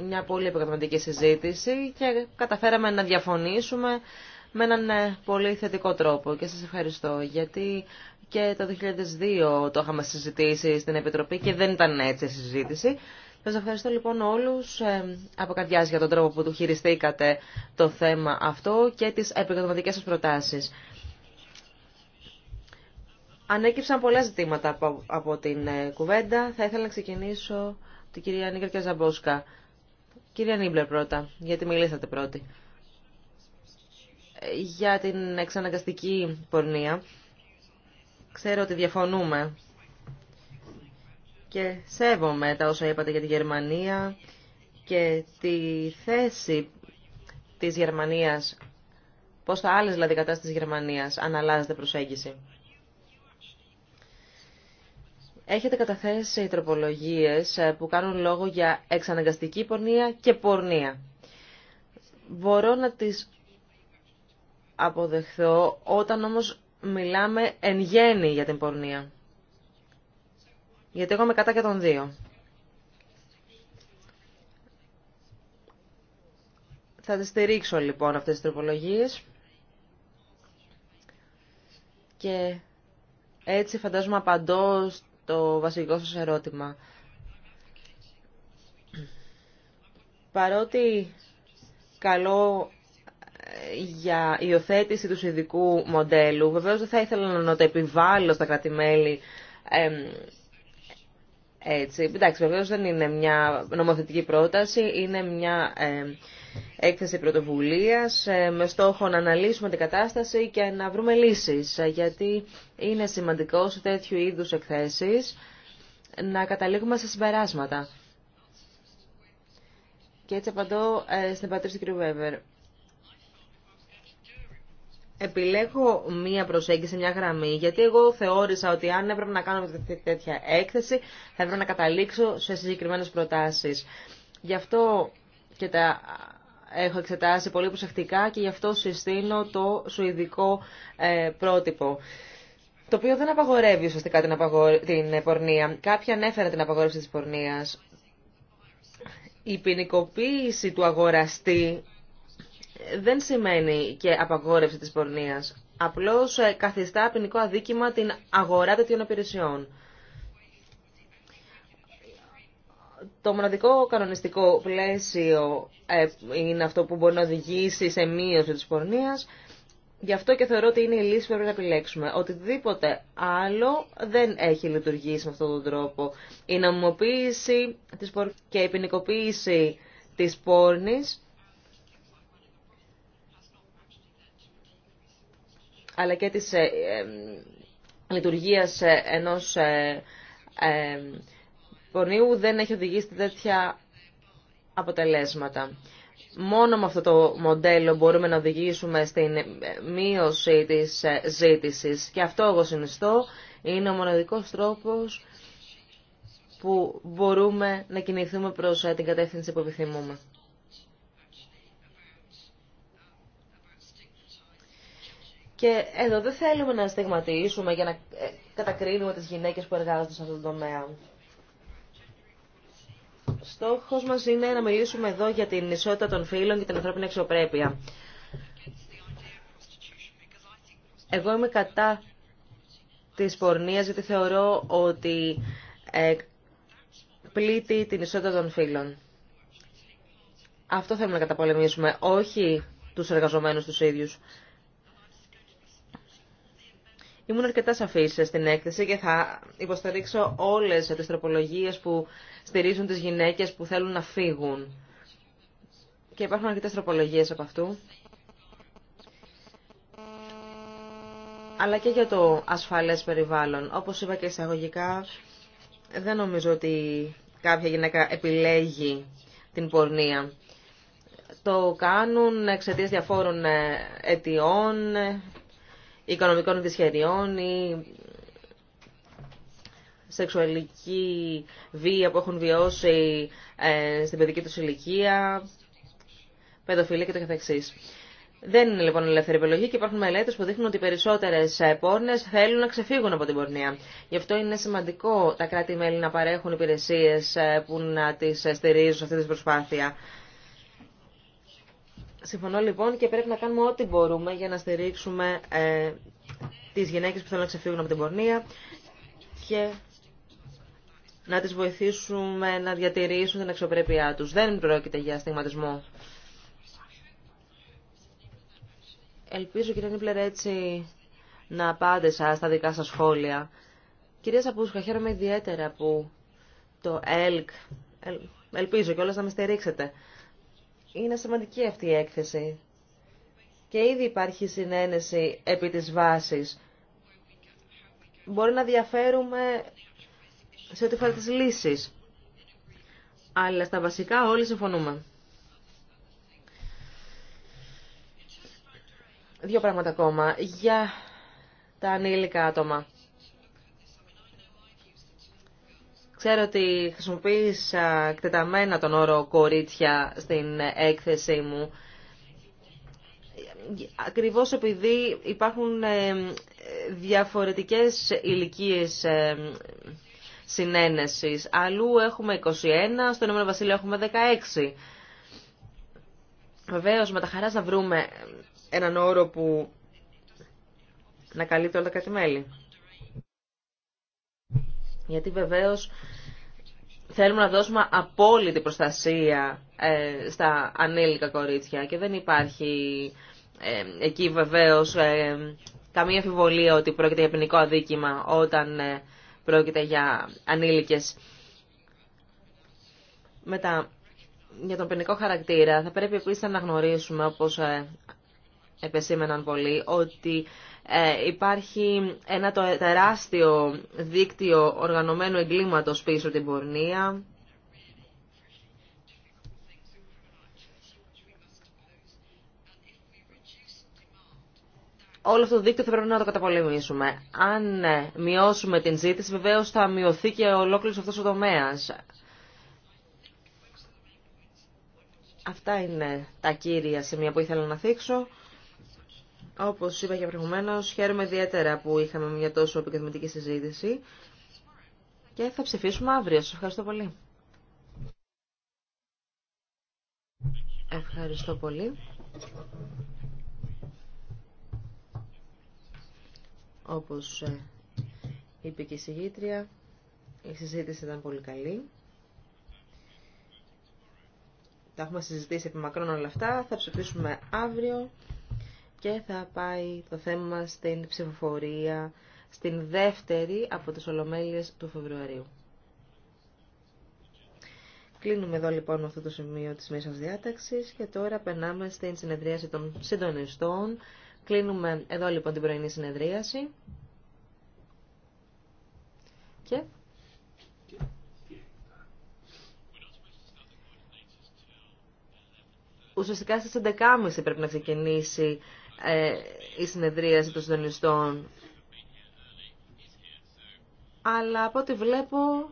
μια πολύ επικατομματική συζήτηση και καταφέραμε να διαφωνήσουμε με έναν ε, πολύ θετικό τρόπο και σας ευχαριστώ γιατί και το 2002 το είχαμε συζητήσει στην Επιτροπή και δεν ήταν έτσι η συζήτηση. Σας ευχαριστώ λοιπόν όλους ε, από καρδιάς για τον τρόπο που του χειριστήκατε το θέμα αυτό και τις επικοδοματικές σας προτάσεις. Ανέκυψαν πολλά ζητήματα από την ε, κουβέντα. Θα ήθελα να ξεκινήσω την κυρία Νίγκερ και Ζαμπόσκα. Κυρία Νίμπλερ πρώτα, γιατί μιλήσατε πρώτη. Ε, για την εξαναγκαστική πορνεία. Ξέρω ότι διαφωνούμε και σέβομαι τα όσα είπατε για τη Γερμανία και τη θέση της Γερμανίας, πώς θα άλλες δηλαδή κατά της Γερμανίας αν προσέγγιση έχετε καταθέσει τροπολογίε ε, που κάνουν λόγο για εξαναγκαστική πορνεία και πορνεία. Μπορώ να τις αποδεχθώ όταν όμως μιλάμε εν γέννη για την πορνεία. Γιατί εγώ είμαι κατά και των δύο. Θα τις στηρίξω λοιπόν αυτές τις τροπολογίες και έτσι φαντάζομαι απαντώ το βασικό σας ερώτημα. Παρότι καλό ε, για υιοθέτηση του ειδικού μοντέλου, βεβαίω δεν θα ήθελα να το επιβάλλω στα κρατημέλη έτσι. Εντάξει, βεβαίως δεν είναι μια νομοθετική πρόταση, είναι μια ε, έκθεση πρωτοβουλία ε, με στόχο να αναλύσουμε την κατάσταση και να βρούμε λύσεις ε, γιατί είναι σημαντικό σε τέτοιου είδου εκθέσει να καταλήγουμε σε συμπεράσματα. Και έτσι απαντώ ε, στην πατρίστη του κ. Βέβερ. Επιλέγω μία προσέγγιση, μία γραμμή, γιατί εγώ θεώρησα ότι αν έπρεπε να κάνω τέτοια έκθεση, θα έπρεπε να καταλήξω σε συγκεκριμένες προτάσεις. Γι' αυτό και τα έχω εξετάσει πολύ προσεκτικά και γι' αυτό συστήνω το σουηδικό ε, πρότυπο. Το οποίο δεν απαγορεύει ουσιαστικά την, απαγο... την ε, πορνεία. Κάποιοι ανέφεραν την απαγόρευση της πορνείας. Η ποινικοποίηση του αγοραστή δεν σημαίνει και απαγόρευση της πορνείας. Απλώς ε, καθιστά ποινικό αδίκημα την αγορά τέτοιων υπηρεσιών. Το μοναδικό κανονιστικό πλαίσιο ε, είναι αυτό που μπορεί να οδηγήσει σε μείωση της πορνείας. Γι' αυτό και θεωρώ ότι είναι η λύση που πρέπει να επιλέξουμε. Οτιδήποτε άλλο δεν έχει λειτουργήσει με αυτόν τον τρόπο. Η νομιμοποίηση της πορ... και η ποινικοποίηση της πόρνης αλλά και της ε, ε, λειτουργίας ε, ενός ε, Πορνίου δεν έχει οδηγήσει τέτοια αποτελέσματα. Μόνο με αυτό το μοντέλο μπορούμε να οδηγήσουμε στην μείωση της ε, ζήτησης. Και αυτό εγώ συνιστώ είναι ο μοναδικός τρόπος που μπορούμε να κινηθούμε προς ε, την κατεύθυνση που επιθυμούμε. Και εδώ δεν θέλουμε να στιγματίσουμε για να ε, κατακρίνουμε τις γυναίκες που εργάζονται σε αυτό το τομέα. Στόχο μα είναι να μιλήσουμε εδώ για την ισότητα των φύλων και την ανθρώπινη αξιοπρέπεια. Εγώ είμαι κατά τη πορνεία γιατί θεωρώ ότι ε, πλήττει την ισότητα των φύλων. Αυτό θέλουμε να καταπολεμήσουμε, όχι τους εργαζομένους του ίδιου. Ήμουν αρκετά σαφή στην έκθεση και θα υποστηρίξω όλες τις τροπολογίε που στηρίζουν τις γυναίκες που θέλουν να φύγουν. Και υπάρχουν αρκετέ τροπολογίε από αυτού. Αλλά και για το ασφαλές περιβάλλον. Όπως είπα και εισαγωγικά, δεν νομίζω ότι κάποια γυναίκα επιλέγει την πορνεία. Το κάνουν εξαιτία διαφόρων αιτιών, οικονομικών δυσχεριών ή σεξουαλική βία που έχουν βιώσει ε, στην παιδική τους ηλικία, παιδοφιλία και το καθεξής. Δεν είναι λοιπόν ελεύθερη επιλογή και υπάρχουν μελέτες που δείχνουν ότι οι περισσότερες ε, πόρνες θέλουν να ξεφύγουν από την πορνεία. Γι' αυτό είναι σημαντικό τα κράτη-μέλη να παρέχουν υπηρεσίες ε, που να τις στηρίζουν σε αυτή την προσπάθεια. Συμφωνώ λοιπόν και πρέπει να κάνουμε ό,τι μπορούμε για να στηρίξουμε ε, τις γυναίκες που θέλουν να ξεφύγουν από την πορνεία και να τις βοηθήσουμε να διατηρήσουν την αξιοπρέπειά τους. Δεν πρόκειται για στιγματισμό. Ελπίζω κύριε Νίπλερ έτσι να απάντησα στα δικά σας σχόλια. Κυρία Σαπούσκα, χαίρομαι ιδιαίτερα που το ΕΛΚ, ελπίζω κιόλας να με στηρίξετε, είναι σημαντική αυτή η έκθεση. Και ήδη υπάρχει συνένεση επί της βάσης. Μπορεί να διαφέρουμε σε ό,τι φορά τις λύσεις. Αλλά στα βασικά όλοι συμφωνούμε. Δύο πράγματα ακόμα για τα ανήλικα άτομα. Ξέρω ότι χρησιμοποίησα εκτεταμένα τον όρο κορίτσια στην έκθεσή μου. Ακριβώς επειδή υπάρχουν ε, διαφορετικές ηλικίες ε, συνένεσης. Αλλού έχουμε 21, στον Ηνωμένο Βασίλειο έχουμε 16. Βεβαίω, με τα χαρά να βρούμε έναν όρο που να καλύπτει όλα τα κρατη γιατί βεβαίως θέλουμε να δώσουμε απόλυτη προστασία ε, στα ανήλικα κορίτσια και δεν υπάρχει ε, εκεί βεβαίως ε, καμία αμφιβολία ότι πρόκειται για ποινικό αδίκημα όταν πρόκειται για ανήλικες. Μετά, για τον ποινικό χαρακτήρα θα πρέπει επίση να αναγνωρίσουμε, όπως επεσήμεναν πολύ ότι ε, υπάρχει ένα τεράστιο δίκτυο οργανωμένου εγκλήματος πίσω την πορνεία. Όλο αυτό το δίκτυο θα πρέπει να το καταπολεμήσουμε. Αν ε, μειώσουμε την ζήτηση, βεβαίως θα μειωθεί και ολόκληρος αυτός ο τομέας. Αυτά είναι τα κύρια σημεία που ήθελα να θίξω. Όπω είπα και προηγουμένως, χαίρομαι ιδιαίτερα που είχαμε μια τόσο επικοινωνική συζήτηση και θα ψηφίσουμε αύριο. Σα ευχαριστώ πολύ. Ευχαριστώ πολύ. Όπω ε, είπε και η συγγήτρια, η συζήτηση ήταν πολύ καλή. Τα έχουμε συζητήσει επί μακρόν όλα αυτά. Θα ψηφίσουμε αύριο και θα πάει το θέμα στην ψηφοφορία στην δεύτερη από τις Ολομέλειες του Φεβρουαρίου. Κλείνουμε εδώ λοιπόν αυτό το σημείο της μέσας διάταξης και τώρα περνάμε στην συνεδρίαση των συντονιστών. Κλείνουμε εδώ λοιπόν την πρωινή συνεδρίαση. Και... Ουσιαστικά στις 11.30 πρέπει να ξεκινήσει ε, η συνεδρίαση των συντονιστών. Αλλά από ό,τι βλέπω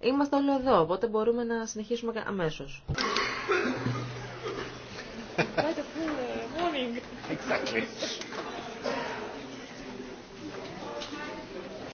είμαστε όλοι εδώ, οπότε μπορούμε να συνεχίσουμε αμέσως. Uh, exactly.